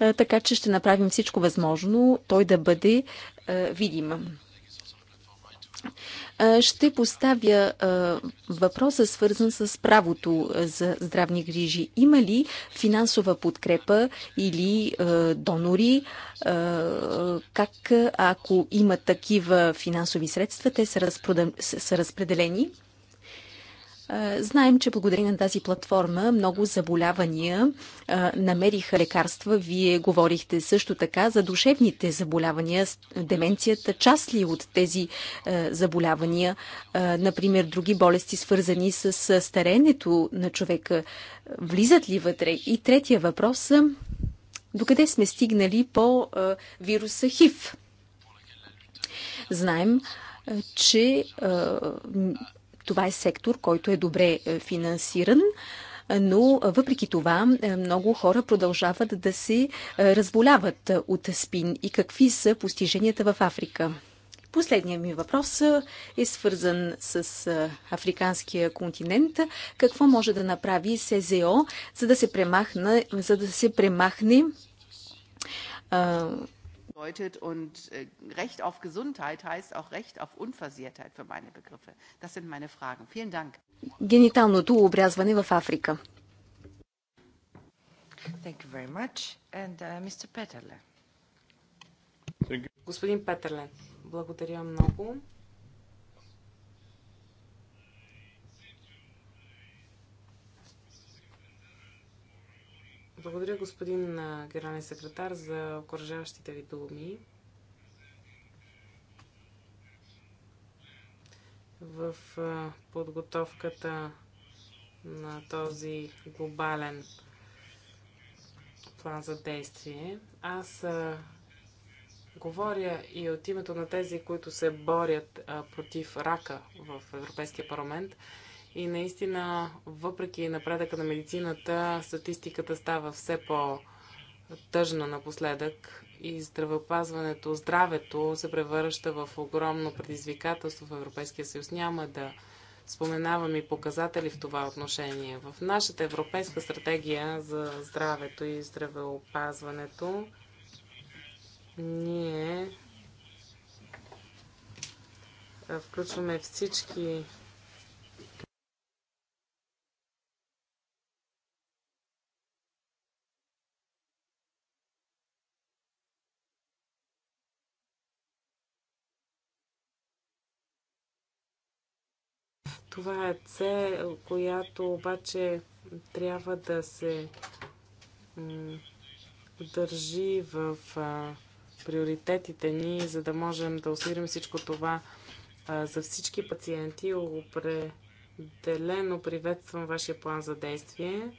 е, така че ще направим всичко възможно той да бъде видим ще поставя въпроса, свързан с правото за здравни грижи. Има ли финансова подкрепа или донори? Как, ако има такива финансови средства, те са разпределени? Е, знаем, че благодарение на тази платформа много заболявания е, намериха лекарства. Вие говорихте също така за душевните заболявания, деменцията, част ли от тези е, заболявания, например други болести, свързани с старенето на човека, влизат ли вътре? И третия въпрос докъде сме стигнали по вируса ХИВ? Знаем, че това е сектор, който е добре е, финансиран е, но е, въпреки това много хора продължават да се разболяват от спин и какви са постиженията в Африка. Последният ми въпрос е свързан с африканския континент. Какво може да направи СЗО, за да се премахне, за да се премахне bedeutet. Und äh, Recht auf Gesundheit heißt auch Recht auf Unversehrtheit für meine Begriffe. Das sind meine Fragen. Vielen Dank. Гениталното обрязване в Африка. Thank you very much. And uh, Mr. Peterle. Господин Петерлен, благодаря много. Благодаря, господин генерален секретар, за окоръжаващите ви думи. В подготовката на този глобален план за действие. Аз говоря и от името на тези, които се борят против рака в Европейския парламент и наистина, въпреки напредъка на медицината, статистиката става все по-тъжна напоследък и здравеопазването, здравето се превръща в огромно предизвикателство в Европейския съюз. Няма да споменавам и показатели в това отношение. В нашата европейска стратегия за здравето и здравеопазването ние включваме всички Това е цел, която обаче трябва да се държи в а, приоритетите ни, за да можем да осигурим всичко това а, за всички пациенти. Определено приветствам вашия план за действие.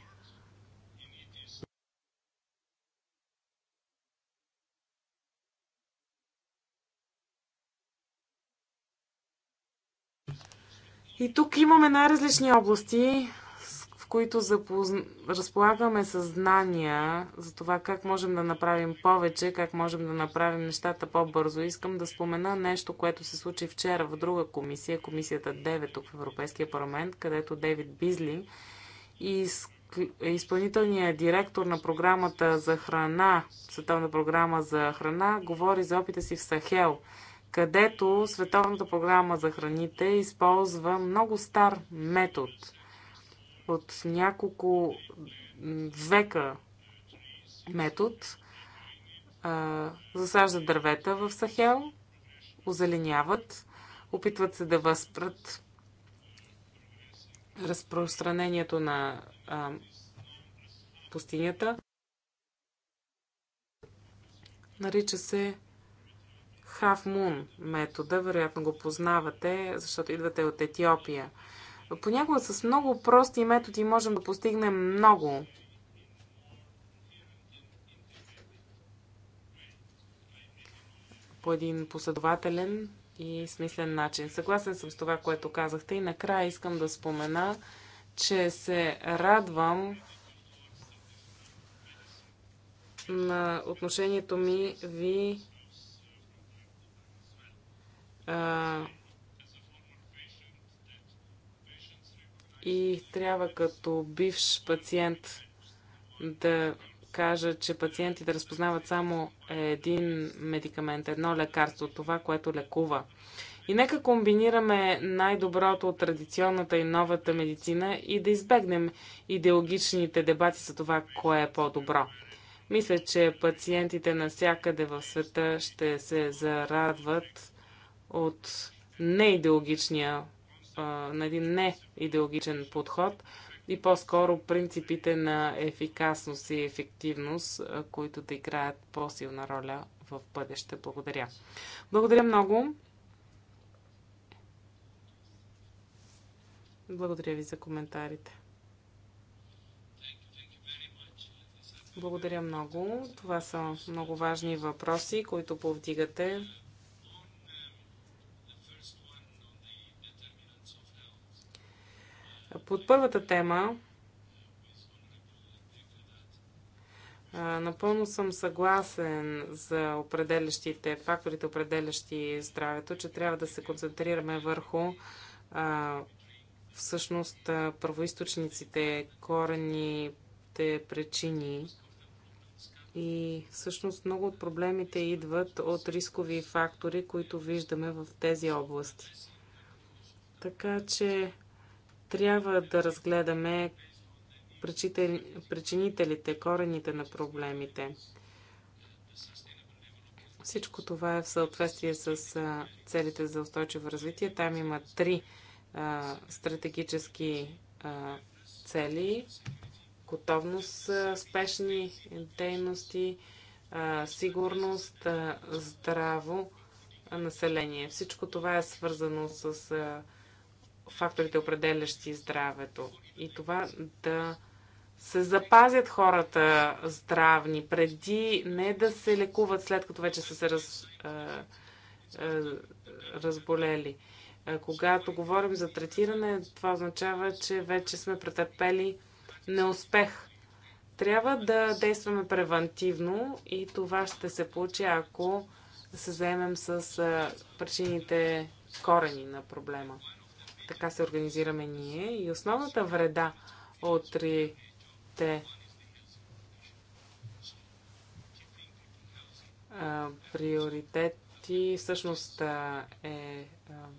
И тук имаме най-различни области, в които запозна... разполагаме съзнания знания за това как можем да направим повече, как можем да направим нещата по-бързо. Искам да спомена нещо, което се случи вчера в друга комисия, комисията 9 тук в Европейския парламент, където Дейвид Бизли и е изпълнителният директор на програмата за храна, Световна програма за храна, говори за опита си в Сахел – където Световната програма за храните използва много стар метод от няколко века метод. Засаждат дървета в Сахел, озеленяват, опитват се да възпрат разпространението на пустинята. Нарича се Half Moon метода, вероятно го познавате, защото идвате от Етиопия. Понякога с много прости методи можем да постигнем много. По един последователен и смислен начин. Съгласен съм с това, което казахте и накрая искам да спомена, че се радвам на отношението ми ви и трябва като бивш пациент да кажа, че пациентите разпознават само един медикамент, едно лекарство, това, което лекува. И нека комбинираме най-доброто от традиционната и новата медицина и да избегнем идеологичните дебати за това, кое е по-добро. Мисля, че пациентите навсякъде в света ще се зарадват от неидеологичния, на един неидеологичен подход и по-скоро принципите на ефикасност и ефективност, които да играят по-силна роля в бъдеще. Благодаря. Благодаря много. Благодаря ви за коментарите. Благодаря много. Това са много важни въпроси, които повдигате. Под първата тема Напълно съм съгласен за определящите, факторите определящи здравето, че трябва да се концентрираме върху всъщност първоисточниците, корените причини. И всъщност много от проблемите идват от рискови фактори, които виждаме в тези области. Така че трябва да разгледаме причинителите, корените на проблемите. Всичко това е в съответствие с целите за устойчиво развитие. Там има три стратегически цели. Готовност, спешни дейности, сигурност, здраво население. Всичко това е свързано с факторите, определящи здравето. И това да се запазят хората здравни, преди не да се лекуват след като вече са се раз, разболели. когато говорим за третиране, това означава, че вече сме претърпели неуспех. Трябва да действаме превентивно и това ще се получи, ако се заемем с причините корени на проблема така се организираме ние. И основната вреда от трите приоритети всъщност е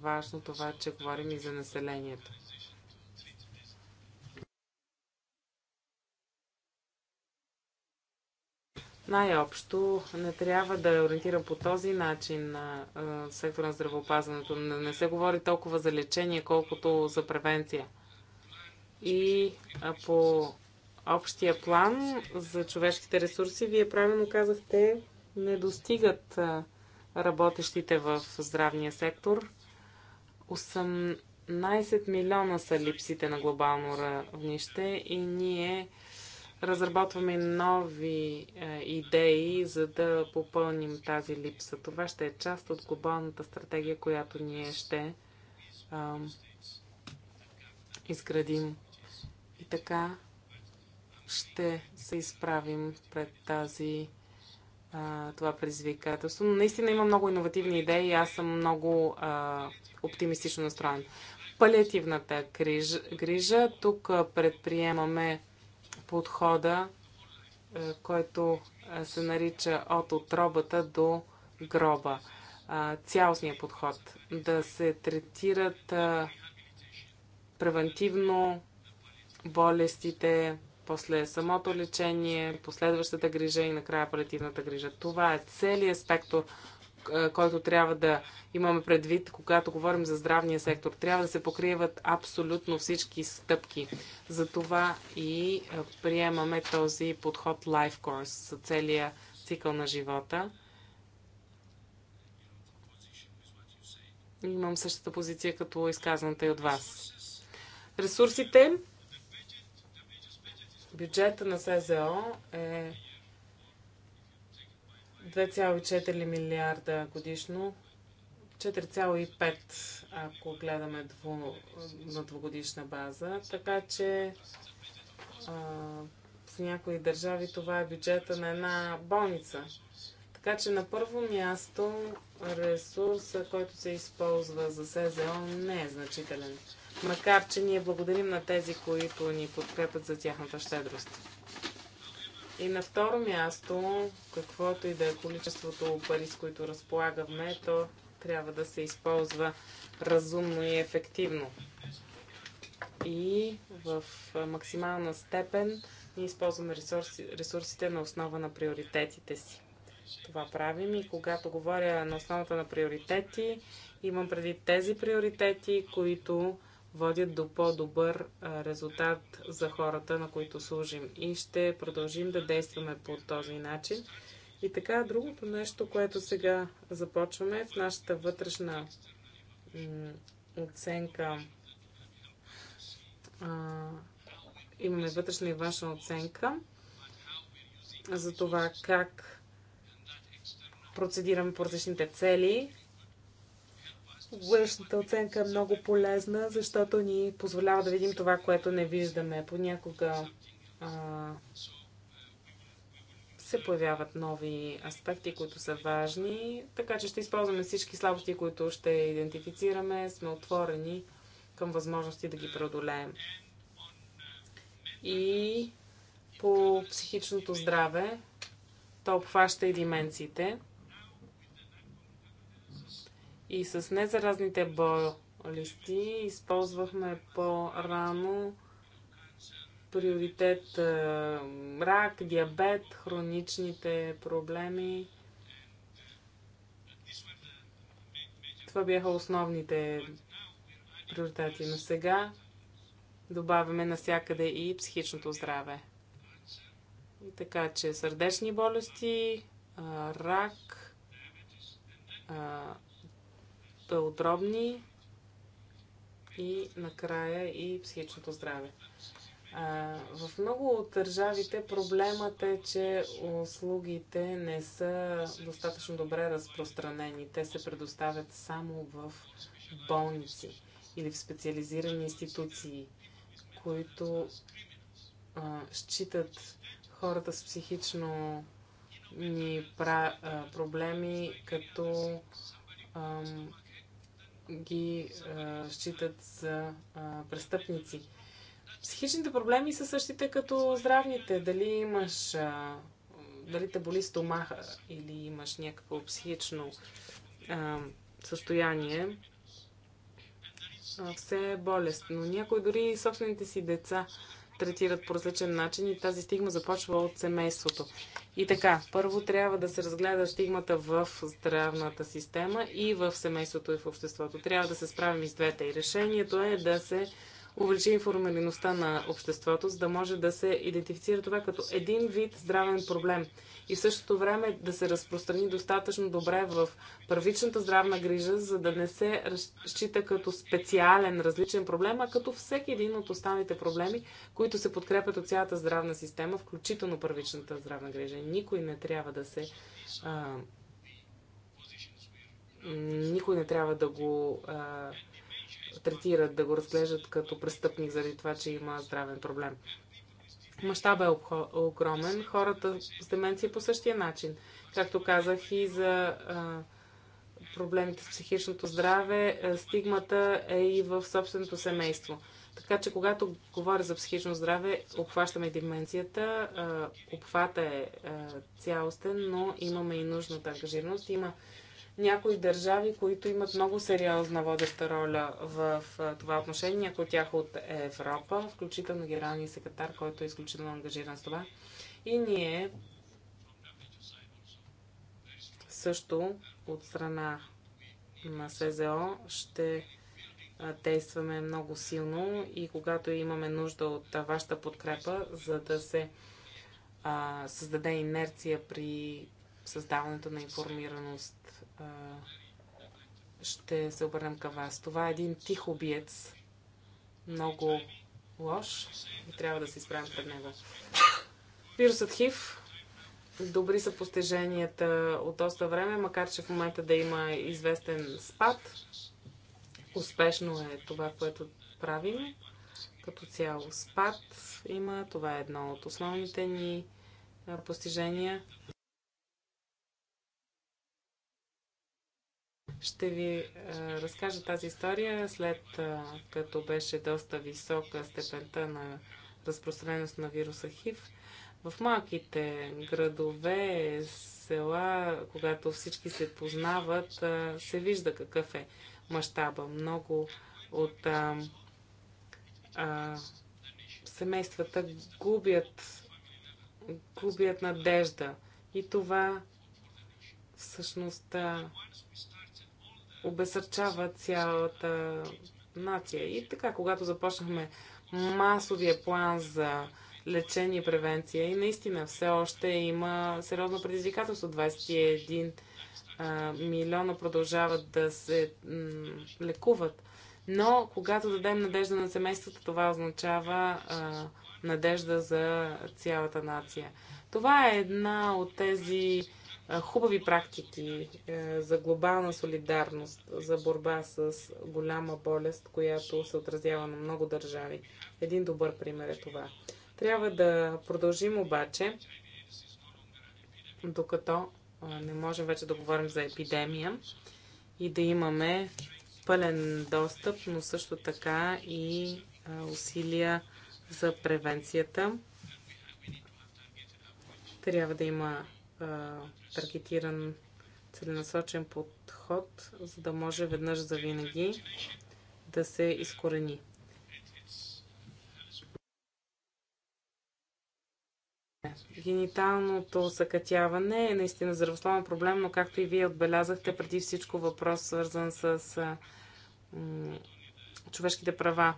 важно това, че говорим и за населението. най-общо не трябва да е ориентиран по този начин на сектора на здравеопазването. Не се говори толкова за лечение, колкото за превенция. И по общия план за човешките ресурси, вие правилно казахте, не достигат работещите в здравния сектор. 18 милиона са липсите на глобално равнище и ние разработваме нови е, идеи, за да попълним тази липса. Това ще е част от глобалната стратегия, която ние ще е, изградим. И така ще се изправим пред тази това предизвикателство. Но наистина има много иновативни идеи и аз съм много а, оптимистично настроен. Палиативната грижа. Тук предприемаме подхода, е, който е, се нарича от отробата до гроба. Цялостния подход. Да се третират е, превентивно болестите, после самото лечение, последващата грижа и накрая палетивната грижа. Това е целият спектър е, който трябва да имаме предвид, когато говорим за здравния сектор. Трябва да се покриват абсолютно всички стъпки. Затова и е, приемаме този подход Life Course за целия цикъл на живота. Имам същата позиция като изказаната и от вас. Ресурсите. Бюджета на СЗО е 2,4 милиарда годишно, 4,5 ако гледаме дву, на двугодишна база. Така че а, в някои държави това е бюджета на една болница. Така че на първо място ресурса, който се използва за СЗО, не е значителен. Макар, че ние благодарим на тези, които ни подкрепят за тяхната щедрост. И на второ място, каквото и да е количеството пари, с които разполагаме, то трябва да се използва разумно и ефективно. И в максимална степен ние използваме ресурси, ресурсите на основа на приоритетите си. Това правим и когато говоря на основата на приоритети, имам преди тези приоритети, които водят до по-добър резултат за хората, на които служим. И ще продължим да действаме по този начин. И така, другото нещо, което сега започваме в нашата вътрешна оценка, имаме вътрешна и външна оценка за това как процедираме по различните цели Външната оценка е много полезна, защото ни позволява да видим това, което не виждаме. Понякога а, се появяват нови аспекти, които са важни, така че ще използваме всички слабости, които ще идентифицираме, сме отворени към възможности да ги преодолеем. И по психичното здраве, то обхваща и дименциите и с незаразните болести. Използвахме по-рано приоритет рак, диабет, хроничните проблеми. Това бяха основните приоритети. Но сега добавяме навсякъде и психичното здраве. Така че сърдечни болести, рак, от дробни и накрая и психичното здраве. в много от държавите проблемът е, че услугите не са достатъчно добре разпространени. Те се предоставят само в болници или в специализирани институции, които а, считат хората с психично ни пра, а, проблеми като ги а, считат за а, престъпници. Психичните проблеми са същите като здравните. Дали имаш, а, дали те боли стомаха или имаш някакво психично а, състояние, а, все е болест. Но някой дори собствените си деца третират по различен начин и тази стигма започва от семейството. И така, първо трябва да се разгледа стигмата в здравната система и в семейството и в обществото. Трябва да се справим и с двете. И решението е да се увеличи информираността на обществото, за да може да се идентифицира това като един вид здравен проблем. И в същото време да се разпространи достатъчно добре в първичната здравна грижа, за да не се разчита като специален, различен проблем, а като всеки един от останалите проблеми, които се подкрепят от цялата здравна система, включително първичната здравна грижа. Никой не трябва да се а, никой не трябва да го а, третират, да го разглеждат като престъпник заради това, че има здравен проблем. Мащабът е огромен. Хората с деменция по същия начин. Както казах и за а, проблемите с психичното здраве, стигмата е и в собственото семейство. Така че, когато говоря за психично здраве, обхващаме деменцията, обхвата е цялостен, но имаме и нужната ангажираност. Има някои държави, които имат много сериозна водеща роля в това отношение, някои от тях от Европа, включително генералния секретар, който е изключително ангажиран с това. И ние също от страна на СЗО ще действаме много силно и когато имаме нужда от вашата подкрепа, за да се а, създаде инерция при създаването на информираност. Ще се обърнем към вас. Това е един тих обиец, много лош и трябва да се изправим пред него. Вирусът ХИВ. Добри са постиженията от доста време, макар че в момента да има известен спад. Успешно е това, което правим. Като цяло спад има. Това е едно от основните ни постижения. Ще ви е, разкажа тази история след е, като беше доста висока степента на разпространеност на вируса ХИВ. В малките градове, села, когато всички се познават, е, се вижда какъв е мащаба. Много от а, а, семействата губят, губят надежда. И това всъщност обесърчава цялата нация. И така, когато започнахме масовия план за лечение и превенция, и наистина все още има сериозно предизвикателство. 21 милиона продължават да се лекуват. Но когато дадем надежда на семейството, това означава а, надежда за цялата нация. Това е една от тези хубави практики е, за глобална солидарност, за борба с голяма болест, която се отразява на много държави. Един добър пример е това. Трябва да продължим обаче, докато не можем вече да говорим за епидемия и да имаме пълен достъп, но също така и усилия за превенцията. Трябва да има а, таргетиран целенасочен подход, за да може веднъж за винаги да се изкорени. Гениталното съкътяване е наистина здравословен проблем, но както и вие отбелязахте, преди всичко въпрос свързан с човешките права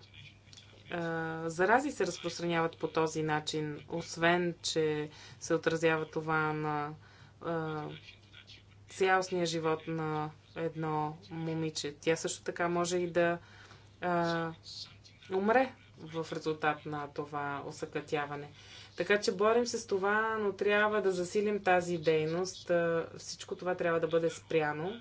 зарази се разпространяват по този начин, освен, че се отразява това на цялостния живот на едно момиче. Тя също така може и да а, умре в резултат на това осъкътяване. Така че борим се с това, но трябва да засилим тази дейност. Всичко това трябва да бъде спряно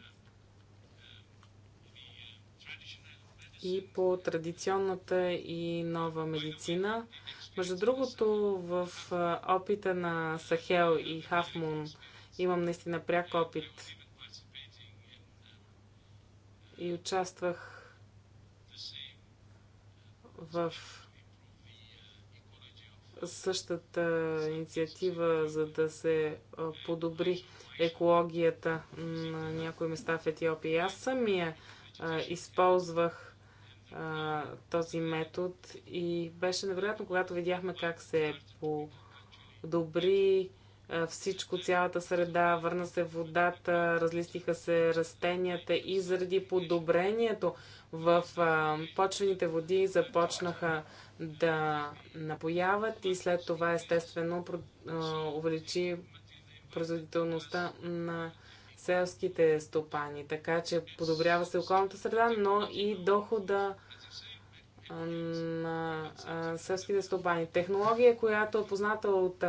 и по традиционната и нова медицина. Между другото, в опита на Сахел и Хафмун имам наистина пряк опит и участвах в същата инициатива, за да се подобри екологията на някои места в Етиопия. Аз самия използвах този метод и беше невероятно, когато видяхме как се подобри всичко, цялата среда, върна се водата, разлистиха се растенията и заради подобрението в почвените води започнаха да напояват и след това естествено увеличи производителността на селските стопани. Така че подобрява се околната среда, но и дохода на селските стопани. Технология, която е позната от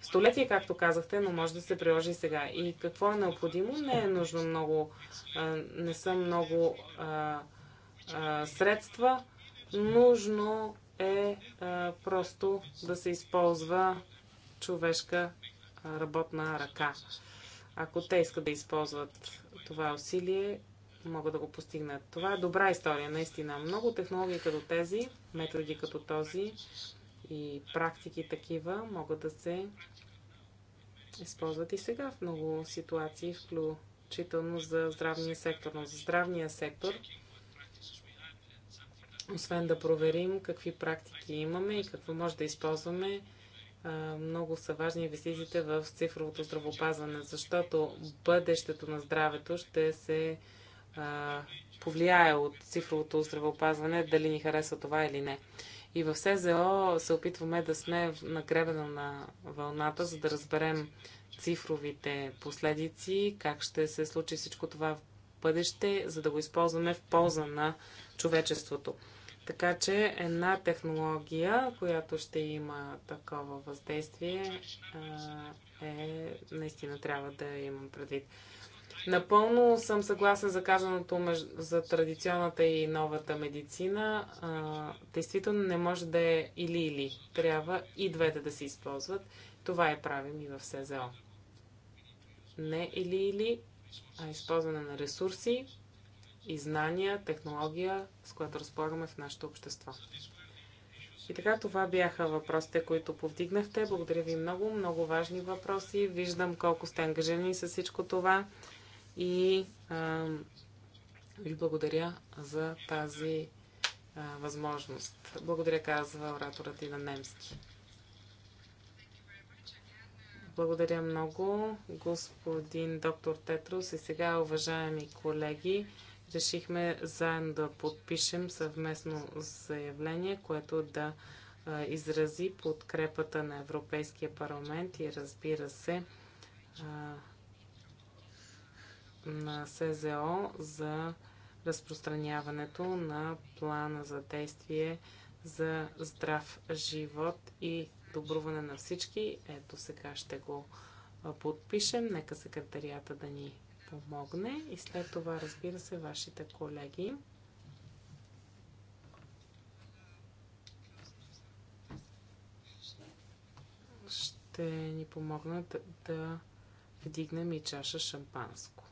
столетия, както казахте, но може да се приложи сега. И какво е необходимо? Не е нужно много, не са много средства. Нужно е просто да се използва човешка работна ръка. Ако те искат да използват това усилие, могат да го постигнат. Това е добра история, наистина. Много технологии като тези, методи като този и практики такива могат да се използват и сега в много ситуации, включително за здравния сектор. Но за здравния сектор, освен да проверим какви практики имаме и какво може да използваме, много са важни инвестициите в цифровото здравопазване, защото бъдещето на здравето ще се повлияе от цифровото здравеопазване, дали ни харесва това или не. И в СЗО се опитваме да сме на гребена на вълната, за да разберем цифровите последици, как ще се случи всичко това в бъдеще, за да го използваме в полза на човечеството. Така че една технология, която ще има такова въздействие, е, наистина трябва да имам предвид. Напълно съм съгласен за казаното за традиционната и новата медицина. действително не може да е или-или. Трябва и двете да се използват. Това е правим и в СЗО. Не или-или, а използване на ресурси и знания, технология, с която разполагаме в нашето общество. И така, това бяха въпросите, които повдигнахте. Благодаря ви много, много важни въпроси. Виждам колко сте ангажирани с всичко това и а, ви благодаря за тази а, възможност. Благодаря, казва ораторът и на немски. Благодаря много, господин доктор Тетрус. И сега, уважаеми колеги, решихме заедно да подпишем съвместно заявление, което да изрази подкрепата на Европейския парламент и разбира се на СЗО за разпространяването на плана за действие за здрав живот и добруване на всички. Ето сега ще го подпишем. Нека секретарията да ни помогне и след това, разбира се, вашите колеги. Ще ни помогнат да вдигнем и чаша шампанско.